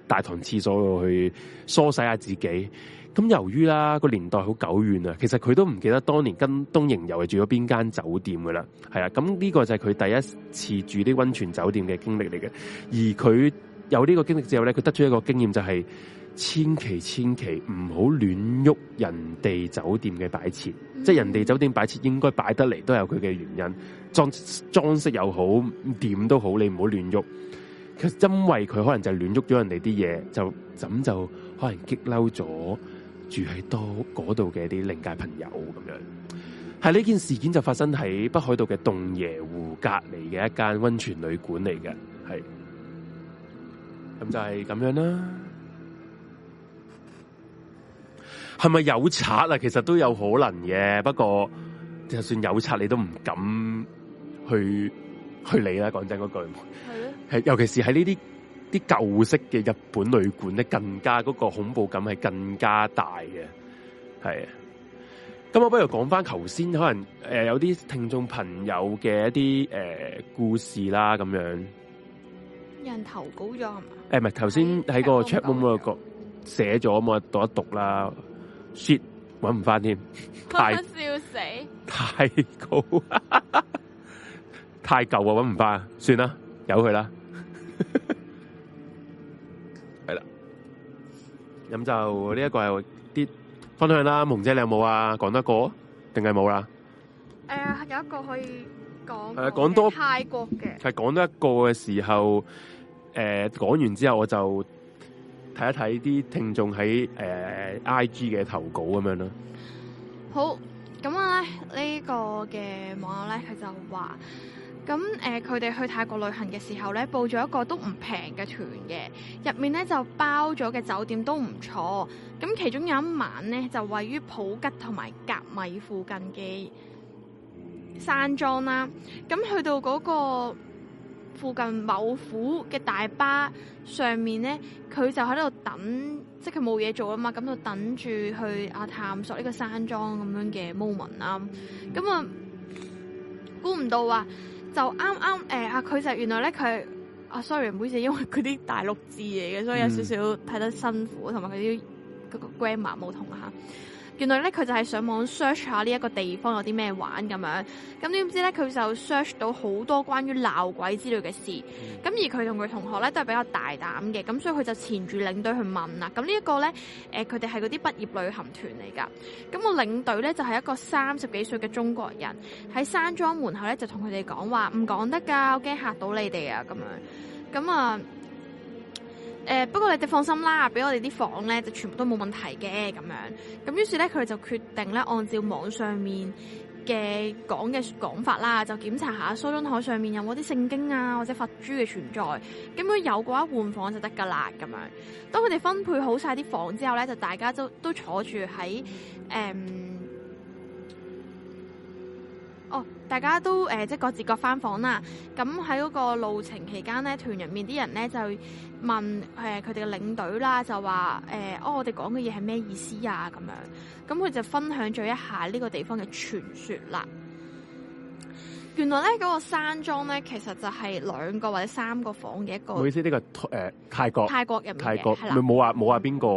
大堂廁所度去梳洗下自己。咁由於啦個年代好久遠啊，其實佢都唔記得當年跟東瀛遊係住咗邊間酒店噶啦，係啦。咁呢個就係佢第一次住啲溫泉酒店嘅經歷嚟嘅。而佢有呢個經歷之後咧，佢得出一個經驗就係、係、千祈千祈唔好亂喐人哋酒店嘅擺設，即、嗯、係、就係、人哋酒店擺設應該擺得嚟都有佢嘅原因，裝裝飾又好點都好，你唔好亂喐。佢因為佢可能就亂喐咗人哋啲嘢，就噉就可能激嬲咗。住喺多嗰度嘅一啲靈界朋友咁樣，係呢件事件就發生喺北海道嘅洞爺湖隔籬嘅一間溫泉旅館嚟嘅，係，咁就係咁樣啦。係咪有賊啊？其實都有可能嘅，不過就算有賊，你都唔敢去去理啦。講真嗰句，係，尤其是喺呢啲。啲舊式嘅日本旅館咧，更加嗰、那個恐怖感係更加大嘅，係啊。咁我不如講翻頭先，可能誒、呃、有啲聽眾朋友嘅一啲誒、呃、故事啦，咁樣有人投稿咗係嘛？誒，唔係頭先喺個 chat bubble 度寫咗，我讀一讀啦。shit，搵唔翻添，快笑死，太高！ 太舊啊，搵唔翻，算啦，由佢啦。咁就呢、這個、一個係啲分享啦，蒙姐你有冇啊？講得過定係冇啦？誒，有一個可以講誒，講多泰國嘅，係講多一個嘅時候，誒、呃、講完之後我就睇一睇啲聽眾喺誒 I G 嘅投稿咁樣咯。好，咁咧呢、這個嘅網友咧佢就話。咁誒，佢哋去泰國旅行嘅時候咧，報咗一個都唔平嘅團嘅，入面咧就包咗嘅酒店都唔錯。咁其中有一晚咧，就位於普吉同埋甲米附近嘅山莊啦。咁去到嗰個附近某府嘅大巴上面咧，佢就喺度等，即係佢冇嘢做啊嘛，咁就等住去啊探索呢個山莊咁樣嘅 moment 啦。咁、呃、啊，估唔到啊～就啱啱誒啊！佢就原來咧，佢啊，sorry，唔好意思，因為佢啲大陸字嚟嘅，所以有少少睇得辛苦，嗯、有他的沒有同埋佢啲個 grammar 冇同嚇。原來咧佢就係上網 search 下呢一個地方有啲咩玩咁樣，咁點知咧佢就 search 到好多關於鬧鬼之類嘅事，咁而佢同佢同學咧都係比較大膽嘅，咁所以佢就纏住領隊去問啦。咁呢一個咧，誒佢哋係嗰啲畢業旅行團嚟噶，咁個領隊咧就係一個三十幾歲嘅中國人喺山莊門口咧就同佢哋講，話唔講得㗎，我驚嚇到你哋啊咁樣，咁啊。誒、呃、不過你哋放心啦，俾我哋啲房咧就全部都冇問題嘅咁樣。咁於是咧佢哋就決定咧按照網上面嘅講嘅講法啦，就檢查下梳妝台上面有冇啲聖經啊或者佛珠嘅存在。咁如果有嘅話，換房就得㗎啦咁樣。當佢哋分配好晒啲房之後咧，就大家都都坐住喺誒。嗯哦、oh，大家都即、呃、各自各翻房啦。咁喺嗰個路程期間咧，團入面啲人咧就問佢哋嘅領隊啦，就話、呃、哦，我哋講嘅嘢係咩意思啊？咁樣，咁佢就分享咗一下呢個地方嘅傳說啦。原來咧嗰、那個山莊咧，其實就係兩個或者三個房嘅一個。唔好意思呢、這個誒、呃、泰國，泰國人嘅，係啦，冇冇話冇話邊個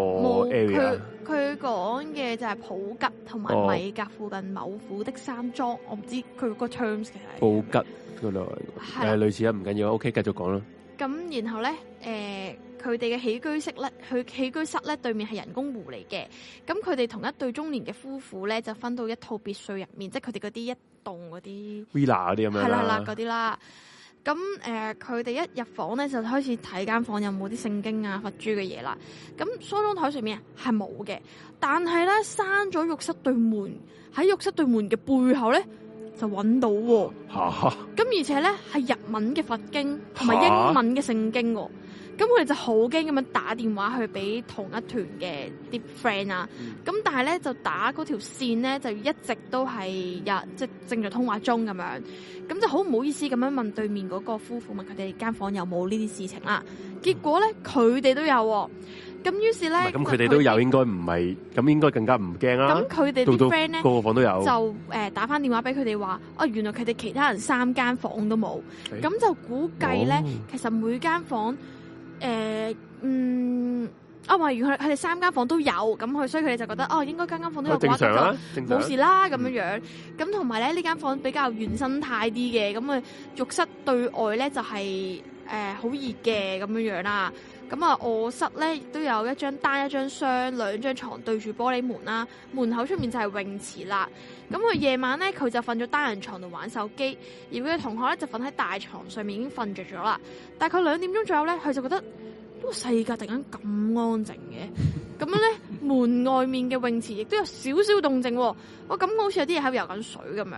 area。佢佢講嘅就係普吉同埋米格附近某府的山莊。哦、我唔知佢個 terms 其實係。普吉嗰度係類似啊，唔緊要。OK，繼續講啦。咁然後咧，誒佢哋嘅起居室咧，佢起居室咧對面係人工湖嚟嘅。咁佢哋同一對中年嘅夫婦咧，就分到一套別墅入面，即係佢哋嗰啲一。動嗰啲，Vila 嗰啲咁樣，係啦係啦嗰啲啦。咁誒，佢哋、呃、一入房咧，就開始睇間房有冇啲聖經啊、佛珠嘅嘢啦。咁梳妝台上面係冇嘅，但係咧閂咗浴室對門，喺浴室對門嘅背後咧就搵到、哦。吓！咁而且咧係日文嘅佛經同埋英文嘅聖經，哦。咁佢哋就好驚咁樣打電話去俾同一團嘅啲 friend 啊，咁、嗯、但係咧就打嗰條線咧就一直都係日即正在通話中咁樣，咁就好唔好意思咁樣問對面嗰個夫婦問佢哋間房有冇呢啲事情啦。結果咧佢哋都有，咁於是咧，咁佢哋都有應該唔係，咁應該更加唔驚啦。咁佢哋啲 friend 咧，個個房都有，就打返電話俾佢哋話，啊、哦、原來佢哋其他人三間房都冇，咁、欸、就估計咧、oh. 其實每間房。誒、呃，嗯，啊，話如果佢哋三間房都有咁，佢所以佢哋就覺得哦，應該間間房都有掛，就冇、啊啊、事啦咁樣樣。咁同埋咧，呢間房比較原生態啲嘅，咁啊浴室對外咧就係誒好熱嘅咁樣樣、啊、啦。咁啊，臥室咧都有一張單、一張雙、兩張床，對住玻璃門啦、啊。門口出面就係泳池啦。咁佢夜晚咧，佢就瞓咗單人床度玩手機，而佢嘅同學咧就瞓喺大床上面，已經瞓着咗啦。大概兩點鐘左右咧，佢就覺得個、哦、世界突然間咁安靜嘅，咁樣咧，門外面嘅泳池亦都有少少動靜、哦，我感覺好似有啲嘢喺度游緊水咁樣。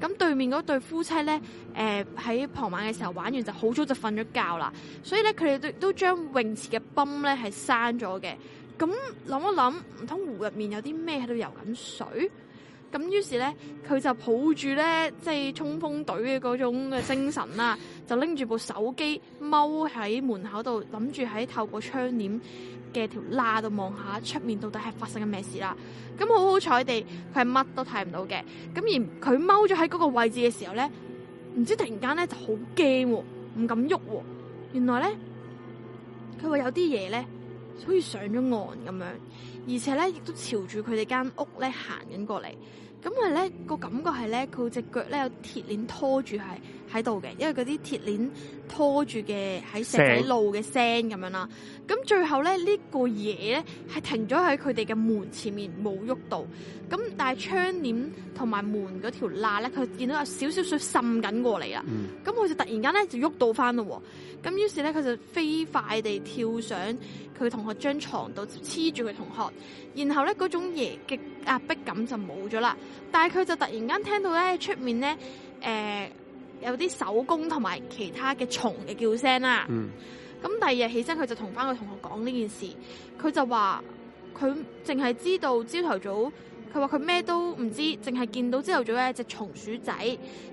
咁對面嗰對夫妻咧，誒、呃、喺傍晚嘅時候玩完，就好早就瞓咗覺啦，所以咧佢哋都都將泳池嘅泵咧係閂咗嘅。咁諗一諗，唔通湖入面有啲咩喺度游緊水？咁於是咧，佢就抱住咧，即係衝鋒隊嘅嗰種嘅精神啦、啊，就拎住部手機踎喺門口度，諗住喺透過窗簾嘅條罅度望下出面到底係發生緊咩事啦。咁好好彩地，佢係乜都睇唔到嘅。咁而佢踎咗喺嗰個位置嘅時候咧，唔知突然間咧就好驚喎，唔敢喐喎、啊。原來咧，佢話有啲嘢咧，好似上咗岸咁樣。而且咧，亦都朝住佢哋間屋咧行緊過嚟，咁咪咧個感覺係咧，佢隻腳咧有鐵鏈拖住係喺度嘅，因為嗰啲鐵鏈拖住嘅喺石仔路嘅聲咁樣啦。咁最後咧呢、呢個嘢咧係停咗喺佢哋嘅門前面冇喐到。咁但係窗簾同埋門嗰條罅咧，佢見到有少少水滲緊過嚟啦。咁、嗯、佢就突然間咧就喐到翻咯。咁於是咧佢就飛快地跳上佢同學張床度，黐住佢同學。然後咧嗰種嘢嘅壓迫感就冇咗啦。但係佢就突然間聽到咧出面咧誒。呃有啲手工同埋其他嘅蟲嘅叫聲啦。咁、嗯、第二日起身，佢就同返個同學講呢件事。佢就話佢淨係知道朝頭早佢佢，佢話佢咩都唔知，淨係見到朝頭早有一隻松鼠仔。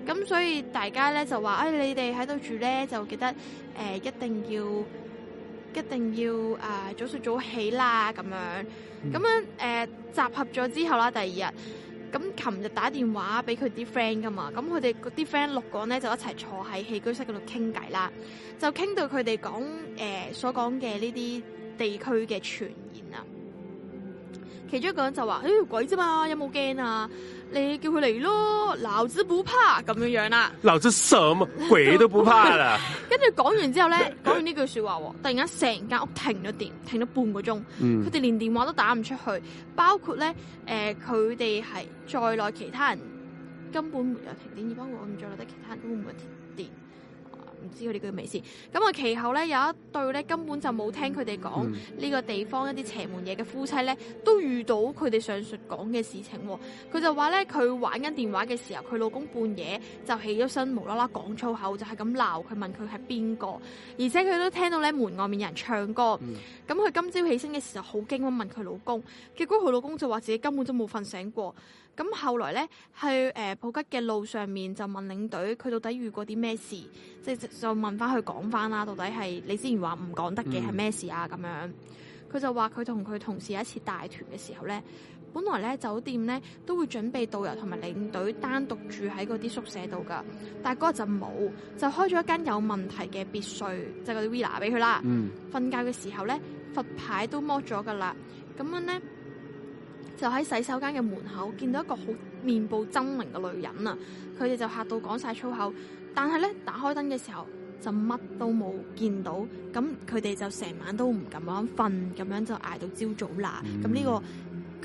咁所以大家咧就話，哎，你哋喺度住咧就記得誒、呃，一定要，一定要、呃、早睡早起啦。咁樣咁、嗯、樣誒、呃，集合咗之後啦，第二日。咁琴日打電話俾佢啲 friend 噶嘛，咁佢哋啲 friend 六個咧就一齊坐喺起居室嗰度傾偈啦，就傾到佢哋講誒所講嘅呢啲地區嘅傳。其中一個人就話：誒、哎，鬼啫嘛，啊，有冇驚啊？你叫佢嚟咯，老子不怕咁樣樣，啊、啦。老子什麼鬼都不怕啦。跟住講完之後咧，講 完呢句說話，突然間成間屋停咗電，停咗半個鐘。佢、嗯、哋連電話都打唔出去，包括咧，誒、呃，佢哋係在內，其他人根本沒有停電，包括我哋在內，其他人都唔會，會停。唔知佢哋句咩事，咁啊其後咧有一對咧根本就冇聽佢哋講呢個地方一啲邪門嘢嘅夫妻咧，都遇到佢哋上述講嘅事情。佢就話咧佢玩緊電話嘅時候，佢老公半夜就起咗身，無啦啦講粗口，就係咁鬧佢，問佢係邊個，而且佢都聽到咧門外面有人唱歌。咁佢今朝起身嘅時候好驚，咁問佢老公，結果佢老公就話自己根本都冇瞓醒過。咁後來咧，去誒、呃、普吉嘅路上面就問領隊，佢到底遇過啲咩事？即係就問翻佢講翻啦，到底係你之前話唔講得嘅係咩事啊？咁樣，佢就話佢同佢同事有一次大團嘅時候咧，本來咧酒店咧都會準備導遊同埋領隊單獨住喺嗰啲宿舍度噶，但係嗰日就冇，就開咗一間有問題嘅別墅，就嗰啲 villa 俾佢啦。嗯，瞓覺嘅時候咧，佛牌都剝咗㗎啦。咁樣咧。就喺洗手間嘅門口見到一個好面部猙獰嘅女人啊！佢哋就吓到講晒粗口，但係咧打開燈嘅時候就乜都冇見到，咁佢哋就成晚都唔敢安瞓，咁樣就挨到朝早啦。咁、嗯、呢、這個。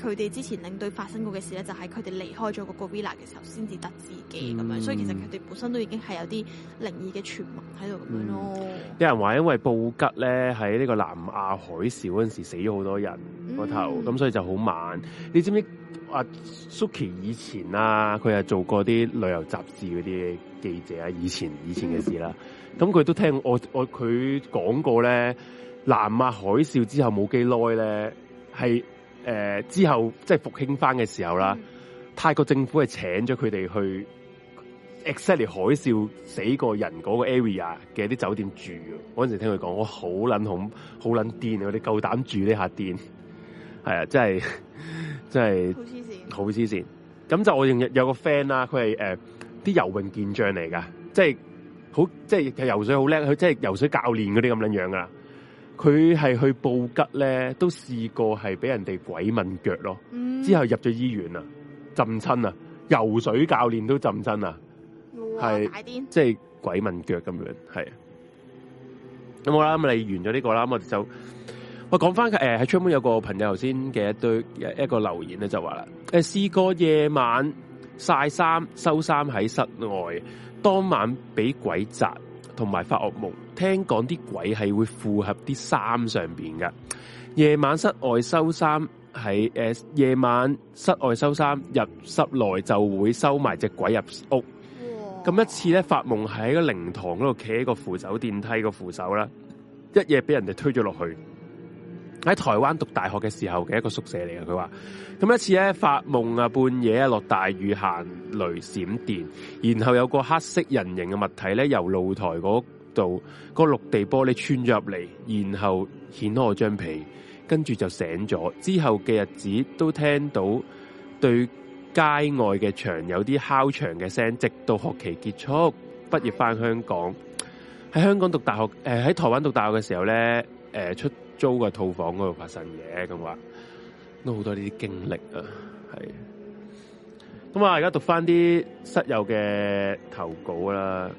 佢哋之前領隊發生過嘅事咧，就係佢哋離開咗嗰個 villa 嘅時候先至得自己咁樣、嗯，所以其實佢哋本身都已經係有啲靈異嘅傳聞喺度咯。有人話因為布吉咧喺呢個南亞海嘯嗰陣時死咗好多人個頭，咁、嗯、所以就好猛。你知唔知阿 Suki 以前啦、啊，佢係做過啲旅遊雜誌嗰啲記者啊，以前以前嘅事啦、啊。咁、嗯、佢都聽我我佢講過咧，南亞海嘯之後冇幾耐咧，係。誒、呃，之後即係復興翻嘅時候啦，嗯、泰國政府係請咗佢哋去 exactly 海嘯死過人嗰個 area 嘅啲酒店住。嗰陣時聽佢講，我好捻恐，好捻癲，我哋夠膽住呢下癲，係啊，真係真係好黐線，好黐線。咁就我認有個 friend 啦，佢係誒啲游泳健將嚟噶，即係好即係游水好叻，佢即係游水教練嗰啲咁樣樣噶。佢係去布吉咧，都試過係俾人哋鬼問腳咯，嗯、之後入咗醫院啊，浸親啊，游水教練都浸親啊，係即係鬼問腳咁樣，係咁、嗯、好啦，咁、嗯、嚟完咗呢個啦，咁我哋就我講翻誒喺出門有個朋友頭先嘅一堆一個個留言咧，就話啦，誒試過夜晚曬衫收衫喺室外，當晚俾鬼扎。同埋發惡夢，聽講啲鬼係會附合啲衫上邊㗎。夜晚室外收衫，喺誒夜晚室外收衫，入室內就會收埋隻鬼入屋。咁、yeah. 一次咧，發夢係喺個靈堂嗰度，企喺個扶手電梯個扶手啦，一夜俾人哋推咗落去。喺台灣讀大學嘅時候嘅一個宿舍嚟嘅，佢話：咁一次咧發夢啊，半夜啊落大雨，行雷閃電，然後有個黑色人形嘅物體咧由露台嗰度、那個嗰個落地玻璃穿咗入嚟，然後掀開我張被，跟住就醒咗。之後嘅日子都聽到對街外嘅牆有啲敲牆嘅聲，直到學期結束畢業翻香港。喺香港讀大學，誒、呃、喺台灣讀大學嘅時候咧，誒、呃、出。租嘅套房嗰度發生嘢，咁話，都好多呢啲經歷啊，係。咁啊，而家讀翻啲室友嘅投稿啦。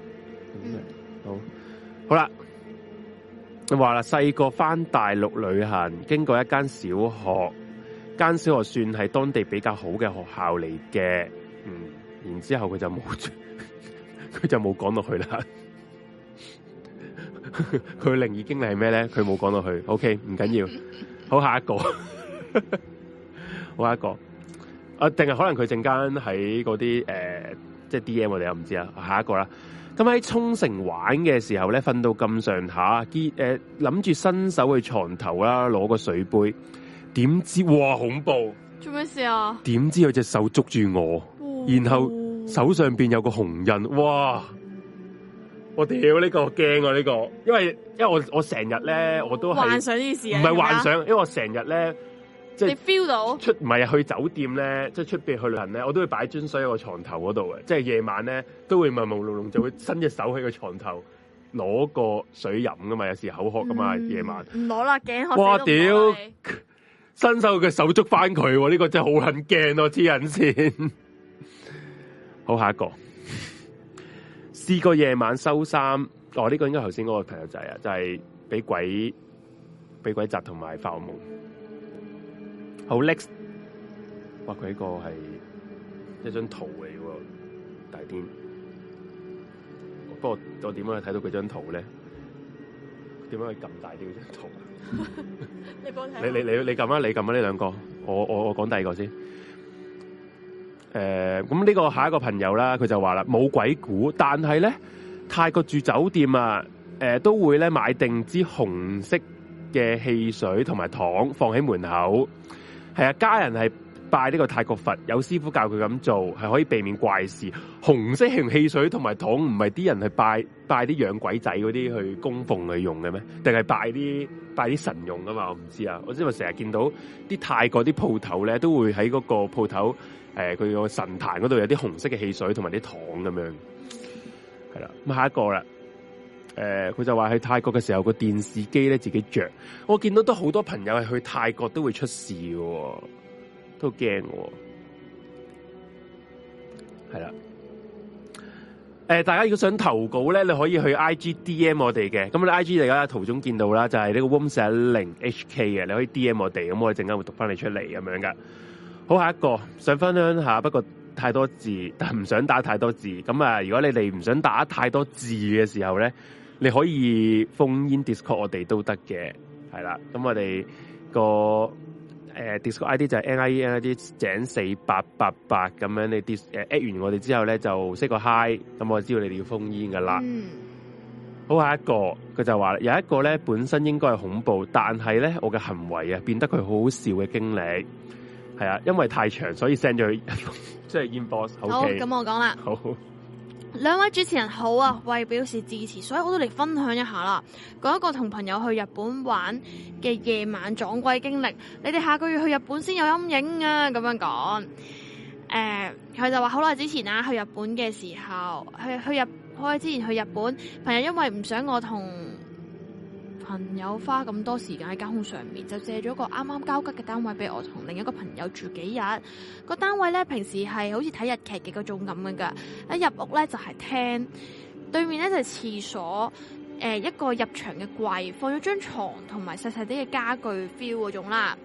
好，好啦。佢話啦，細個翻大陸旅行，經過一間小學，間小學算係當地比較好嘅學校嚟嘅，嗯。然之後佢就冇，佢 就冇講落去啦。佢靈異經歷係咩咧？佢冇講到去。OK，唔緊要。好下一個，好 下一個。啊，定係可能佢陣間喺嗰啲誒，即係 D M 我哋又唔知啊。下一個啦。咁喺沖繩玩嘅時候咧，瞓到咁上下，結誒諗住伸手去床頭啦，攞個水杯，點知哇恐怖！做咩事啊？點知佢隻手捉住我、哦，然後手上邊有個紅印，哇！這個，我屌呢個驚啊呢，這個，因為因為我我成日咧我都係幻想呢啲事唔係幻想，因為我成日咧即係 feel 到出唔係去酒店咧，即係出邊去旅行咧，我都會擺樽水喺個床頭嗰度嘅，即係夜晚咧都會朦朦朧朧就會伸隻手喺個床頭攞個水飲噶嘛，有時候口渴噶嘛，嗯、夜晚唔攞啦，驚我哇屌，伸手嘅手捉翻佢，呢，這個真係、啊啊、 好撚驚啊黐人線。好，下一個。試過夜晚收衫，哦呢、這個應該頭先嗰個朋友仔啊，就係、是、俾鬼俾鬼襲同埋發惡夢，好 t 哇，佢呢個係一張圖嚟喎，大啲、哦。不過我，我怎看怎點樣睇到佢張圖咧？點去咁大啲嗰張圖？你你你你撳啊你撳啊呢兩個，我我我講第二個先。誒、呃，咁呢個下一個朋友啦，佢就話啦，冇鬼故，但係咧泰國住酒店啊，誒、呃、都會咧買定支紅色嘅汽水同埋糖放喺門口，係啊，家人係拜呢個泰國佛，有師傅教佢咁做，係可以避免怪事。紅色型汽水同埋糖唔係啲人去拜拜啲養鬼仔嗰啲去供奉佢用嘅咩？定係拜啲拜啲神用吖嘛？我唔知啊，我知係成日見到啲泰國啲鋪頭咧都會喺嗰個鋪頭。誒、欸，佢個神壇嗰度有啲紅色嘅汽水，同埋啲糖咁樣，係啦。咁下一個啦，誒、欸，佢就話去泰國嘅時候個電視機咧自己着，我見到都好多朋友係去泰國都會出事嘅，哦，都驚，哦。係啦，誒、欸，大家如果想投稿咧，你可以去 I G D M 我哋嘅，咁你 I G 大而家圖中見到啦，就係呢個 room 寫零 H K 嘅，你可以 D M 我哋，咁我哋陣間會讀翻你出嚟咁樣噶。好，下一個，想分享一下，不過太多字，但唔想打太多字。咁啊，如果你哋唔想打太多字嘅時候咧，你可以封煙 Discord 我哋都得嘅，係啦。咁我哋、嗰個誒、呃、Discord ID 就係 n i e n i d 井四八八八咁樣，你 d i s 誒、呃、at 完我哋之後咧就識個 Hi，咁我就知道你哋要封煙噶啦。好，下一個，佢就話有一個咧本身應該係恐怖，但係咧我嘅行為啊變得佢好好笑嘅經歷。係啊，因為太長，所以 send 咗去即係 inbox，okay 好。好，咁我講啦。好，兩位主持人好啊，為表示支持，所以我都嚟分享一下啦，講一個同朋友去日本玩嘅夜晚撞鬼經歷。你哋下個月去日本先有陰影啊！咁樣講，誒、呃，佢就話好耐之前啊，去日本嘅時候，去去日開之前去日本，朋友因為唔想我同。朋友花咁多時間喺交通上面，就借咗個啱啱交吉嘅單位俾我同另一個朋友住幾日。個單位咧，平時係好似睇日劇嘅嗰種咁嘅㗎。一入屋咧就係、是、廳，對面咧就係、是、廁所、呃，一個入牆嘅櫃，放咗張床同埋細細啲嘅家具 feel 嗰種啦。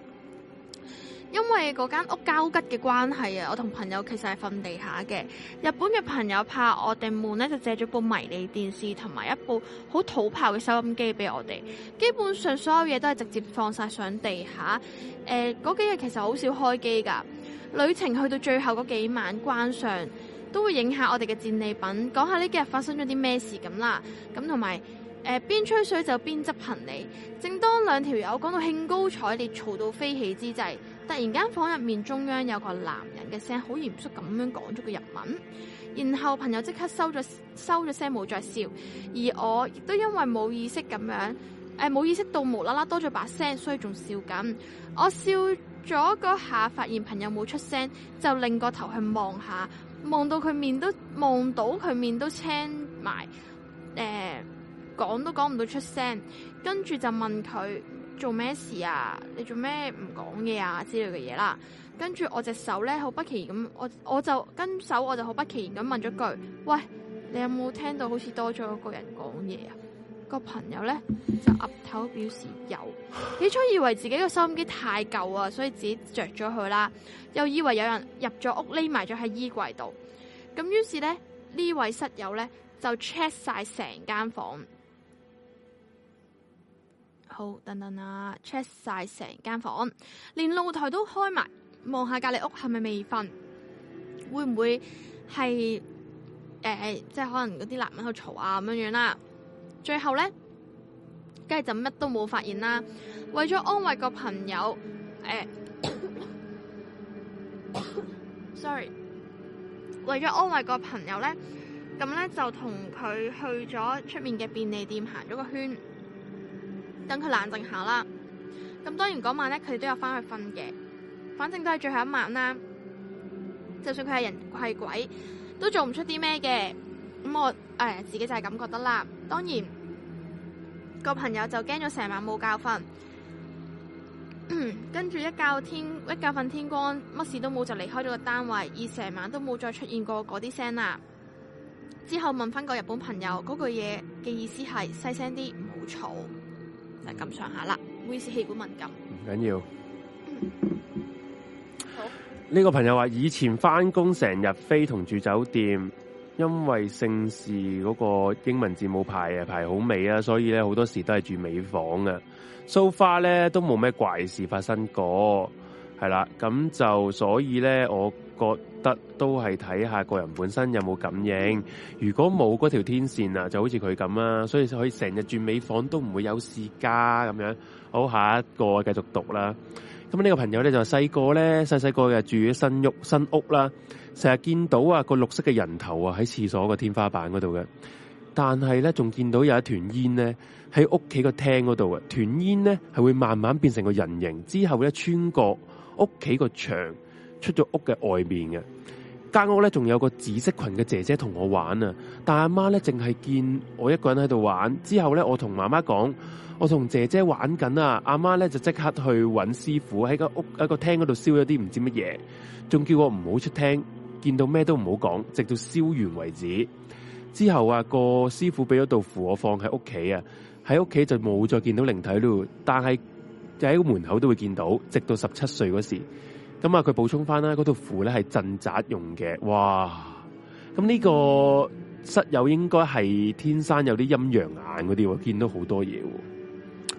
因為嗰間屋交吉嘅關係啊，我同朋友其實係瞓地下嘅。日本嘅朋友怕我哋悶呢，就借咗部迷你電視同埋一部好土炮嘅收音機俾我哋。基本上所有嘢都係直接放晒上地下。誒、呃，嗰幾日其實好少開機噶。旅程去到最後嗰幾晚，關上都會影下我哋嘅戰利品，講下呢幾日發生咗啲咩事咁啦。咁同埋誒，邊吹水就邊執行李。正當兩條友講到興高采烈，嘈到飛起之際。突然間房入面中央有個男人嘅聲，好嚴肅咁樣講咗個日文，然後朋友即刻收咗收咗聲，冇再笑，而我亦都因為冇意識咁樣，誒、呃、冇意識到無啦啦多咗把聲，所以仲笑緊。我笑咗嗰下，發現朋友冇出聲，就擰個頭去望一下，望到佢面都望到佢面都青埋，誒、呃、講都講唔到出聲，跟住就問佢。做咩事啊？你做咩唔講嘢啊？之類嘅嘢啦，跟住我隻手咧，好不期然咁，我我就跟手，我就好不期然咁問咗句：喂，你有冇聽到好似多咗一個人講嘢啊？個朋友咧就岌頭表示有，起初以為自己個收音機太舊啊，所以自己着咗佢啦，又以為有人入咗屋匿埋咗喺衣櫃度，咁於是咧呢位室友咧就 check 晒成間房。好等等啊，check 晒成間房，連露台都開埋，望下隔籬屋係咪未瞓，會唔會係誒、呃，即係可能嗰啲男人喺度嘈啊咁樣樣啦？最後咧，梗係就乜都冇發現啦。為咗安慰個朋友，誒、呃、 ，sorry，為咗安慰個朋友咧，咁咧就同佢去咗出面嘅便利店行咗個圈。等佢冷靜下啦。咁當然嗰晚咧，佢哋都有翻去瞓嘅。反正都係最後一晚啦。就算佢係人係鬼，都做唔出啲咩嘅。咁我誒、哎、自己就係咁覺得啦。當然，個朋友就驚咗成晚冇覺瞓，跟住一覺天一覺瞓天光，乜事都冇就離開咗個單位，而成晚都冇再出現過嗰啲聲啦。之後問翻個日本朋友嗰句嘢嘅意思係細聲啲，唔好嘈。係咁上下啦，會使氣管敏感？唔緊要。好呢、呢個朋友話：以前翻工成日飛同住酒店，因為姓氏嗰個英文字母排啊排好尾啊，所以咧好多時都係住尾房嘅。So far 咧都冇咩怪事發生過，係啦。咁就所以咧我。覺得都係睇下個人本身有冇感應，如果冇嗰條天線啊，就好似佢咁啊，所以就可以成日住尾房都唔會有事家咁樣。好，下一個繼續讀啦。咁呢個朋友咧就係細個咧，細細個嘅住喺新屋、新屋啦，成日見到啊個綠色嘅人頭啊喺厠所個天花板嗰度嘅，但係咧仲見到有一團煙咧喺屋企個廳嗰度啊。團煙咧係會慢慢變成個人形之後咧穿過屋企個牆。出咗屋嘅外面嘅間屋咧，仲有個紫色裙嘅姐姐同我玩啊！但阿媽咧淨係見我一個人喺度玩。之後咧，我同媽媽講，我同姐姐玩緊啊！阿媽咧就即刻去揾師傅喺個屋一個廳嗰度燒咗啲唔知乜嘢，仲叫我唔好出廳，見到咩都唔好講，直到燒完為止。之後啊，個師傅俾咗道符我放喺屋企啊，喺屋企就冇再見到靈體咯。但係就喺個門口都會見到，直到十七歲嗰時。咁啊！佢補充翻啦，嗰套符咧係鎮宅用嘅。哇！咁呢個室友應該係天生有啲陰陽眼嗰啲，見到好多嘢。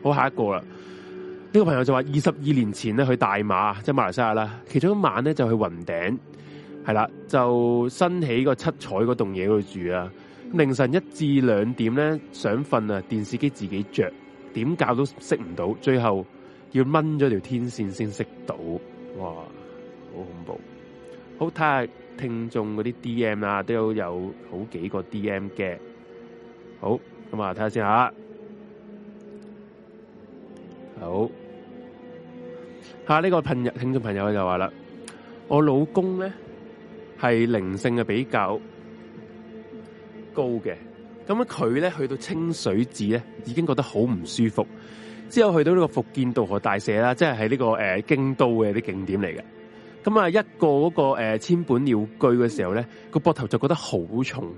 好，下一個啦。呢、這個朋友就話：二十二年前咧去大馬即係、就是、馬來西亞啦，其中一晚咧就去雲頂係啦，就新起個七彩嗰棟嘢嗰度住啊。凌晨一至兩點咧想瞓啊，電視機自己着，點搞都熄唔到，最後要掹咗條天線先熄到。哇，好恐怖！好睇下聽眾嗰啲 DM 啦，都有好幾個 DM 嘅。好，咁啊睇下先吓。好，吓、啊、呢、呢個朋聽眾朋友就話啦，我老公咧係靈性嘅比較高嘅，咁樣佢咧去到清水寺咧，已經覺得好唔舒服。之後去到呢個伏見稻荷大社啦，即係喺呢個誒、呃、京都嘅啲景點嚟嘅。咁啊，一個嗰、那個誒、呃、千本鳥居嘅時候咧，個膊頭就覺得好重。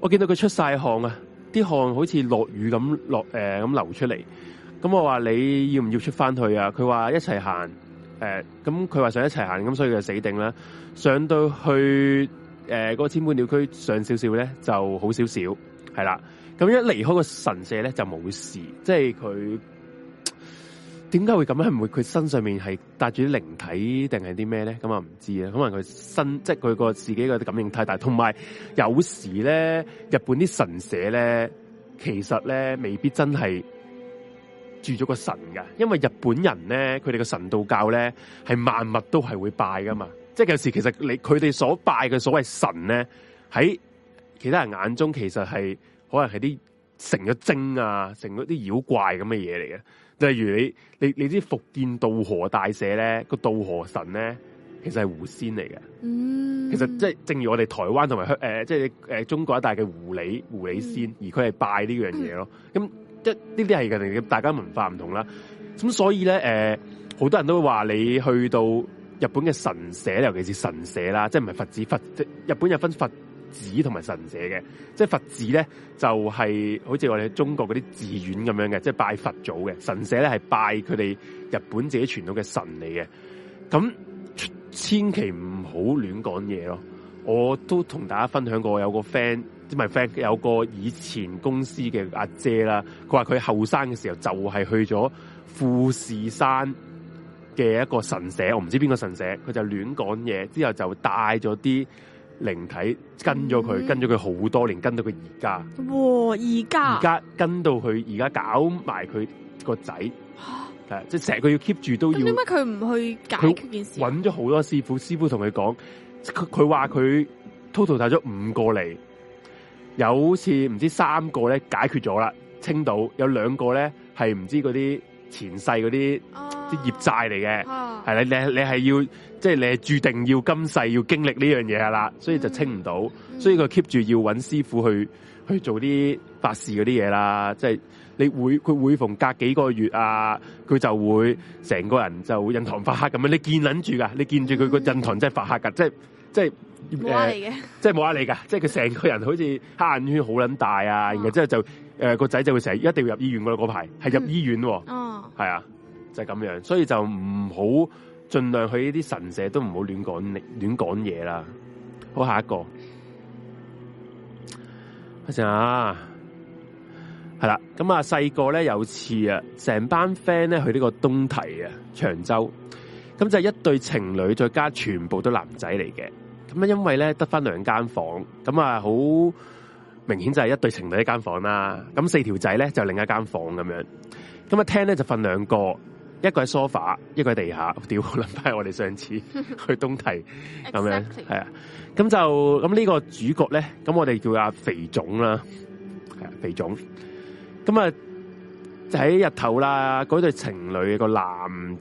我見到佢出晒汗啊，啲汗好似落雨咁落誒咁流出嚟。咁我話你要唔要出翻去啊？佢話一齊行誒，咁佢話想一齊行，咁所以佢就死定啦。上到去誒嗰、呃那個千本鳥居上少少咧就好少少，係啦。咁一離開個神社咧就冇事，即係佢。點解會咁樣？係唔會佢身上面係帶住啲靈體定係啲咩咧？咁啊唔知啊，可能佢身即係佢個自己個感應太大，同埋有，有時咧，日本啲神社咧，其實咧未必真係住咗個神噶，因為日本人咧，佢哋個神道教咧係萬物都係會拜噶嘛，即係有時其實你佢哋所拜嘅所謂神咧，喺其他人眼中其實係可能係啲成咗精啊，成咗啲妖怪咁嘅嘢嚟嘅。例、就、如、是、你你你知道福建渡河大社咧，那個渡河神咧其實係狐仙嚟嘅，其實即係、嗯、正如我哋台灣同埋誒即係誒中國一帶嘅狐狸狐狸仙，而佢係拜呢樣嘢咯。咁即係呢啲係嘅大家文化唔同啦。咁所以咧誒、好、呃、多人都會話你去到日本嘅神社，尤其是神社啦，即係唔係佛寺佛，即、日本有分佛。寺同埋神社嘅，即係佛寺咧，就係好似我哋中國嗰啲寺院咁樣嘅，即係拜佛祖嘅神社咧，係拜佢哋日本自己傳統嘅神嚟嘅。咁千祈唔好亂講嘢咯。我都同大家分享過，有個 friend 唔係 friend，有個以前公司嘅阿姐啦，佢話佢後生嘅時候就係去咗富士山嘅一個神社，我唔知邊個神社，佢就亂講嘢，之後就帶咗啲。靈體跟咗佢、嗯，跟咗佢好多年，跟到佢而家。哇，而家而家跟到佢，而家搞埋佢個仔，係即係成日佢要 keep 住都要。咁點解佢唔去解決件事？揾咗好多師傅，師傅同佢講，佢佢話佢 total 帶咗五個嚟，有次唔知三個咧解決咗啦，青島有兩個咧係唔知嗰啲前世嗰啲啲業債嚟嘅，係、啊、啦，你你係要。即係你係注定要今世要經歷呢樣嘢噶啦，所以就清唔到、嗯，所以佢 keep 住要揾師傅去去做啲法事嗰啲嘢啦。即係你會佢每逢隔幾個月啊，佢就會成個人就印堂發黑咁樣。你見捻住噶，你見住佢個印堂真係發黑噶、嗯，即係、呃、即係冇壓力嘅， 即係冇壓力噶。即係佢成個人好似黑眼圈好捻大啊、哦，然後之後就誒個仔就會成日一定要入醫院嗰排，係入醫院喎、嗯啊。哦，係啊，就係、是、咁樣，所以就唔好。盡量去呢啲神社都唔好亂講亂講嘢啦。好，下一個，阿成啊，係啦。咁啊，細個咧有次啊，成班 friend 咧去呢個東堤啊，長洲。咁就係一對情侶再加全部都男仔嚟嘅。咁啊，因為咧得翻兩間房，咁啊好明顯就係一對情侶一間房啦。咁四條仔咧就另一間房咁樣。咁啊，廳咧就瞓兩個。一個喺 sofa，一個喺地下。屌，諗翻起我哋上次去東堤咁樣，係 啊，咁、exactly。就咁呢個主角咧，咁我哋叫阿肥總啦，肥總。咁啊，就喺日頭啦，嗰對情侶個男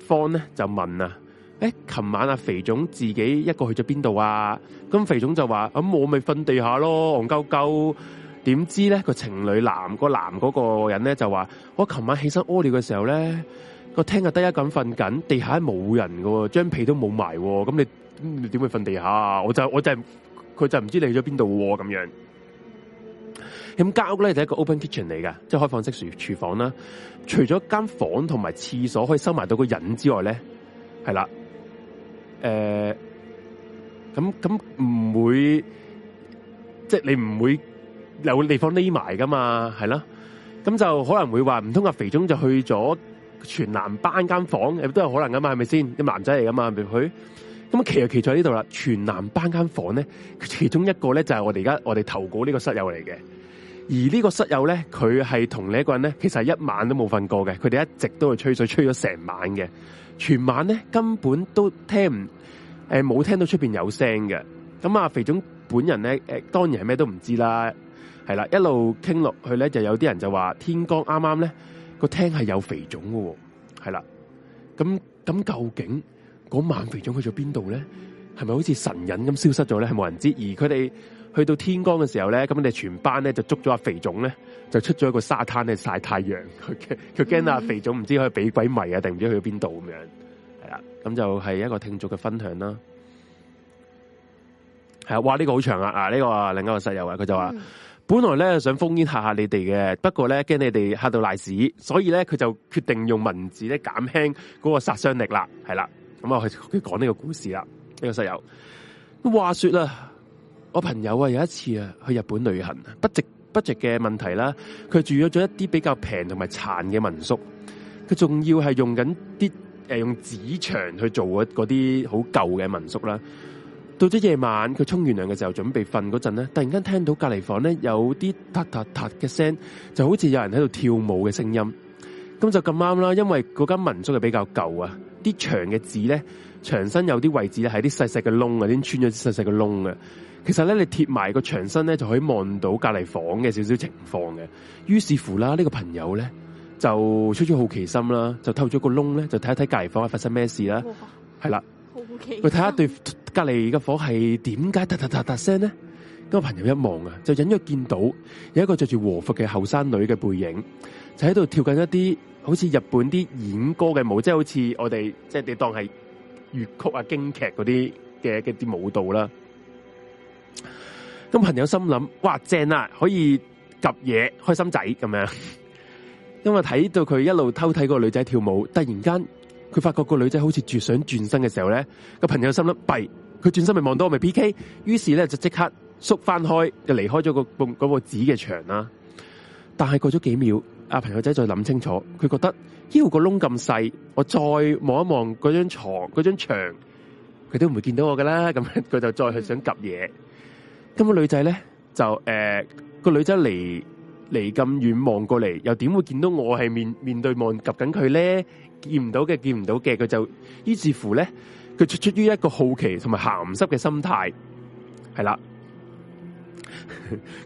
方咧就問、欸、晚啊，誒，琴晚阿肥總自己一個去咗邊度啊？咁肥總就話，咁、嗯、我咪瞓地下咯，戇鳩鳩。點知咧個情侶男個男嗰個人咧就話，我琴晚起身屙尿嘅時候咧。我聽個廳又第一咁瞓緊，地下冇人喎，張被都冇埋，咁你你點會瞓地下啊？我就我就佢就唔知你去咗邊度咁樣。咁間屋咧就係一個 open kitchen 嚟㗎，即係開放式廚廚房啦。除咗間房同埋廁所可以收埋到個人之外咧，係啦，誒，咁咁唔會，即係你唔會有地方匿埋噶嘛？係啦，咁就可能會話唔通阿肥中就去咗。全男班間房誒，都有可能噶嘛，係咪先啲男仔嚟噶嘛？佢咁。啊，奇就奇在呢度啦。全男班間房咧，其中一個咧，就係我哋而家我哋投稿呢個室友嚟嘅。而呢個室友咧，佢係同你一個人咧，其實一晚都冇瞓過嘅。佢哋一直都係吹水吹咗成晚嘅。全晚咧，根本都聽唔，誒，冇聽到出邊有聲嘅。咁啊，肥總本人咧，誒、呃、當然係咩都唔知啦。係啦，一路傾落去咧，就有啲人就話天光啱啱咧。個廳係有肥腫嘅，係啦，咁咁究竟嗰晚肥腫去咗邊度咧？係咪好似神隱咁消失咗咧？係冇人知。而佢哋去到天光嘅時候咧，咁你哋全班咧就捉咗阿肥腫咧，就出咗一個沙灘咧曬太陽。佢，佢驚啊肥腫唔知可以俾鬼迷啊，定唔知去咗邊度咁樣。係啦，咁就係一個聽眾嘅分享啦。係啊，哇！呢個好長啊！啊，呢個另一個室友啊，佢就話。嗯本來咧想封煙吓吓你哋嘅，不過咧驚你哋吓到瀨屎，所以咧佢就決定用文字咧減輕嗰個殺傷力啦，係啦。咁啊，佢佢講呢個故事啦，呢個室友。話說啦，我朋友啊有一次啊去日本旅行，不值不值嘅問題啦，佢住咗咗一啲比較平同埋殘嘅民宿，佢仲要係用緊啲誒用紙牆去做嗰啲好舊嘅民宿啦。到咗夜晚，佢沖完涼嘅時候，準備瞓嗰陣咧，突然間聽到隔離房咧有啲嗒嗒嗒嘅聲，就好似有人喺度跳舞嘅聲音。咁就咁啱啦，因為嗰間民宿係比較舊啊，啲牆嘅字咧，牆身有啲位置咧係啲細細嘅窿啊，啲穿咗啲細細嘅窿啊。其實咧，你貼埋個牆身咧就可以望到隔離房嘅少少情況嘅。於是乎啦，呢個朋友咧就出咗好奇心啦，就透咗個窿咧就睇一睇隔籬房發生咩事啦。係啦，佢睇下對。隔籬嘅火係點解嗒嗒嗒嗒聲咧？個朋友一望啊，就隱約見到有一個着住和服嘅後生女嘅背影，就喺度跳緊一啲好似日本啲演歌嘅舞，即係好似我哋即係你當係粵曲啊、京劇嗰啲嘅嘅啲舞蹈啦。咁朋友心諗：哇正啊，可以及嘢開心仔咁樣。因為睇到佢一路偷睇嗰個女仔跳舞，突然間佢發覺個女仔好似住想轉身嘅時候咧，個朋友心諗：弊。」佢轉身咪望到我咪 PK，於是咧就即刻縮翻開，就離開咗、個嗰、個個紙嘅牆啦。但係過咗幾秒，阿朋友仔再諗清楚，佢覺得妖，個窿咁細，我再望一望嗰張床、嗰張牆，佢都唔會見到我噶啦。咁佢就再去想及嘢。咁、個女仔咧就誒、呃，個女仔離離咁遠望過嚟，又點會見到我係面面對望及緊佢咧？見唔到嘅，見唔到嘅，佢就於是乎咧。佢出出於一個好奇同埋鹹濕嘅心態，係啦。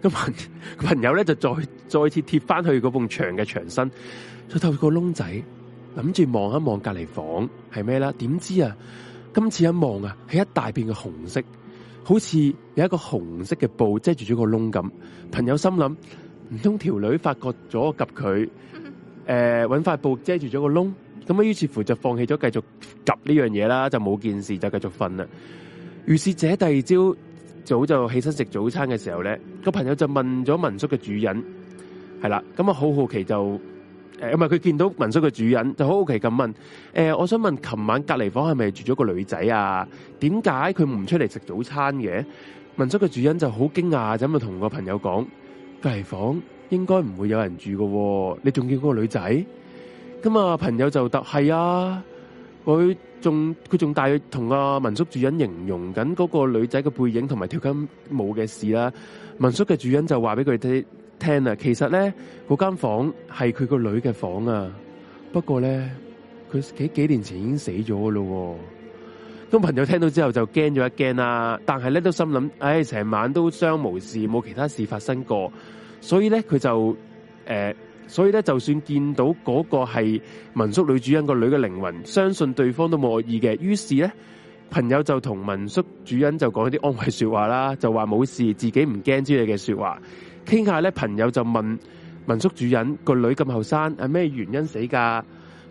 咁 朋友咧就再再次貼翻去嗰埲牆嘅牆身，再透過窿仔諗住望一望隔籬房係咩啦。點知啊，今次一望啊，係一大片嘅紅色，好似有一個紅色嘅布遮住咗個窿咁。朋友心諗，唔通條女發覺咗及佢，誒，搵、呃、塊布遮住咗個窿。咁啊，於是乎就放棄咗繼續及呢樣嘢啦，就冇件事就繼續瞓啦。於是姐第二朝早就起身食早餐嘅時候咧，個朋友就問咗民宿嘅主人係啦，咁啊好好奇就誒，唔係佢見到民宿嘅主人就好好奇咁問誒、呃，我想問琴晚隔離房係咪住咗個女仔啊？點解佢唔出嚟食早餐嘅？民宿嘅主人就好驚訝就咁同個朋友講，隔離房應該唔會有人住喎，你仲見嗰個女仔？咁啊！朋友就答：係啊，佢仲佢仲帶佢同阿民宿主人形容緊嗰個女仔嘅背影同埋跳緊舞嘅事啦。民宿嘅主人就話俾佢哋聽啦，其實咧，嗰間房係佢個女嘅房啊，不過咧佢幾幾年前已經死咗咯。咁朋友聽到之後就驚咗一驚啦，但係咧都心諗，唉、哎，成晚都相無事，冇其他事發生過，所以咧佢就誒。呃所以咧，就算見到嗰個係民宿女主人個女嘅靈魂，相信對方都冇惡意嘅。於是咧，朋友就同民宿主人就講一啲安慰說話啦，就話冇事，自己唔驚之類嘅說話。傾下咧，朋友就問民宿主人個女咁後生係咩原因死噶？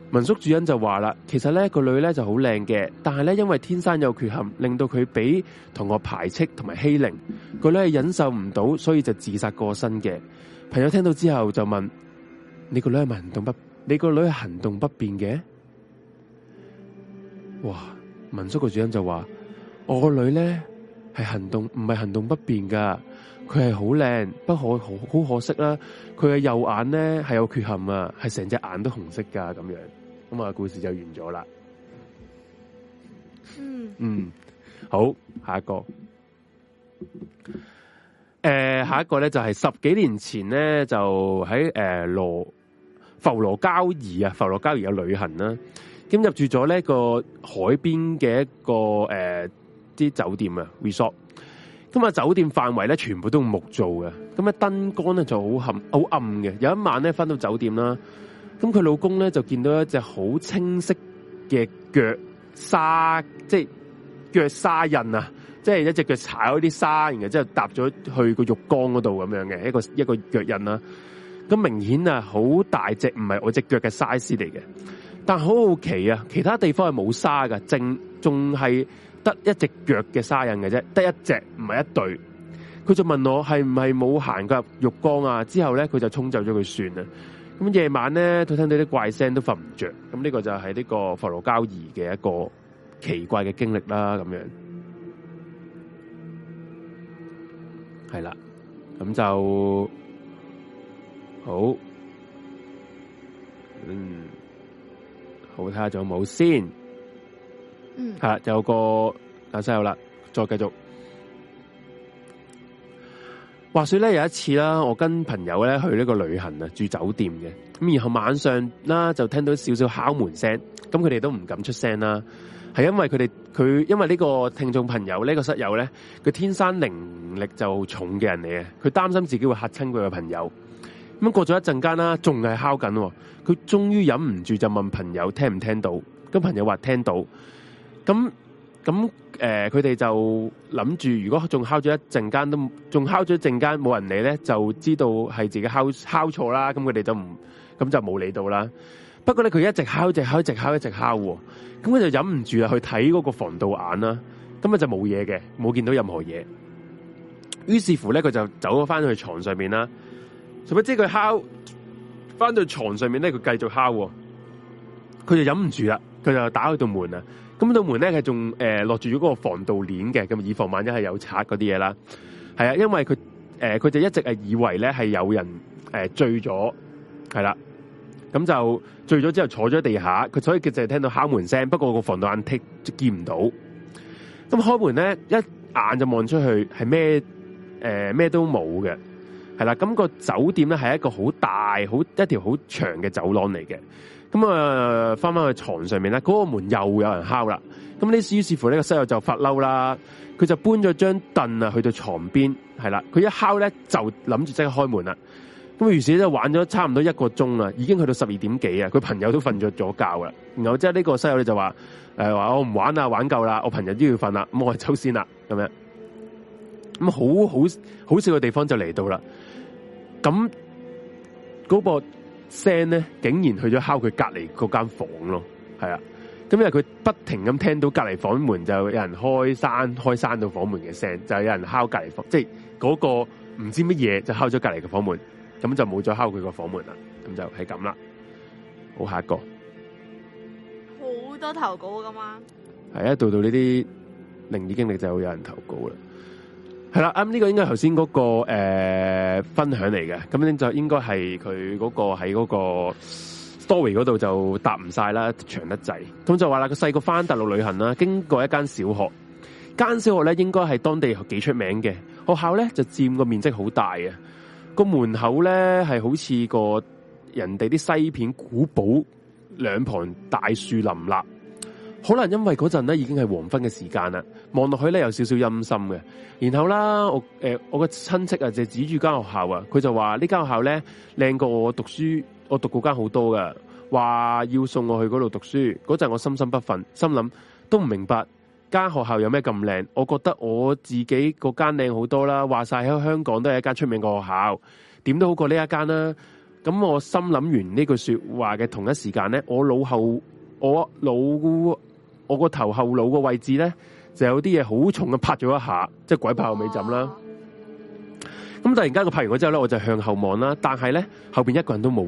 民宿主人就話啦，其實咧個女咧就好靚嘅，但係咧因為天生有缺陷，令到佢俾同學排斥同埋欺凌，個女係忍受唔到，所以就自殺過身嘅。朋友聽到之後就問。你個女係行動不便，你個女係行動不便嘅。哇！民宿個主人就話：我個女咧係行動唔係行動不便噶，佢係好靚，不可好好可惜啦。佢嘅右眼咧係有缺陷啊，係成隻眼都紅色噶咁樣。咁啊，故事就完咗啦。嗯嗯，好下一個。誒、呃，下一個咧就係、是、十幾年前咧就喺誒羅。呃羅浮羅交怡啊，浮羅交怡嘅旅行啦，咁入住咗呢個海邊嘅一個誒啲、呃、酒店啊，resort。咁啊酒店範圍咧全部都用木做嘅，咁啊燈光咧就好暗好暗嘅。有一晚咧翻到酒店啦，咁佢老公咧就見到一隻好清晰嘅腳沙，即係腳沙印啊，即係一隻腳踩咗啲沙，然後之後踏咗去個浴缸嗰度咁樣嘅一個一個腳印啦。咁明顯啊，好大隻，唔係我隻腳嘅 size 嚟嘅。但好好奇啊，其他地方係冇沙㗎，淨仲係得一隻腳嘅沙印嘅啫，得一隻唔係一對。佢就問我係唔係冇行過浴缸啊？之後咧佢就沖走咗佢算啦。咁夜晚咧，佢聽到啲怪聲都瞓唔着。咁呢個就係呢個佛羅交易嘅一個奇怪嘅經歷啦。咁樣係啦，咁就。好，嗯，好睇下仲有冇先，嗯，吓、啊、有個室友啦，再繼續。話說咧，有一次啦，我跟朋友咧去呢個旅行啊，住酒店嘅。咁然後晚上啦，就聽到少少敲門聲，咁佢哋都唔敢出聲啦，係因為佢哋佢因為呢個聽眾朋友呢、這個室友咧，佢天生靈力就重嘅人嚟嘅。佢擔心自己會吓親佢嘅朋友。咁過咗一陣間啦，仲係敲緊，佢終於忍唔住就問朋友聽唔聽到？咁朋友話聽到，咁咁誒，佢哋、呃、就諗住如果仲敲咗一陣間都仲敲咗一陣間冇人理咧，就知道係自己敲敲錯啦。咁佢哋就唔咁就冇理到啦。不過咧，佢一直敲，一直敲，一直敲，一直敲。咁佢就忍唔住啊，去睇嗰個防盜眼啦。咁咪就冇嘢嘅，冇見到任何嘢。於是乎咧，佢就走咗翻去床上面啦。咁不知佢敲翻到床上面咧，佢繼續敲，佢就忍唔住啦，佢就打開道門啊。咁道門咧係仲誒落住咗嗰個防盜鏈嘅，咁以防萬一係有賊嗰啲嘢啦。係啊，因為佢誒佢就一直係以為咧係有人誒、呃、醉咗，係啦。咁就醉咗之後坐咗地下，佢所以佢淨係聽到敲門聲，不過個防盜眼剔就見唔到。咁開門咧一眼就望出去係咩誒咩都冇嘅。係啦，咁、那個酒店咧係一個好大、好一條好長嘅走廊嚟嘅。咁啊，翻翻去床上面咧，嗰、那個門又有人敲啦。咁呢，於是，是乎呢個室友就發嬲啦，佢就搬咗張凳啊去到床邊。係啦，佢一敲咧就諗住即刻開門啦。咁於是咧玩咗差唔多一個鐘啦，已經去到十二點幾啊。佢朋友都瞓咗咗覺啦。然後即係呢個室友咧就話：誒、呃、話我唔玩啦，玩夠啦，我朋友都要瞓啦，咁我先走先啦。咁樣咁好好好笑嘅地方就嚟到啦。咁嗰、嗰個聲咧，竟然去咗敲佢隔籬嗰間房咯，係啊！咁因為佢不停咁聽到隔籬房門就有人開閂，開閂到房門嘅聲，就有人敲隔籬房，即係嗰個唔知乜嘢就敲咗隔籬嘅房門，咁就冇再敲佢個房門啦。咁就係咁啦。好，下一個，好多投稿噶嘛？係啊，到到呢啲靈異經歷就會有人投稿啦。係、嗯、啦，咁、這、呢個應該頭先嗰個誒、呃、分享嚟嘅，咁咧就應該係佢嗰個喺嗰個 story 嗰度就答唔晒啦，長得滯。咁就話啦，佢細個翻大陸旅行啦，經過一間小學，這間小學咧應該係當地幾出名嘅學校咧，就佔個面積好大啊，個門口咧係好似個人哋啲西片古堡，兩旁大樹林立。可能因為嗰陣咧已經係黃昏嘅時間啦，望落去咧有少少陰森嘅。然後啦，我誒、呃、我嘅親戚啊就指住間學校啊，佢就話呢間學校咧靚過我讀書，我讀嗰間好多噶，話要送我去嗰度讀書。嗰陣我心心不忿，心諗都唔明白間學校有咩咁靚。我覺得我自己嗰間靚好多啦，話晒喺香港都係一間出名嘅學校，點都好過呢一間啦。咁我心諗完呢句說話嘅同一時間咧，我腦後我腦。老我個頭後腦個位置咧，就有啲嘢好重嘅拍咗一下，即係鬼拍後尾枕啦。咁突然間我拍完之後咧，我就向後望啦。但係咧後邊一個人都冇。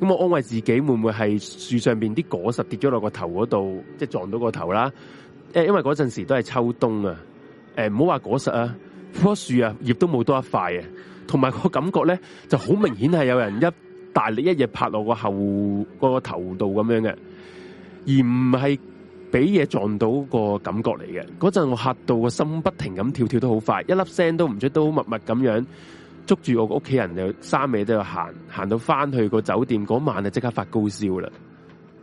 咁我安慰自己，會唔會係樹上邊啲果實跌咗落個頭嗰度，即係撞到個頭啦？誒、欸，因為嗰陣時都係秋冬啊。誒、欸，唔好話果實啊，棵樹啊，葉都冇多一塊啊。同埋個感覺咧，就好明顯係有人一大力一嘢拍落個後、個頭度咁樣嘅，而唔係。俾嘢撞到個感覺嚟嘅，嗰陣我嚇到個心不停咁跳，跳都好快，一粒聲都唔出，都默默咁樣捉住我個屋企人就三尾都度行，行到翻去個酒店嗰晚就即刻發高燒啦！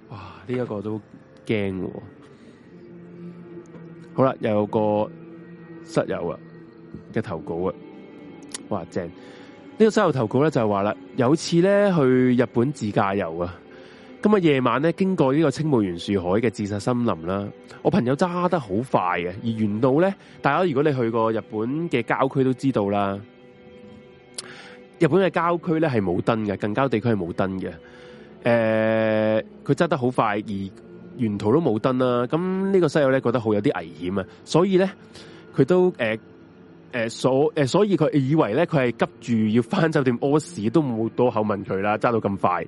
哇，呢一個都驚嘅。好啦，又有個室友啊嘅投稿啊，哇正！呢個室友投稿咧就係話啦，有次咧去日本自駕遊啊。咁啊，夜晚咧，經過呢個青木原樹海嘅自殺森林啦，我朋友揸得好快嘅，而沿道咧，大家如果你去過日本嘅郊區都知道啦，日本嘅郊區咧係冇燈嘅，近郊地區係冇燈嘅。誒、呃，佢揸得好快，而沿途都冇燈啦。咁呢個室友咧覺得好有啲危險啊，所以咧佢都誒誒、呃呃、所誒、呃，所以佢以為咧佢係急住要返酒店屙屎，都冇多口問佢啦，揸到咁快。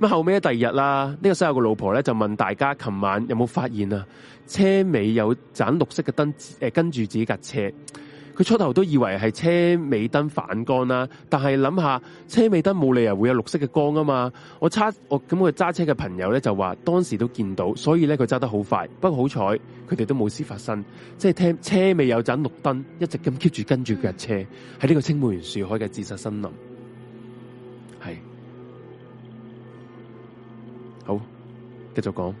咁後尾第二日啦，呢、這個西夏個老婆咧就問大家，琴晚有冇發現啊？車尾有盞綠色嘅燈，誒、呃，跟住自己架車。佢初頭都以為係車尾燈反光啦，但係諗下車尾燈冇理由會有綠色嘅光啊嘛。我揸我咁個揸車嘅朋友咧就話，當時都見到，所以咧佢揸得好快。不過好彩佢哋都冇事發生，即係聽車尾有盞綠燈一直咁 keep 住跟住架車，喺呢個青木原樹海嘅自殺森林。好，繼續講。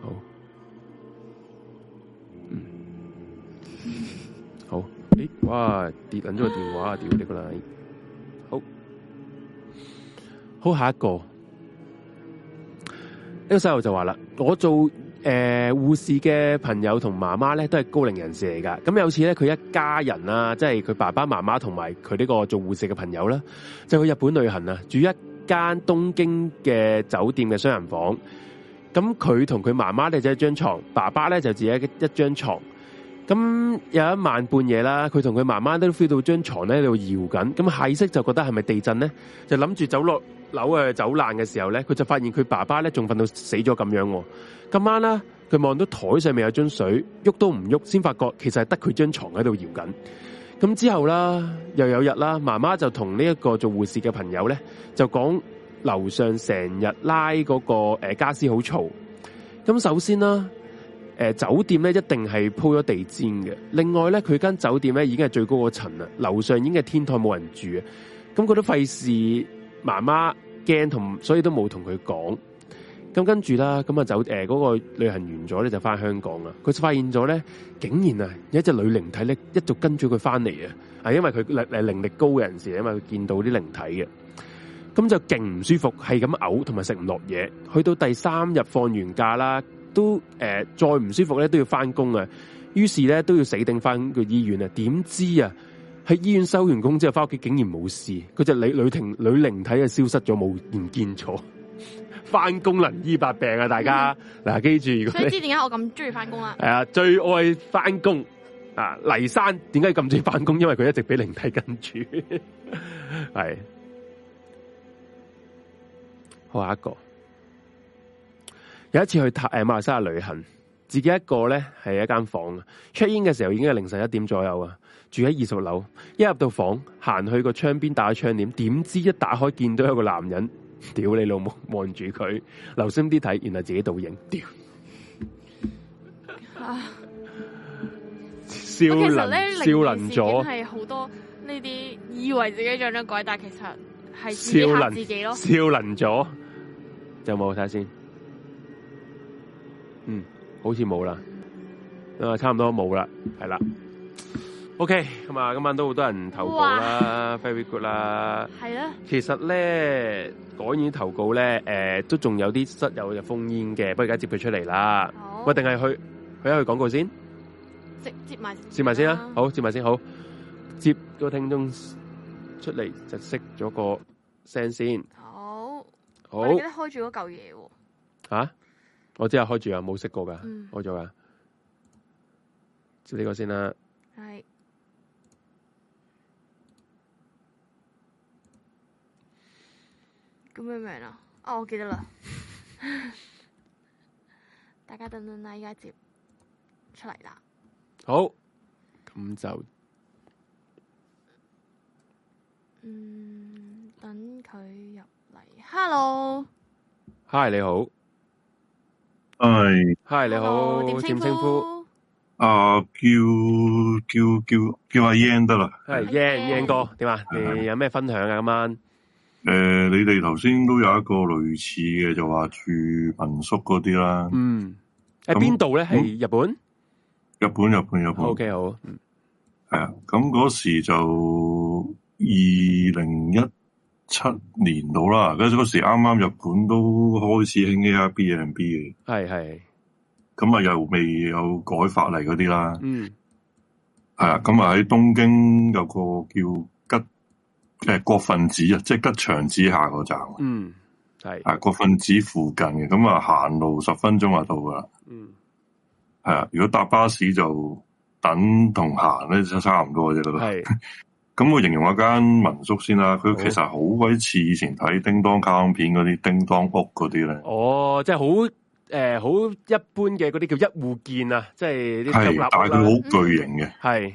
好，好。咦？哇！跌緊咗個電話啊！屌你個奶！好，好，好，下一個。呢個細路就話啦，我做誒護士嘅朋友同媽媽咧，都係高齡人士嚟噶。咁有次咧，佢一家人啊，即係佢爸爸媽媽同埋佢呢個做護士嘅朋友啦，就去日本旅行啊，住一。間東京嘅酒店嘅雙人房，咁佢同佢媽媽咧就一張床，爸爸咧就自己一張床。咁有一晚半夜啦，佢同佢媽媽都 feel 到張床咧喺度搖緊，咁下意識就覺得係咪地震咧？就諗住走落樓誒走爛嘅時候咧，佢就發現佢爸爸咧仲瞓到死咗咁樣。今晚啦，佢望到台上面有樽水，喐都唔喐，先發覺其實係得佢張床喺度搖緊。咁之後啦，又有日啦，媽媽就同呢一個做護士嘅朋友咧，就講樓上成日拉嗰個誒傢俬好嘈。咁，呃，首先啦，呃，酒店咧一定係鋪咗地氈嘅。另外咧，佢間酒店咧已經係最高嗰層啦，樓上已經係天台冇人住啊。咁覺得費事，媽媽驚同，所以都冇同佢講。咁跟住啦，咁啊走誒，嗰、那個旅行完咗咧就翻香港啦。佢發現咗咧，竟然啊有一隻女靈體咧，一直跟住佢翻嚟啊，係因為佢誒誒靈力高嘅人士，因為佢見到啲靈體嘅，咁就勁唔舒服，係咁嘔同埋食唔落嘢。去到第三日放完假啦，都誒、呃、再唔舒服咧都要翻工啊。於是咧都要死頂翻個醫院啊。點知啊喺醫院收完工之後翻屋企，竟然冇事。佢隻女女停女靈體啊消失咗，冇唔見咗。見見見見翻工能醫百病啊！大家嗱、嗯啊，記住，所以知點解我咁中意翻工啦，係啊，最愛翻工啊！黎山點解咁中意翻工？因為佢一直俾靈體跟住，係。 好，下一個有一次去泰誒、呃、馬來西亞旅行，自己一個咧，係一間房啊。check in 嘅時候已經係凌晨一點左右啊，住喺二十樓。一入到房，行去個窗邊打窗簾，點知一打開見到一個男人。屌你老母，望住佢，留心啲睇，原來自己倒影，屌！啊！少林少林咗係好多呢啲以為自己長咗鬼，但其實係自己嚇自己咯。少林咗，就有冇睇先？嗯，好似冇啦，啊，差唔多冇啦，係啦。O K，咁啊，今晚都好多人投稿啦，Very good 啦，係、嗯啊、其實咧，改完投稿咧，誒、呃，都仲有啲室友又封煙嘅，不過而家接佢出嚟啦。喂，定係去去一去廣告先？接接埋先，先、啊、先啦，好接埋先，好接個聽眾出嚟就熄咗個聲先。好，好，記得開住嗰嚿嘢喎。啊，我即刻開住啊，冇熄過噶，開咗噶、嗯。接呢個先啦。係。.咁樣樣咯，啊，我記得啦。 大家等等啦，依家接出嚟啦。好，咁就，嗯，等佢入嚟。Hello，Hi，你好。Hi，Hi 你好。點稱呼？啊、uh，叫叫叫叫阿 Yan 得啦。係 Yan，Yan 哥，點啊？Uh -huh. 你有咩分享啊？今晚？誒、呃，你哋頭先都有一個類似嘅，就話住民宿嗰啲啦。嗯，喺邊度咧？喺日本。日本、日本、日本。OK，好。係、嗯、啊，咁嗰時就二零一七年到啦，咁嗰時啱啱日本都開始興 Airbnb 嘅。係係。咁啊，又未有改法例嗰啲啦。嗯。係啊，咁啊喺東京有個叫，誒、呃，國分子啊，即係吉祥寺下個站。嗯，係。啊，國分子附近嘅，咁啊，行路十分鐘就到噶啦。嗯，係啊。如果搭巴士就等同行咧，就差唔多啫咯。係。咁我形容一間民宿先啦，佢其實好鬼似以前睇叮當卡通片嗰啲叮當屋嗰啲咧。哦，即係好誒，好、呃、一般嘅嗰啲叫一戶建啊，即係係，但係佢好巨型嘅，係、嗯、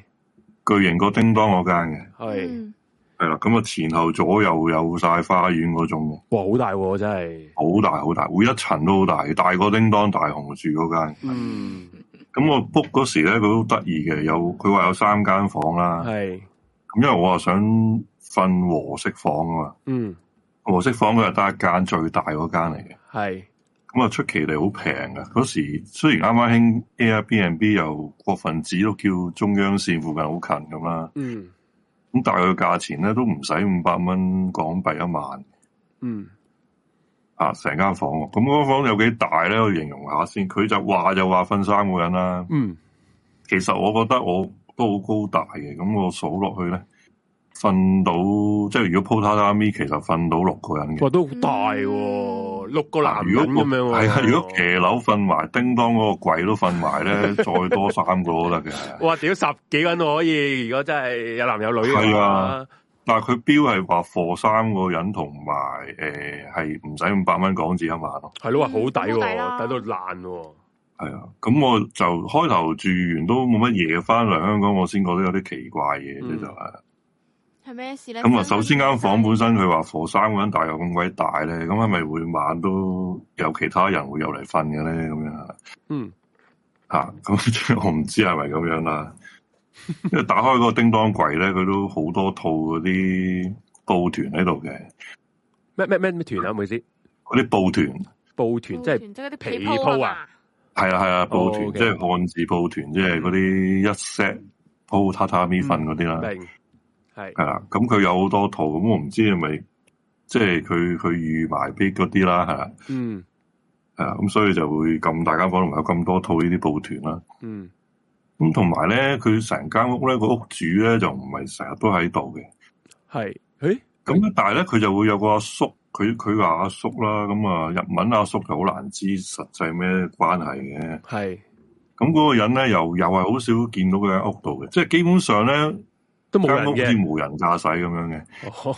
巨型過叮當嗰間嘅，係。嗯係啦，咁啊前後左右有晒花園嗰種，哇，好大真係，好大好大，每一層都好大，大過叮噹大雄住嗰間。嗯，咁、嗯、我 book 嗰時咧，佢都得意嘅，有佢話有三間房啦。係，咁因為我又想瞓和式房啊嘛。嗯，和式房佢係得一間最大嗰間嚟嘅。係，咁啊出奇地好平嘅。嗰時雖然啱啱興 Airbnb，又國分寺都叫中央綫附近好近咁啦。嗯。咁但係佢價錢咧都唔使五百蚊港幣一晚，嗯，啊，成間房，咁嗰間房有幾大咧？我形容下先，佢就話就話分三個人啦，嗯，其實我覺得我都好高大嘅，咁我數落去咧。瞓到即係如果鋪榻榻米，其實瞓到六個人嘅。哇，都好大喎、啊嗯，六個男人咁樣。係啊，如果騎樓瞓埋叮當嗰個櫃都瞓埋咧， 再多三個都得嘅。哇，屌，十幾個人可以，如果真係有男有女。係啊，但係佢標係話 for 三個人同埋誒，係唔使五百蚊港紙一晚咯。係咯，好抵，抵到爛。係啊，咁、嗯嗯啊啊、我就開頭住完都冇乜嘢，翻嚟香港我先覺得有啲奇怪嘢，即就係。係咩事咧？咁啊，首先間房，間房間本身佢話佛山嗰間大約咁鬼大咧，咁係咪每晚都有其他人會入嚟瞓嘅咧？咁樣嗯，吓、啊、咁、嗯、我唔知係咪咁樣啦。因 為打開嗰個叮噹櫃咧，佢都好多套嗰啲布團喺度嘅。咩咩咩咩團啊？唔好意思，嗰啲布團，布團即係即係啲被鋪啊。係啊係啊，布團即係漢字布團，okay. 即係嗰啲一 set、嗯、鋪榻榻米瞓嗰啲啦。嗯.係係啦，咁佢有好多套，咁我唔知係咪即係佢佢預埋逼嗰啲啦，係啦，嗯，咁所以就會咁大家可能有咁多套呢啲報團啦，嗯，咁同埋咧，佢成間屋咧個屋主咧就唔係成日都喺度嘅。係，誒、嗯，咁但係咧佢就會有個阿叔，佢佢話阿叔啦，咁啊日文阿叔，叔就好難知實際咩關係嘅。係，咁嗰個人咧又又係好少見到佢喺屋度嘅，即係基本上咧。都冇人嘅，即係無人駕駛咁樣嘅。哦，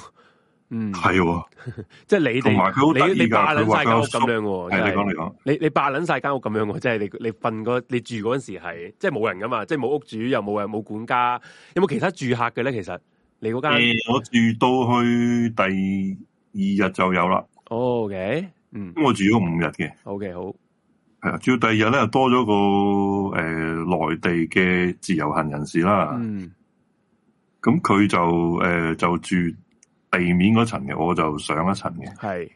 嗯，係喎、啊，即 係你哋，埋佢好得意，你你霸捻晒間屋咁樣，係你你霸捻晒間屋咁樣，即係你你瞓嗰你住嗰陣時係即係冇人噶嘛？即係冇屋主又冇人，冇管家，有冇其他住客嘅咧？其實你嗰間誒，我住到去第二日就有啦。哦，OK，嗯，咁我住咗五日嘅。OK，好係啊，住到第二日咧，多咗個誒呃、內地嘅自由行人士啦。嗯。咁佢就誒、呃、就住地面嗰層嘅，我就上一層嘅。係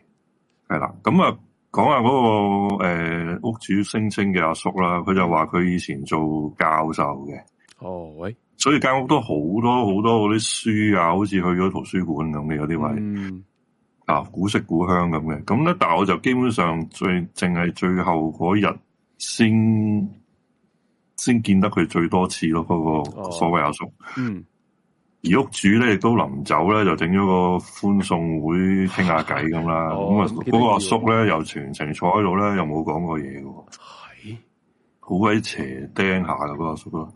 係啦，咁啊講下嗰個誒、呃、屋主聲稱嘅阿叔啦，佢就話佢以前做教授嘅。哦喂，所以間屋都好多好多嗰啲書、嗯、啊，好似去咗圖書館咁嘅嗰啲位，啊古色古香咁嘅。咁咧，但係我就基本上最淨係最後嗰日，先先見得佢最多次咯，嗰、嗰個所謂阿叔。哦、嗯。而屋主咧亦都臨走咧，就整咗個歡送會，傾下偈咁啦。咁 啊、哦，嗰、那個阿叔咧又全程坐喺度咧，又冇講過嘢喎。係，好鬼邪釘下噶嗰、那個阿叔咯、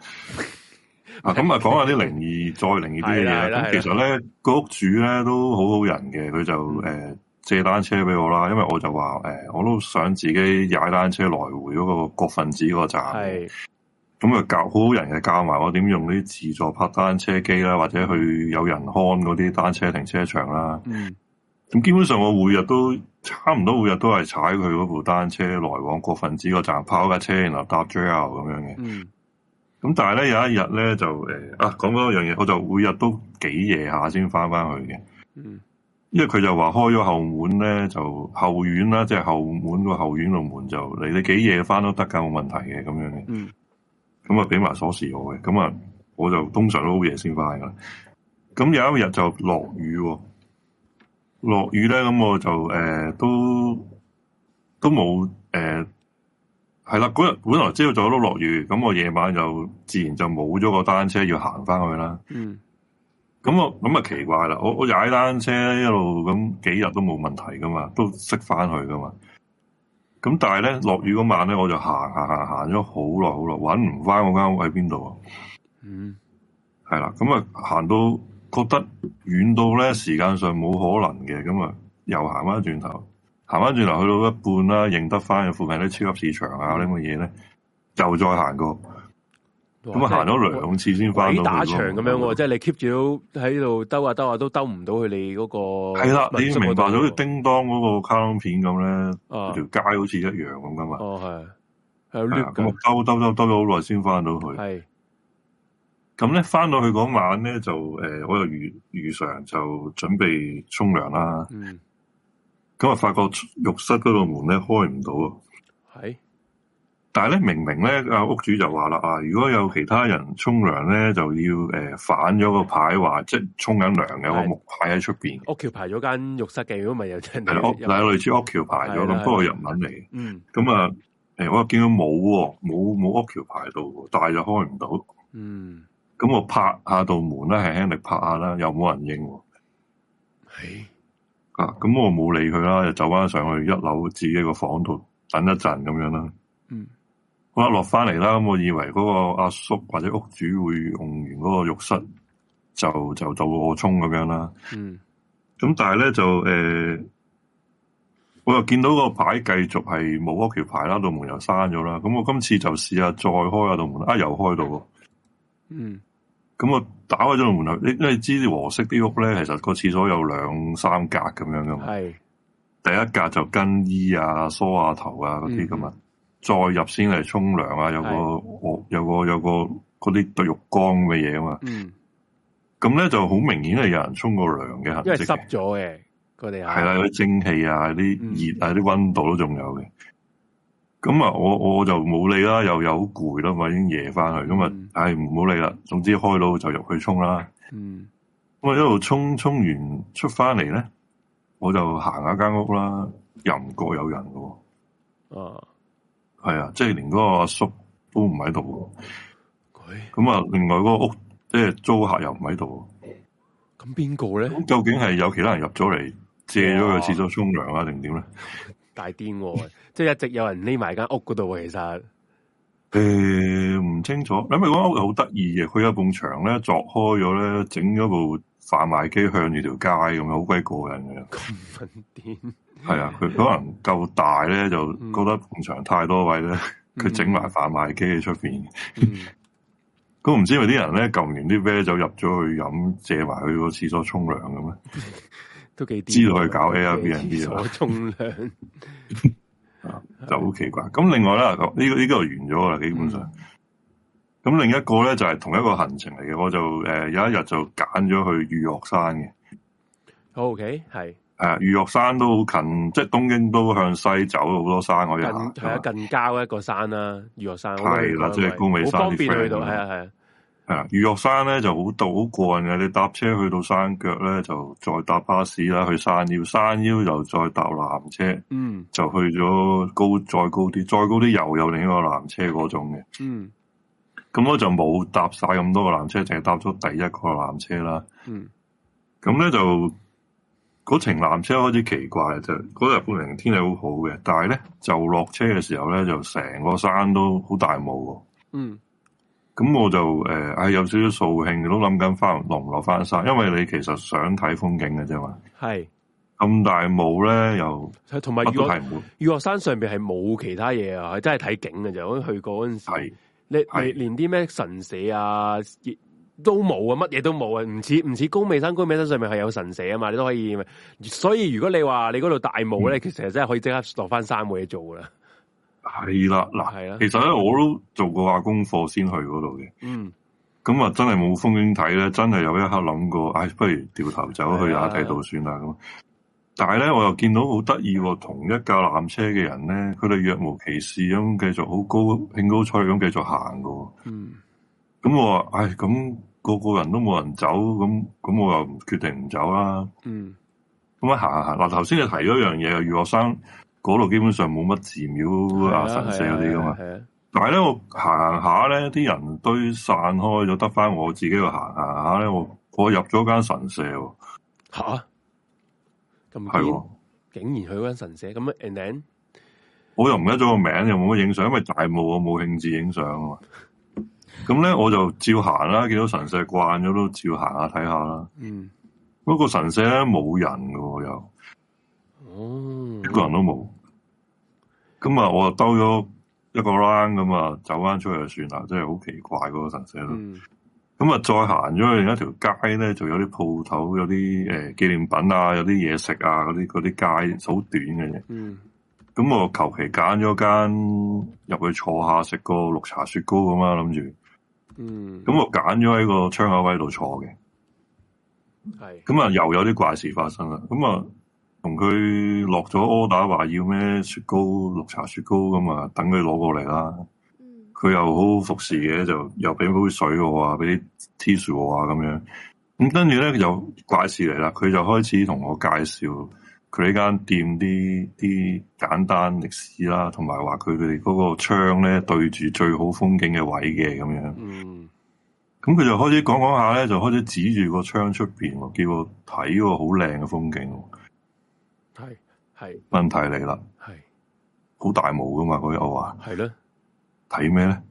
啊。啊，咁啊，講下啲靈異，再靈異啲嘢。咁其實咧，那個屋主咧都好好人嘅，佢就誒、呃、借單車俾我啦，因為我就話誒、呃，我都想自己踩單車來回嗰個國分子個站。咁啊教好好人嘅，教埋我點用啲自助泊單車機啦，或者去有人看嗰啲單車停車場啦。咁、mm. 基本上我每日都差唔多，每日都係踩佢嗰部單車來往過分子個站，跑架車然後搭 JR 咁樣嘅。咁、mm. 但係咧有一日咧就誒啊講嗰樣嘢，我就每日都幾夜下先翻翻去嘅。Mm. 因為佢就話開咗後門咧，就後院啦，即係後門個後院路門就嚟，你幾夜翻都得噶，冇問題嘅咁樣嘅。Mm. 咁啊，俾埋鎖匙我嘅，咁啊，我就通常都好夜先翻噶。咁有一日就落雨，落雨咧，咁我就誒、呃、都都冇誒，係、呃、啦。嗰日本來朝早都落雨，咁我夜晚就自然就冇咗個單車要行翻去啦。嗯。咁我咁啊奇怪啦！我我踩單車一路咁幾日都冇問題噶嘛，都識翻去噶嘛。咁但係咧，落雨嗰晚咧，我就行行行行咗好耐好耐，揾唔翻我間屋喺邊度啊！嗯，係啦，咁啊行到覺得遠到咧，時間上冇可能嘅，咁啊又行翻轉頭，行翻轉頭去到一半啦，認得翻去附近啲超級市場啊啲咁嘅嘢咧，就再行過。咁啊，行咗兩次先翻到去打場咁樣喎，即係你 keep 住喺度兜啊兜啊，都兜唔到佢你嗰個。係啦，哦，你已經明白咗好似叮當嗰個卡通片咁咧，條、啊、街好似一樣咁噶嘛。哦，係。係咁兜兜兜兜咗好耐先翻到去。係。咁咧，翻到去嗰晚咧就誒、呃，我又如如常就準備沖涼啦。咁、嗯、啊，我發覺，浴室嗰度門咧開唔到啊！但係咧，明明咧，阿屋主就話啦，啊，如果有其他人沖涼咧，就要誒、呃、反咗個牌，話即係沖緊涼嘅個木牌喺出邊。屋橋排咗間浴室嘅，如果咪又真係屋，係、呃、類似屋橋排咗咁，不過日文嚟。嗯。咁啊，誒，我見到冇，冇冇屋橋排到，但係就開唔到。嗯。咁、嗯我，嗯嗯、我拍一下道門咧，係輕輕力拍一下啦，又冇人應。係。啊，咁我冇理佢啦，就走翻上去一樓自己個房度等一陣咁樣啦。嗯。嗯嗯嗯落翻嚟啦，咁、嗯、我以為嗰個阿叔或者屋主會用完嗰個浴室就，就就就沖咁樣啦。咁但係咧就誒，我又見到個牌繼續係冇屋橋牌啦，道門又閂咗啦。咁我今次就試下再開下道門，啊又開到。嗯，咁、呃、我打開咗道門口你因為知啲和式啲屋咧，其實個廁所有兩三格咁樣噶嘛。係、嗯嗯嗯，第一格就更衣啊、梳下、啊、頭啊嗰啲噶嘛。再入先嚟沖涼啊！有個有個有個嗰啲浴缸嘅嘢啊嘛，咁咧就好明顯係有人沖過涼嘅痕跡嘅。因為濕咗嘅佢哋係啦，有啲蒸汽啊，啲熱啊，啲溫度都仲有嘅。咁啊，我我就冇理啦，又有好攰啦，我已經夜翻去咁啊，唉，唔好理啦。總之開到就入去沖啦。嗯，咁啊一路沖沖完出翻嚟咧，我就行下間屋啦，又唔覺有人嘅。啊、哦。係啊，即係連嗰個阿叔、叔都唔喺度，咁啊、嗯，另外嗰個屋即係租客又唔喺度，咁邊個咧？究竟係有其他人入咗嚟借咗個廁所沖涼啊，定點咧？大癲、哦， 即係一直有人匿埋間屋嗰度，其實誒唔、欸、清楚。諗咪嗰間屋好得意嘅，佢有埲牆咧鑿開咗咧，整咗部販賣機向住條街咁樣，好鬼過癮嘅。咁癲！係啊，佢可能夠大咧，就覺得捧場太多位咧，佢整埋販賣機喺出邊。咁、嗯、唔 知有啲人咧，舊年啲啤酒入咗去飲，借埋去個廁所沖涼嘅咩？都幾知道佢搞 Airbnb 啊！廁所沖涼 啊，就好奇怪。咁另外咧，呢、這個呢、這個完咗啦，基本上。咁、嗯、另一個咧就係、是、同一個行程嚟嘅，我就誒、呃、有一日就揀咗去御岳山嘅。好 OK，係。誒、啊，御岳山都好近，即係東京都向西走好多山嗰啲行，係啊，近郊一個山啦，御岳山係啦，即係高尾山啲 friend 啦，係啊，係啊，係啊，御岳山咧、啊啊啊啊啊、就好到好過癮嘅，你搭車去到山腳咧，就再搭巴士啦，去山腰山腰，就再搭纜車，嗯，就去咗高再高啲，再高啲又有另一個纜車嗰種嘅，嗯，咁我就冇搭晒咁多個纜車，淨係搭咗第一個纜車啦，嗯，咁咧就。嗰程纜車開始奇怪，就嗰日本來天氣好好嘅，但係咧就落車嘅時候咧就成個山都好大霧。嗯，咁我就誒、呃、有少少掃興，都諗緊翻落唔落翻山，因為你其實想睇風景嘅啫嘛。係咁大霧咧又，同埋如果玉華山上邊係冇其他嘢啊，係真係睇景嘅就。我去嗰陣時係你你連啲咩神社啊？都冇啊，乜嘢都冇啊，唔似唔似高尾山、高尾山上面係有神社啊嘛，你都可以。所以如果你話你嗰度大霧咧，其實真係可以即刻落翻山冇嘢做噶啦。係啦，嗱，係啊，其實咧我都做過下功課先去嗰度嘅。嗯，咁啊，真係冇風景睇咧，真係有一刻諗過，唉、哎，不如掉頭走去亞庇度算啦咁。但係咧，我又見到好得意喎，同一架纜車嘅人咧，佢哋若無其事咁繼續好高興高采咁繼續行噶。嗯。咁我話，唉，咁、那個個人都冇人走，咁咁我就決定唔走啦。嗯，咁啊行行行，嗱頭先你提咗樣嘢，儒學生嗰度基本上冇乜寺廟啊神社嗰啲嘅嘛，啊啊啊、但係咧我行行下咧，啲人堆散開咗，得返我自己去行下下咧，我我入咗間神社。吓、啊，咁係喎，竟然去間神社，咁啊，and then? 我又唔記得咗個名，又冇乜影相，因為大霧我冇興致影相啊。咁咧，我就照行啦。見到神社慣咗都照行下睇下啦。嗯。不過神社咧冇人㗎喎，又。哦。一個人都冇。咁啊，我就兜咗一個 round 咁啊，走翻出去就算啦。真係好奇怪嗰個神社咯。咁啊，再行咗去另一條街咧，就有啲鋪頭，有啲誒紀念品啊，有啲嘢食啊，嗰啲嗰啲街好短嘅嘢。嗯。咁我求其揀咗間入去坐下食個綠茶雪糕咁啊，諗住。嗯，咁我揀咗喺個窗口位度坐嘅，係，咁啊又有啲怪事發生啦，咁啊同佢落咗 order 話要咩雪糕、綠茶雪糕咁啊，等佢攞過嚟啦，佢又好服侍嘅，就又俾杯水我啊，俾 t 恤我啊，咁樣，咁跟住咧又怪事嚟啦，佢就開始同我介紹。佢呢間店啲啲簡單歷史啦，同埋話佢佢哋嗰個窗咧對住最好風景嘅位嘅咁樣。嗯，咁佢就開始講講下咧，就開始指住個窗出邊，叫我睇個好靚嘅風景。係係，問題嚟啦。係，好大霧噶嘛嗰日我話。係咯，睇咩咧？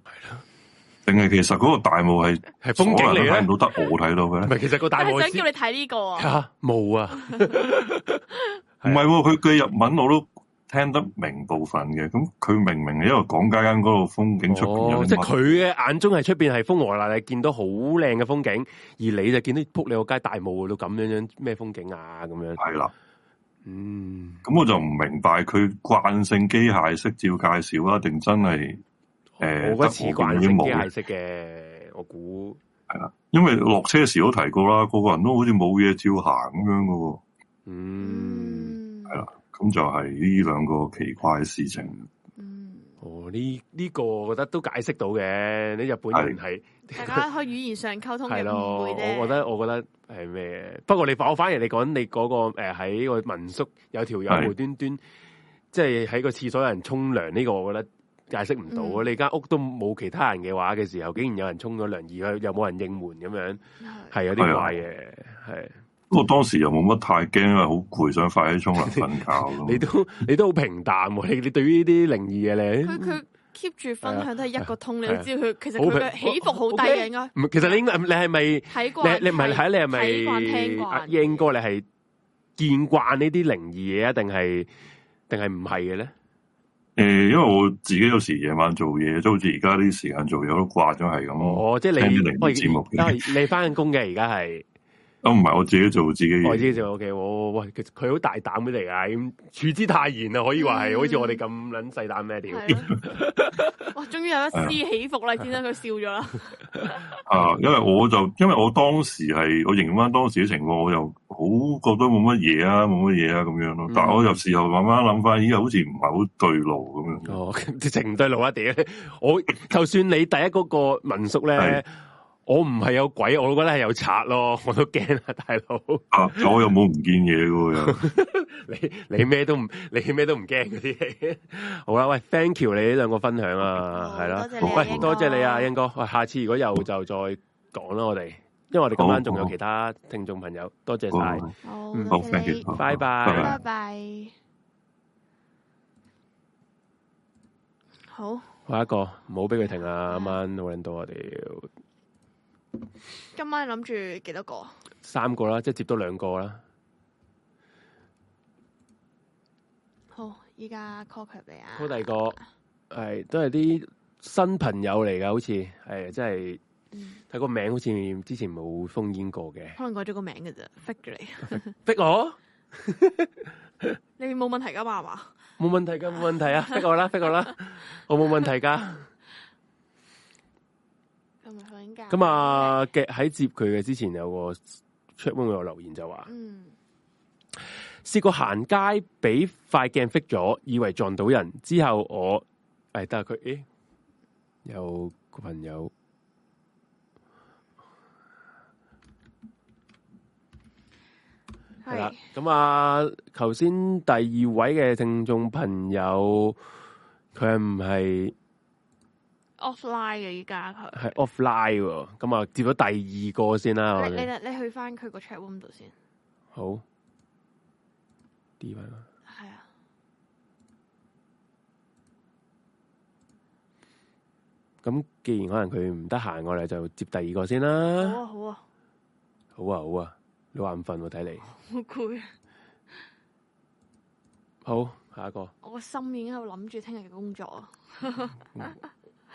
定係其實嗰個大霧係係風景嚟咧，睇唔到得我睇到嘅。唔係，其實個大霧想叫你睇呢個啊霧啊，唔係喎，佢嘅日文我都聽得明部分嘅。咁佢明明因為講解緊嗰個風景出邊，即係佢嘅眼中係出邊係風和日麗，見到好靚嘅風景，而你就見到撲你個街大霧到咁樣樣咩風景啊咁樣。係啦，嗯，咁我就唔明白佢慣性機械式照介紹啦，定真係？誒、欸，我得次見到啲冇解釋嘅，我估係啦，因為落車嘅時候都提過啦，個個人都好似冇嘢照行咁樣噶喎。嗯，係啦，咁就係呢兩個奇怪嘅事情。嗯，哦，呢呢、這個我覺得都解釋到嘅，你日本人係大家可以語言上溝通係咯，我我覺得我覺得係咩，不過你，我反而你講你嗰個誒，喺個民宿有條友無端端，即係喺個廁所有人沖涼呢個，我覺得。我覺得是解釋唔到啊！你間屋都冇其他人嘅話嘅時候，竟然有人沖咗涼，而佢又冇人應門咁樣，係有啲怪嘅。係不過當時又冇乜太驚，因為好攰，想快啲沖涼瞓覺。你都你都好平淡，你你對於呢啲靈異嘢咧，佢佢 keep 住分享都係一個 tone，你都知佢其實佢起伏好低嘅應該。唔，其實你應該你係咪睇慣？你唔係睇，你係咪聽慣？應該你係見慣呢啲靈異嘢，定係定係唔係嘅咧？誒、呃，因為我自己有時夜晚做嘢，現在時間都好似而家啲時間做嘢都掛咗係咁咯。哦，即係你，開節目現在是你，你翻緊工嘅，而家係。都唔係我自己做自己嘢、哦。我自己做 OK，我、哦、喂，佢佢好大膽啲嚟㗎，處之泰然啊，可以話係好似我哋咁撚細膽咩屌！嗯、 哇，終於有一絲起伏啦，見到佢笑咗啦。啊，因為我就因為我當時係我形容翻當時嘅情況，我又好覺得冇乜嘢啊，冇乜嘢啊咁樣咯。但係我有時候慢慢諗翻，咦，好似唔係好對路咁樣、嗯。哦，直情唔對路啊屌！我就算你第一嗰個民宿咧。我唔係有鬼，我都覺得係有賊咯，我都驚啊，大佬 啊，我有冇唔見嘢嘅喎？你你咩都唔你咩都唔驚嗰啲。好啦，喂，thank you 你呢兩個分享啊，係啦、啊啊哦，喂，多謝你啊，英哥。喂，下次如果又就再講啦，我哋，因為我哋今晚仲有其他聽眾朋友，多謝晒。好、哦， 多謝你，拜、oh, 拜，拜拜。好，下一個，唔好俾佢停啊！啱啱好輪到我哋。今晚諗住幾多個？三個啦，即係接多兩個啦。好，依家 call 佢嚟啊，call 第二個係都係啲新朋友嚟噶，好似係即係睇個名，好似之前冇封煙過嘅，可能改咗個名噶啫，逼 住你。逼我，你冇問題噶嘛係嘛？冇 問題噶，冇問題啊，逼 我啦，逼我啦，我冇問題噶。咁啊，嘅喺接佢嘅之前有個 chatroom 有留言就話，試、嗯、過行街俾塊鏡 fit 咗，以為撞到人之後我，我、哎、誒得下佢、欸，有個朋友係啦。咁啊，頭先第二位嘅聽眾朋友，佢係唔係？offline 嘅，依家佢係 offline 喎，咁啊，接咗第二個先啦。你是是你，你去翻佢個 chat room 度先。好，第二位係啊。咁既然可能佢唔得閒，我哋就接第二個先啦。好、哦、啊，好啊，好啊，好啊，你話唔瞓我睇你。好攰、啊。好，下一個。我個心已經喺度諗住聽日嘅工作啊。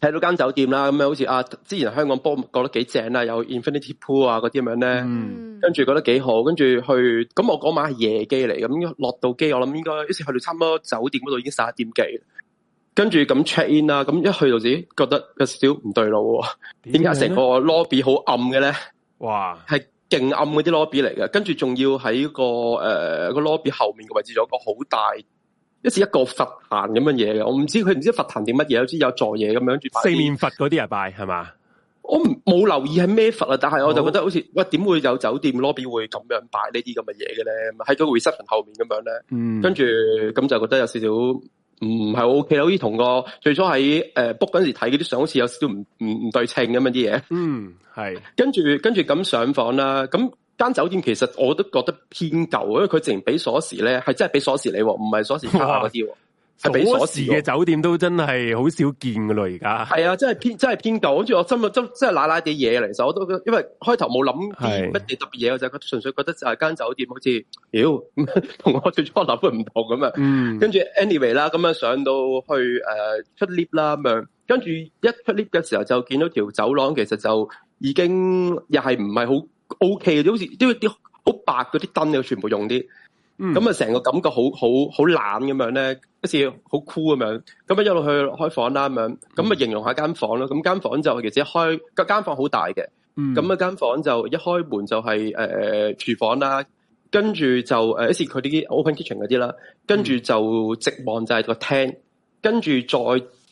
睇到間酒店啦，咁樣好似啊，之前香港波覺得幾正啊，有 infinity pool 啊，嗰啲咁樣咧，跟住覺得幾好，跟住去，咁我嗰晚係夜機嚟，咁、嗯、落到機，我諗應該去 in,、啊嗯、一去到差唔多酒店嗰度已經十一點幾，跟住咁 check in 啦，咁一去到自己覺得有少少唔對路，點解成個 lobby 好暗嘅咧？哇，係勁暗嗰啲 lobby 嚟嘅，跟住仲要喺個誒個 lobby 後面嘅位置，有一個好大。一次一個佛壇咁嘅嘢嘅，我唔知佢唔知佛壇點乜嘢，好似有座嘢咁樣住。四面佛嗰啲人拜係嘛？我冇留意係咩佛啊，但係我就覺得好似，喂，點會有酒店 lobby 會咁樣拜呢啲咁嘅嘢嘅咧？喺個 reception 後面咁樣咧，嗯，跟住咁就覺得有少少唔係好 ok 啦，好似同個最初喺誒 book 嗰陣時睇嗰啲相，好似有少少唔唔唔對稱咁樣啲嘢。嗯，係。跟住跟住咁上房啦，咁。間酒店其實我都覺得偏舊啊，因為佢竟然俾鎖匙咧，係真係俾鎖匙你，唔係鎖匙卡下嗰啲，係俾鎖匙嘅酒店都真係好少見噶咯，而家係啊，真係偏真係偏舊，好似我真係真係奶奶哋嘢嚟。其實我都因為開頭冇諗啲乜嘢特別嘢我就，純粹覺得就係間酒店好似，妖、哎，同我最初諗唔同咁樣、嗯、跟住 anyway 啦，咁樣上到去誒出 lift 啦咁樣，跟住一出 lift 嘅時候就見到條走廊，其實就已經又係唔係好。O K，都好似都啲好白嗰啲燈啊，全部用啲，咁啊成個感覺好好好冷咁樣咧，一似好酷咁樣，咁啊一路去開房啦咁樣，咁啊形容下間房啦，咁間房就其實一開間間房好大嘅，咁啊間房就一開門就係誒廚房啦，跟住就誒一似佢啲 open kitchen 嗰啲啦，跟住就直望就係個廳。跟住再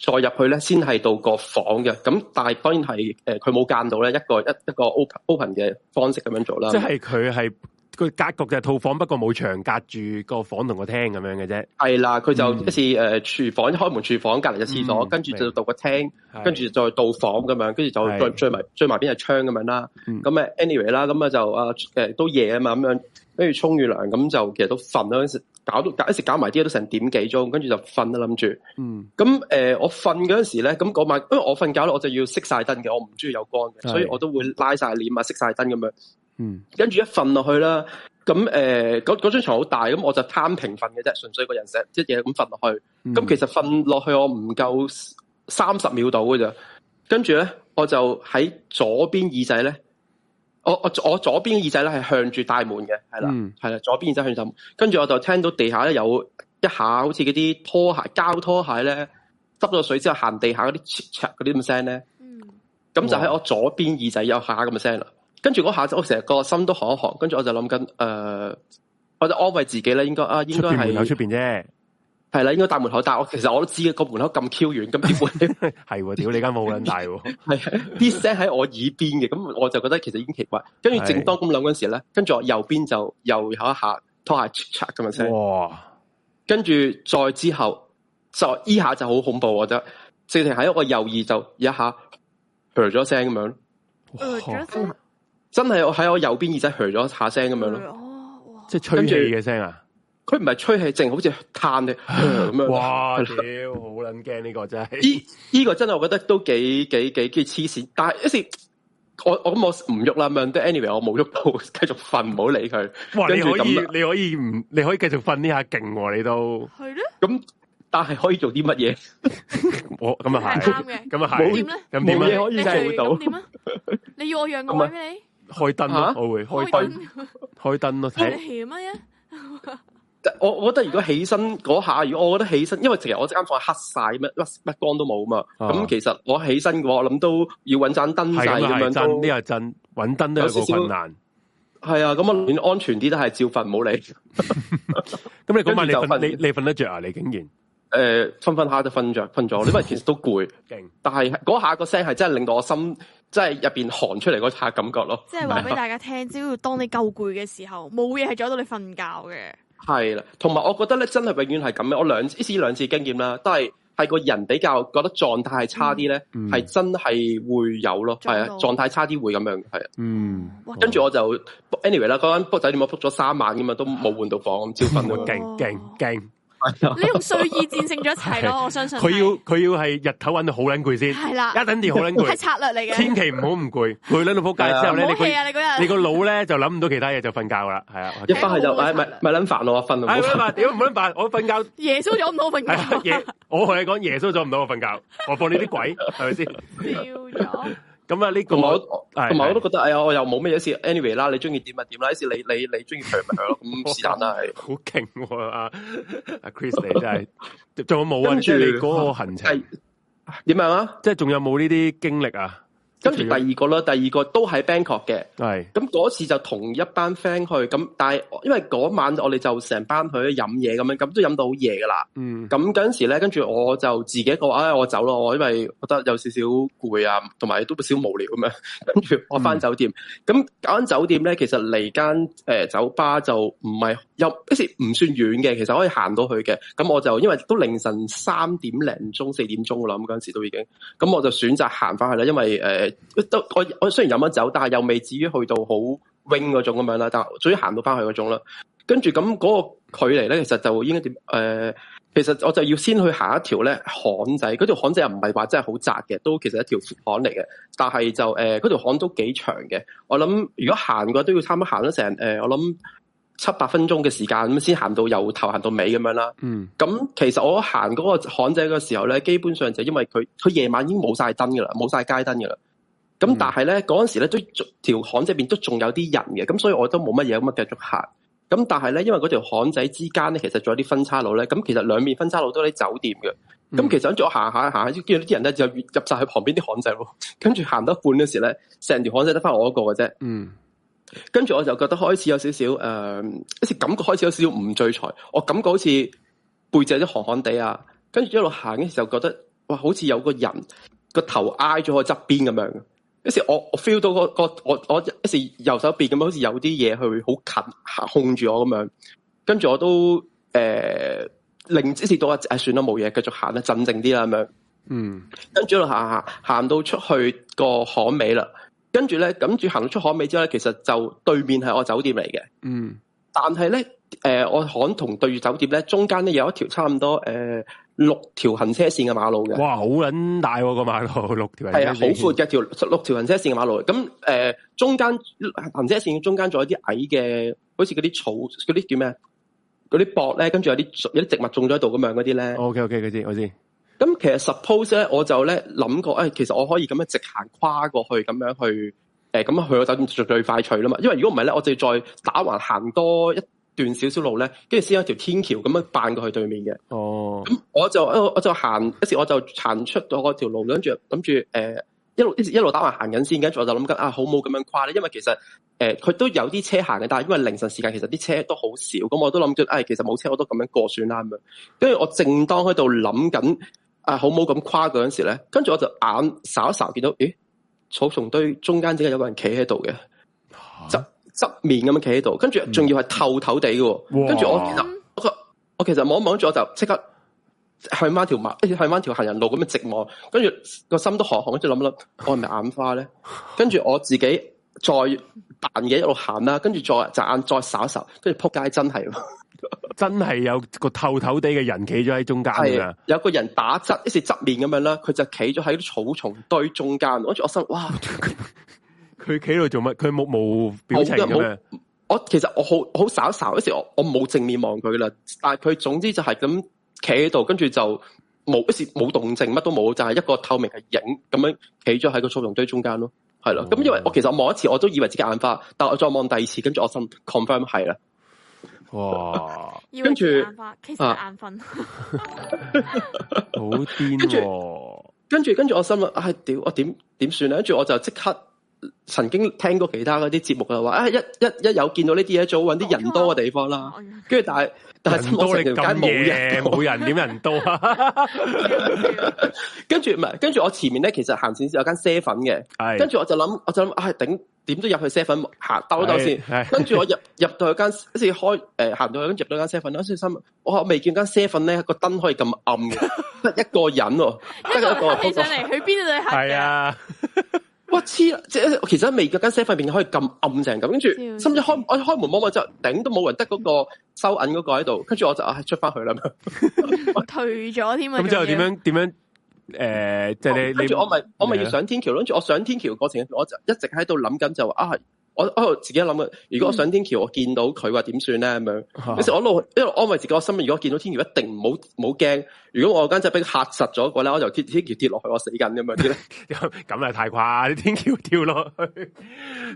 再入去咧，先係到個房嘅。咁但係當然係誒佢冇間到咧，一個一一個 open open 嘅方式咁樣做啦。即係佢係佢格局嘅套房，不過冇牆隔住個房同個廳咁樣嘅啫。係啦，佢就一次誒廚房，開門廚房，隔離嘅廁所，嗯、跟住就到個廳，嗯、跟住再到個房咁樣，跟住就再追埋追埋邊隻窗咁樣啦。咁啊 anyway 啦，咁啊就啊誒、呃、都夜啊嘛，咁樣跟住沖完涼咁就其實都瞓啦嗰陣時。搞到搞，搞一時搞埋啲都成點幾鐘，跟住就瞓啦諗住。嗯，咁誒，我瞓嗰陣時咧，咁嗰晚因為我瞓覺咧，我就要熄晒燈嘅，我唔中意有光嘅，所以我都會拉晒簾啊，熄晒燈咁樣。嗯，跟住一瞓落去啦，咁誒，嗰嗰張床好大，咁我就攤平瞓嘅啫，純粹個人成一嘢咁瞓落去。咁、嗯嗯、其實瞓落去我唔夠三十秒到嘅咋。跟住咧，我就喺左邊耳仔咧。我我我左邊耳仔咧係向住大門嘅，係啦，嗯係啦，左邊耳仔向住大門，跟住我就聽到地下咧有一下好似嗰啲拖鞋膠拖鞋咧，執咗水之後行地下嗰啲尺尺啲咁聲咧，咁、嗯、就喺我左邊耳仔有下咁嘅聲啦，跟住嗰下就我成日個心都寒一寒，跟住我就諗緊誒，我就安慰自己咧，應該啊應該係喺出邊啫。係啦，應該大門口，但係我其實我都知個門口咁 Q 遠，咁點係喎，屌你間冇咁大喎。 係，啲聲喺我耳邊嘅，咁我就覺得其實已經奇怪。跟住正當咁諗嗰時咧，跟住我右邊就又響一下拖一下嚓咁嘅聲。哇！跟住再之後，就依下就好恐怖，我覺得。直情喺我右耳就一下噓咗聲咁樣。真係我喺我右邊耳仔噓咗一下聲咁樣咯。即係吹氣嘅聲啊！佢唔係吹氣淨，好似嘆嘅咁樣。哇！屌，好撚驚呢個真係。呢個個真係我覺得都幾幾幾幾黐線。但係一時，我我咁我唔喐啦。咁 a 但係 anyway，我冇喐到，繼續瞓，唔好理佢。你可以你可以唔你可以繼續瞓呢下勁，你都係咯。咁但係可以做啲乜嘢？我咁啊行。係啱嘅。咁啊係。點咧？冇嘢可以做到。點啊？你要我讓個位咩？你開燈咯，啊，我會開燈。開燈咯，睇 我我覺得如果起身嗰下，如果我覺得起身，因為成日我即間房黑晒，乜乜乜光都冇嘛。咁、啊、其實我起身嘅話，我諗都要揾盞燈晒咁樣。呢係呢係真，揾燈都有個困難。係啊，咁我寧願安全啲，都係照瞓唔好理。咁 你嗰晚啊、嗯？你瞓你瞓得着啊？你竟然誒，瞓瞓下就瞓着瞓咗，因為其實都攰勁。 但係嗰下個聲係真係令到我心即係入邊寒出嚟嗰下感覺咯。即係話俾大家聽，只要當你夠攰嘅時候，冇嘢係阻到你瞓覺嘅。係啦，同埋我覺得咧，真係永遠係咁樣。我兩一次兩次經驗啦，都係係個人比較覺得狀態係差啲咧，係、嗯、真係會有咯。係啊度，狀態差啲會咁樣係、嗯 anyway，啊。嗯，跟住我就 anyway 啦，嗰晚波仔點解 book 咗三晚咁嘛？都冇換到房，咁照瞓到勁勁勁。你用睡意戰勝咗一齊咯，我相信。佢要佢要係日頭揾到好撚攰先，係啦，一等住好撚攰。係策略嚟嘅，千祈唔好唔攰，攰撚到仆街之後咧，你，好氣啊！你嗰日，你個腦咧就諗唔到其他嘢，就瞓覺啦，係啊，一翻去就咪咪咪諗煩惱啊，瞓啊，點唔諗煩？我瞓覺耶穌咗唔好瞓覺，耶穌我同你講耶穌咗唔到我瞓覺，何況你啲鬼係咪先？笑咗。咁啊呢個同埋我都覺得，哎呀，我又冇咩嘢事。anyway 啦，你中意點咪點啦，啲事你你你中意唱咪唱咯。咁是但啦，係好勁喎啊！Chris 真係仲有冇啊？即係嗰個行程點樣啊？即係仲有冇呢啲經歷啊？跟住第二個啦，第二個都喺 Bangkok 嘅。係咁嗰次就同一班 friend 去，咁但係因為嗰晚我哋就成班去飲嘢咁樣，咁都飲到好夜噶啦。嗯，咁嗰陣時咧，跟住我就自己一個，唉、哎，我走咯，我因為覺得有少少攰啊，同埋都少無聊咁樣。跟住我翻酒店，咁嗰間酒店咧，其實嚟間誒酒吧就唔係有，即是唔算遠嘅，其實可以行到去嘅。咁我就因為都凌晨三點零鐘四點鐘噶啦，咁嗰陣時都已經，咁我就選擇行翻去啦，因為誒。呃都我我雖然飲咗酒，但係又未至於去到好 wing 嗰種咁樣啦，但係終於行到翻去嗰種啦。跟住咁嗰個距離咧，其實就應該點誒？其實我就要先去行一條咧巷仔，嗰條巷仔又唔係話真係好窄嘅，都其實一條巷嚟嘅。但係就誒，嗰、呃、條巷都幾長嘅。我諗如果行嘅話都要差唔多行咗成誒，我諗七八分鐘嘅時間咁先行到，由頭行到尾咁樣啦。嗯，咁其實我行嗰個巷仔嘅時候咧，基本上就因為佢佢夜晚已經冇晒燈噶啦，冇晒街燈噶啦。咁、嗯、但係咧，嗰陣時咧，都條巷仔入面都仲有啲人嘅，咁所以我都冇乜嘢咁樣繼續行。咁但係咧，因為嗰條巷仔之間咧，其實仲有啲分叉路咧。咁其實兩面分叉路都喺酒店嘅。咁、嗯、其實我行下行下，跟住啲人咧就入入晒去旁邊啲巷仔咯。跟住行到一半嘅時咧，成條巷仔得翻我一個嘅啫。嗯。跟住我就覺得開始有少少誒，好、呃、似感覺開始有少少唔聚財。我感覺好似背脊都寒寒地啊。跟住一路行嘅時候，覺得哇，好似有個人個頭挨咗我側邊咁樣。一時我我 feel 到個個我我，我一時右手邊咁樣好似有啲嘢，去好近，近控住我咁樣，跟住我都誒令即時到啊！誒、哎，算啦，冇嘢，繼續行啦，鎮靜啲啦咁樣。嗯，我走走走，跟住一路行行行到出去個巷尾啦，跟住咧，跟住行到出巷尾之後咧，其實就對面係我酒店嚟嘅。嗯，但呢，但係咧。誒、呃，我巷同對住酒店咧，中間咧有一條差唔多誒、呃、六條行車線嘅馬路嘅。哇，好撚大個馬路，六條係啊，好闊嘅條六條行車線嘅馬路。咁誒、呃，中間行車線中間仲有啲矮嘅，好似嗰啲草，嗰啲叫咩？嗰啲薄咧，跟住有啲有啲植物種咗喺度咁樣嗰啲咧。OK，OK，嗰啲，我先咁其實 Suppose 咧，我就咧諗過，誒、哎，其實我可以咁樣直行跨過去，咁樣去，誒、呃，咁樣去我酒店就最快脆啦嘛。因為如果唔係咧，我就再打橫行多一。段少少路咧，跟住先有條天橋咁樣扮過去對面嘅。哦，咁我就我我就行，一時我就行出咗嗰條路，跟住諗住誒，一路一路打橫行緊先，跟住我就諗緊啊，好冇咁樣跨咧。因為其實誒，佢、呃、都有啲車行嘅，但係因為凌晨時間其、哎，其實啲車都好少。咁我都諗住，誒，其實冇車我都咁樣過算啦咁樣。跟住我正當喺度諗緊啊，好冇咁跨嗰陣時咧，跟住我就眼睄一睄，見到咦，草叢堆中間點解有個人企喺度嘅？啊側面咁樣企喺度，跟住仲要係透透地喎。跟、嗯、住我其實我其實望一望就即刻向翻條馬，向翻條行人路咁樣直望，跟住個心都寒寒，跟住諗諗，我係咪眼花咧？跟 住我自己再彈嘢一路行啦，跟住再集眼再睄一睄，跟住扑街真係，真係 有個透透地嘅人企咗喺中間噶，有個人打側，一時側面咁樣啦，佢就企咗喺草叢堆中間，跟住我心哇！ 佢企喺度做乜？佢冇冇表情咁我其實我好好傻傻，一時我我冇正面望佢啦。但係佢總之就係咁企喺度，跟住就冇一時冇動靜，乜都冇，就係、是、一個透明嘅影咁樣企咗喺個速溶堆中間咯。係啦，咁、哦、因為我其實我望一次，我都以為自己眼花。但我再望第二次，跟住我心 confirm 係啦。哇！跟住其實眼瞓，好癲、啊。 跟住跟住我心諗啊，係、哎、屌我點點算咧？跟住我就即刻。曾經聽過其他嗰啲節目嘅話，啊一一一有見到呢啲嘢，就搵啲人多嘅地方啦。跟、嗯、住、嗯嗯、但係但係人多你咁夜冇人，冇人點人多 跟？跟住唔係，跟住我前面咧，其實行前先有間 Seven 嘅，係，跟住我就諗，我就諗，哎，頂，點都入去 Seven 行兜一兜先。跟住我入入到去間，好 似開誒行到去咁入到間 Seven，好似心我未見間 Seven 咧個燈可以咁暗嘅，得 一個人哦，得 一個人。 一個人一個人 上嚟去邊度旅行？係 對啊 哇黐，即其實未嗰間車 e r v 可以咁暗淨咁，跟住甚至開，我開門摸摸之後，頂都冇人，得嗰個收銀嗰個喺度，跟住我就、哎、出返去啦嘛， 退咗添啊！咁之後點樣點樣？誒、呃、就是、你住、哦、我咪要上天橋，跟住我上天橋過程，我就一直喺度諗緊就啊～、哎我我喺度自己諗啊。如果我上天橋、嗯，我見到佢話點算咧咁樣？於是、啊、我一路一路安慰自己，我心：如果見到天橋，一定唔好唔好驚。如果我間仔俾吓實咗嘅話咧，我就天天橋跌落去，我死緊咁樣啲咧。咁 啊，太誇張！天橋跳落去，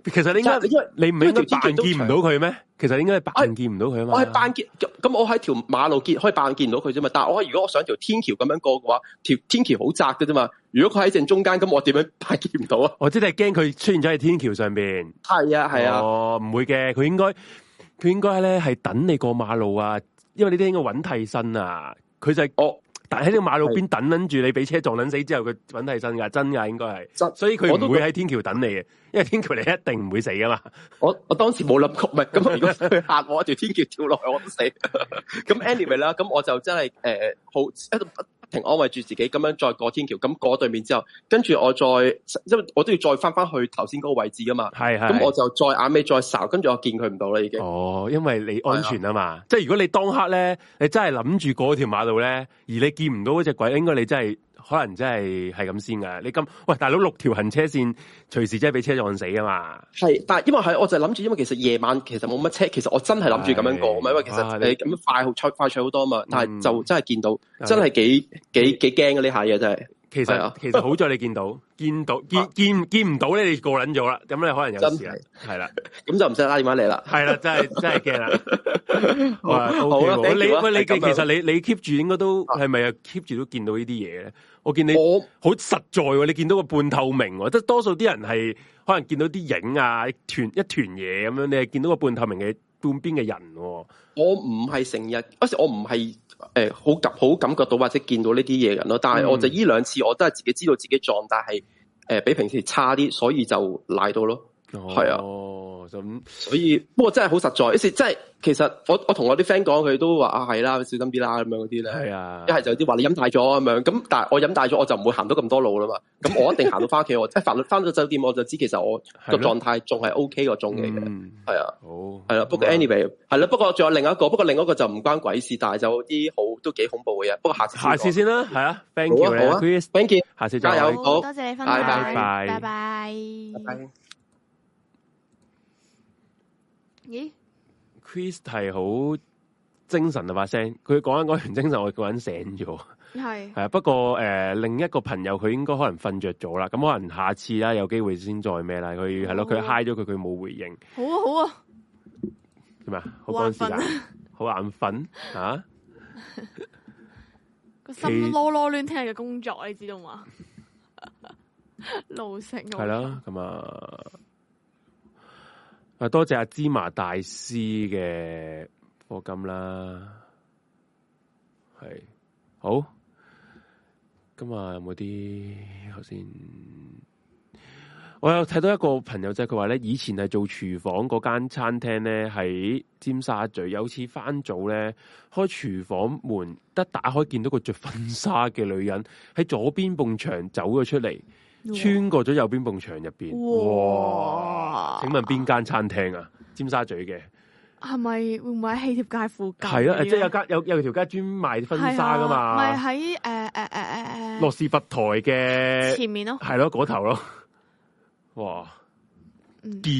其實你解因為你唔係天橋見唔到佢咩？其實應該係扮見唔到佢啊嘛。我係扮見，咁我喺條馬路見可以扮見唔到佢啫嘛。但係我如果我想條天橋咁樣過嘅話，條天橋好窄嘅啫嘛。如果佢喺正中間，咁我點樣睇，見唔到啊？我真係驚佢出現咗喺天橋上邊。 係啊，係啊。哦，唔會嘅，佢應該佢應該咧係等你過馬路啊，因為呢啲應該揾替身啊。佢就哦，但係喺呢個馬路邊等緊住你，俾車撞緊死之後，佢揾替身噶，真噶應該係。 所以佢唔會喺天橋等你嘅，因為天橋你一定唔會死噶嘛。我我當時冇諗過，唔係咁。如果佢吓我條天橋跳落去，我都死。咁 anyway 啦，咁我就真係誒、呃，好。嗯停安慰住自己，咁樣再過天橋，咁過到對面之後，跟住我再，因為我都要再翻翻去頭先嗰個位置噶嘛。係係。咁我就再眼尾再睄，跟住我見佢唔到啦已經。哦，因為你安全啊嘛，是啊即係如果你當刻咧，你真係諗住過條馬路咧，而你見唔到嗰隻鬼，應該你真係。可能真係係咁先噶，你咁喂大佬六條行車線，隨時真係俾車撞死啊嘛？係，但係因為係，我就係諗住，因為其實夜晚其實冇乜車，其實我真係諗住咁樣過嘛，因為其實你咁、啊呃、快好快脆好多啊嘛，嗯、但係就真係見到真係幾幾幾驚嘅呢下嘢真係。其實其實好在你見到 見，見，見不到見見見唔到咧，你過撚咗啦。咁咧可能有事啦，係啦。咁就唔使打電話嚟啦。係啦，真係 真係驚啦。好， 好，okay, 好你喂你你，就是，其實你你 keep 住應該都係咪啊 keep 住都見到這些東西呢啲嘢咧？我見你好實在喎，你見到個半透明，即係多數啲人係可能見到啲影啊，一團一團嘢咁樣，你係見到個半透明嘅半邊嘅人。我唔係成日，我不我唔係。誒、呃，好感好感覺到或者見到呢啲嘢，人咯，但係我就呢兩次我都係自己知道自己狀態係誒比平時差啲，所以就賴到咯。哦，係啊，咁所以不過真係好實在，有時真係其實我我同我啲 friend 講，佢都話啊係啦，小心啲啦咁樣嗰啲咧，係啊，一係、啊啊、就有啲話你飲大咗咁樣，咁但係我飲大咗我就唔會行到咁多路啦嘛，咁 我一定行到翻屋企，我 即係翻到翻到酒店我就知其實我個狀態仲係 O K 個種嚟嘅。係、嗯、啊，好係啦、啊啊，不過 anyway 係啦，不過仲有另一個，不過另一個就唔關鬼事，但係就啲好都幾恐怖嘅嘢，不過下次下次先啦，係啊，thank you 你，Chris，thank you，下次再加油，多謝你分享，拜拜，拜拜，拜，拜。拜拜。咦，Chris 係好精神啊！把聲，佢講緊講完精神，我個人醒咗。係係啊，不過誒、呃，另一個朋友佢應該可能瞓着咗啦。咁、嗯、可能下次啦、啊，有機會先再咩啦。佢係咯，佢嗨咗，佢佢冇回應。好啊，好啊。點啊？好眼瞓，好眼瞓啊！個心囉囉攣，聽日嘅工作，你知道嘛？路成係啦，咁啊。 啊！多謝阿芝麻大師嘅課金啦，係好。今日有冇啲？頭先我有睇到一個朋友就係佢話咧，以前係做廚房嗰間餐廳咧，喺尖沙咀有次返早咧，開廚房門一打開，見到個着婚紗嘅女人喺左邊埲牆走咗出嚟。穿過咗右邊埲牆入邊，哇！請問邊間餐廳啊？尖沙咀嘅，係咪會唔會喺喜帖街附近？係咯、啊，即、就、係、是、有間有有條街專賣婚紗噶嘛？唔係喺誒誒誒誒誒，羅士佛台嘅前面咯，係咯嗰頭咯，哇！嗯、見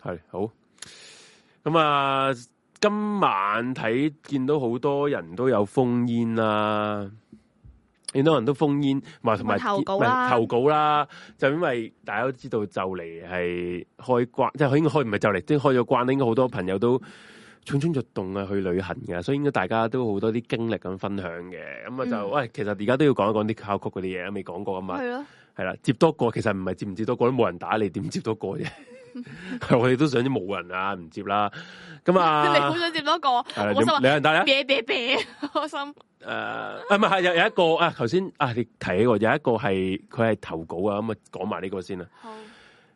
係、啊、好咁啊、呃！今晚睇見到好多人都有封煙啊。好多人都封煙，唔係同埋投稿啦、啊啊，就因為大家都知道就嚟係開關，即係應該開唔係就嚟，即係開咗關咧。應該好多朋友都蠢蠢欲動啊，去旅行嘅，所以應該大家都好多啲經歷咁分享嘅。咁啊就、嗯、喂,其實而家都要講一講啲考曲嗰啲嘢，未講過啊嘛？係啦，接多個其實唔係接唔接多個，都冇人打你點接多個啫。 我哋都想啲冇人啊，唔接啦。咁、嗯、啊， 你好想接多一個？兩人大啊，啤啤啤，開心。誒，唔係，有有一個啊，頭先啊，你提起個，有一個係佢係投稿啊，咁、嗯、啊，講埋呢個先啦。好。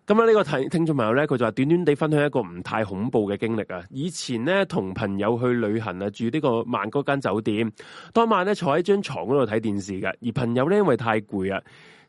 咁啊，呢、嗯這個聽聽眾朋友咧，佢就話短短地分享一個唔太恐怖嘅經歷啊。以前咧同朋友去旅行啊，住呢、這個萬國間酒店，當晚咧坐喺張床嗰度睇電視㗎，而朋友咧因為太攰啊。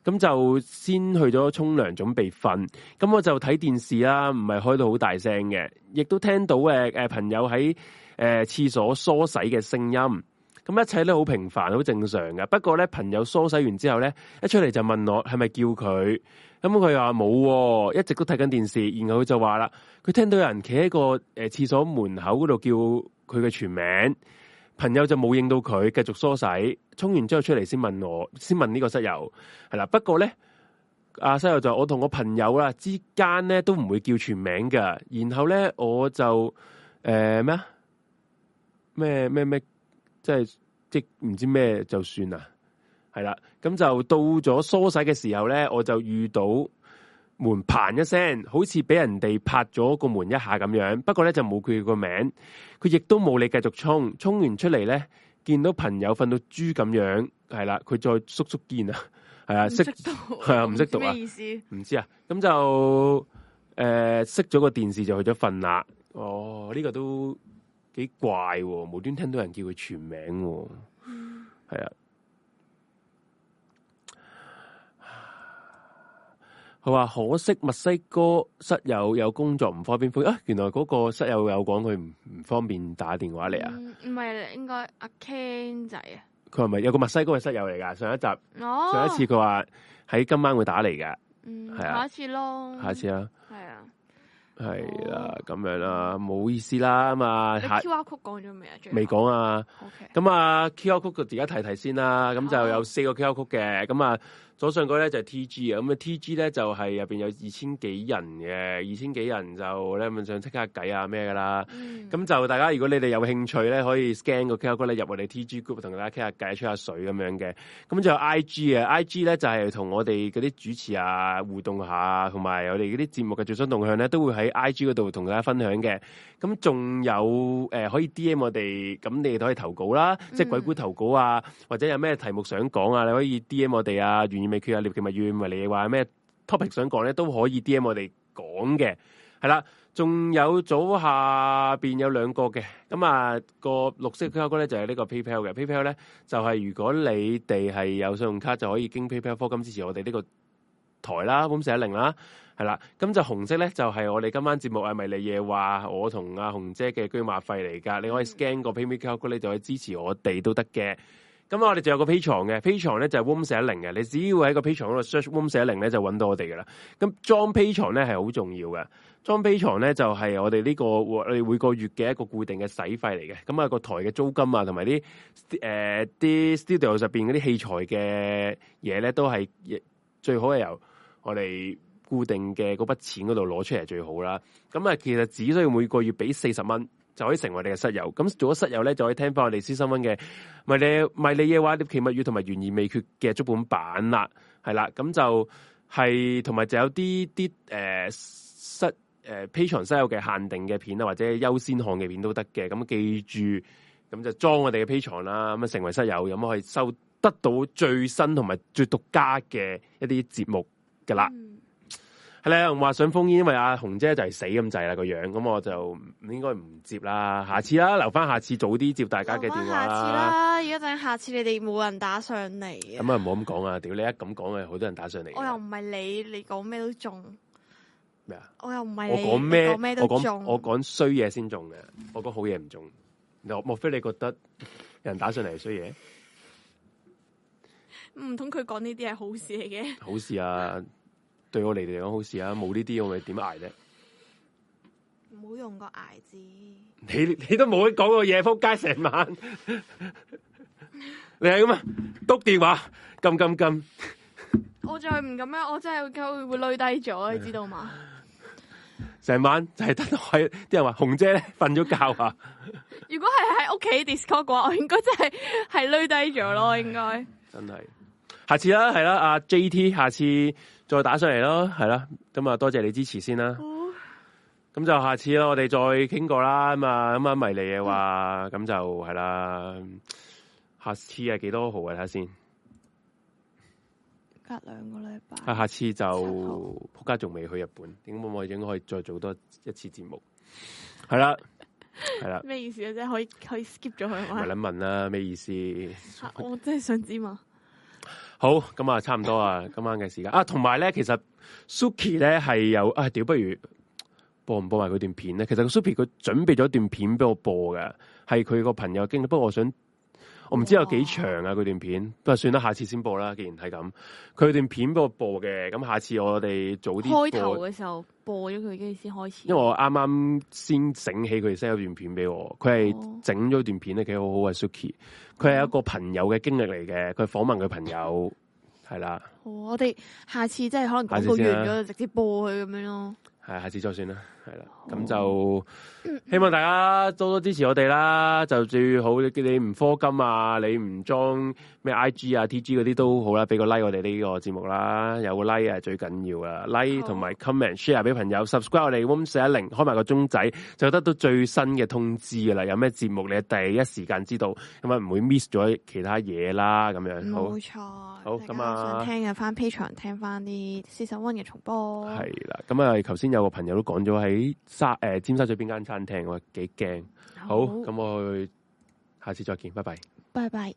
咁就先去咗沖涼，準備瞓。咁我就睇電視啦，唔係開到好大聲嘅，亦都聽到朋友喺誒廁所梳洗嘅聲音。咁一切呢好平凡，好正常嘅。不過咧，朋友梳洗完之後咧，一出嚟就問我係咪叫佢？咁佢話冇，一直都睇緊電視。然後佢就話啦，佢聽到有人企喺個誒廁所門口嗰度叫佢嘅全名。朋友就冇應到佢，繼續梳洗，沖完之後出嚟先問我，先問呢個室友係啦。不過咧，阿室友就我同我朋友啦之間咧都唔會叫全名㗎。然後咧我就誒咩咩咩咩？即係即唔知咩就算啦。係啦，咁就到咗梳洗嘅時候咧，我就遇到。門嘭一聲，好似俾人哋拍咗個門一下咁樣。不過咧就冇佢個名，佢亦都冇你繼續沖。沖完出嚟咧，見到朋友瞓到豬咁樣，係啦，佢再縮縮肩啊，係啊，識係啊，唔識讀啊，讀意思唔知啊。咁就誒，熄、呃、咗個電視就去咗瞓啦。哦，呢、這個都幾怪，無端聽到人叫佢全名，係啊。佢話可惜墨西哥室友有工作唔方便 call。啊，原來嗰個室友有講佢唔唔方便打電話嚟啊，唔、嗯、係應該阿、啊、Ken 仔啊，佢係咪有個墨西哥嘅室友嚟噶？上一集，哦、上一次佢話喺今晚會打嚟嗯係啊，下一次咯，下一次啊，係啊，係啦、啊，咁、哦、樣啦、啊，冇意思啦嘛，QR Code 講咗未啊？未、哦、講、okay、啊，咁啊，QR Code 就而家提提先啦、啊，咁就有四個 QR Code 嘅，咁啊。左上角咧就係、T.G 啊，咁啊 T.G 咧就係入邊有二千幾人嘅，二千幾人就咧問想傾下偈啊咩噶啦，咁、嗯、就大家如果你哋有興趣咧，可以 scan 個 QR code 入我哋 T.G group 同大家傾下偈吹下水咁樣嘅。咁就有 I.G 啊、嗯、，I.G 咧就係、是、同我哋嗰啲主持啊互動下，同埋我哋嗰啲節目嘅最新動向咧都會喺 I.G 嗰度同大家分享嘅。咁仲有誒、呃、可以 D.M 我哋，咁你哋都可以投稿啦，嗯、即係鬼故投稿啊，或者有咩題目想講啊，你可以 D.M 我哋啊，.未缺啊！聊其物語咪你話咩？topic 想講咧都可以 D M 我哋講嘅係啦，仲有早下邊有兩個嘅，咁啊個綠色膠骨咧就係呢個 PayPal 嘅 PayPal 咧就係、是、如果你哋係有信用卡就可以經 PayPal 付金支持我哋呢個台啦，咁四一零啦係啦，咁就紅色咧就係、是、我哋今晚節目係迷你夜話，我同阿紅姐嘅車馬費嚟噶？你可以 scan 個 PayPal 膠骨，你就可以支持我哋都得嘅。咁啊，我哋就有個 Patreon 嘅 Patreon 呢咧就係 Warm 四一零嘅。你只要喺個 Patreon 度 search Warm 四一零咧，就揾到我哋噶啦。咁裝 Patreon 呢咧係好重要嘅。裝 Patreon 呢咧就係我哋呢個我哋每個月嘅一個固定嘅洗費嚟嘅。咁、那、啊個台嘅租金啊，同埋啲誒啲 studio 入邊嗰啲器材嘅嘢咧，都係亦最好係由我哋固定嘅嗰筆錢嗰度攞出嚟最好啦。咁啊，其實只需要每個月俾四十蚊。就可以成為你嘅室友，咁做咗室友咧就可以聽翻我哋私新聞嘅，迷你迷你嘅話《獵奇物語》同埋《懸疑未決》嘅足本版啦，係啦，咁就係同埋就有啲啲誒室誒 Patreon 室友嘅限定嘅片啊，或者優先看嘅片都得嘅，咁記住，咁就裝我哋嘅 Patreon 啦，咁啊成為室友，咁可以收得到最新同埋最獨家嘅一啲節目嘅啦。嗯係咧，有話想封煙，因為阿紅姐就係死咁滯啦個樣，咁我就唔應該唔接啦。下次啦，留翻下次早啲接大家嘅電話。下次啦，如果等下次你哋冇人打上嚟。咁啊，唔好咁講啊！屌你一咁講啊，好多人打上嚟。我又唔係你，你講咩都中咩啊？我又唔係你，我講咩都中。我講衰嘢先中嘅，我講好嘢唔中。莫非你覺得有人打上嚟係衰嘢？唔通佢講呢啲係好事嚟嘅。好事啊！對我哋嚟講好事啊！冇呢啲我哋點挨啫？冇用個挨字，你你都冇講過嘢，撲街成晚。你係咁啊？督電話，撳撳撳！我再唔咁樣，我真係會會累低咗，你知道嘛？成晚就係得開，啲人話紅姐瞓咗覺啊！如果係喺屋企 Discord 嘅話，我應該真係係累低咗咯，應該真係。下次啦，係啦，阿 JT，下次。再打上嚟咯，係啦，咁啊多謝你支持先啦。咁、哦、就下次啦，我哋再傾過啦。咁、嗯、啊，咁啊咪嚟嘅話，咁、嗯、就係啦。下次係幾多號啊？睇下先。隔兩個禮拜。啊，下次就仆街仲未去日本，咁我應該可以再做多一次節目。係 啦，係啦。咩意思啊？即係可以可以 skip 咗佢？唔係諗問啦、啊，咩意思？啊、我真係想知嘛。好，咁啊，差唔多啊，今晚嘅時間啊，同埋咧，其實 Suki 咧係有，啊，屌，不如播唔播埋佢段片咧？其實個 Suki 佢準備咗段片俾我播嘅，係佢個朋友經歷，不過我想。我唔知有幾長啊，佢段片，不 過算啦，下次先播、啊、啦。既然係咁，佢段片俾我播嘅，咁下次我哋早啲開頭嘅時候播咗佢，跟住先開始。因為我啱啱先整起佢 send 咗段片俾我，佢係整咗段片咧，幾好好嘅。Suki，佢係一個朋友嘅經歷嚟嘅，佢訪問佢朋友係啦。我哋下次即係可能廣告完咗就直接播佢咁樣咯。係，下次再算啦。係啦，咁就希望大家多多支持我哋啦。就最好你唔科金啊，你唔裝咩 I G 啊、T G 嗰啲都好啦，俾個 like 我哋呢個節目啦，有個 like 係最緊要啊。like 同埋 comment、share 俾朋友，subscribe 我哋 WOM 410，開埋個鐘仔就得到最新嘅通知噶啦。有咩節目你第一時間知道，咁啊唔會 miss 咗其他嘢啦。咁樣，冇錯，好，好啊，想聽嘅翻 P 場，Patreon, 聽翻啲四十 one 嘅重播。係啦，咁啊，頭先有個朋友都講咗喺。喺沙誒、呃、尖沙咀邊間餐廳我幾驚！好，咁我去，下次再見，拜拜，拜拜。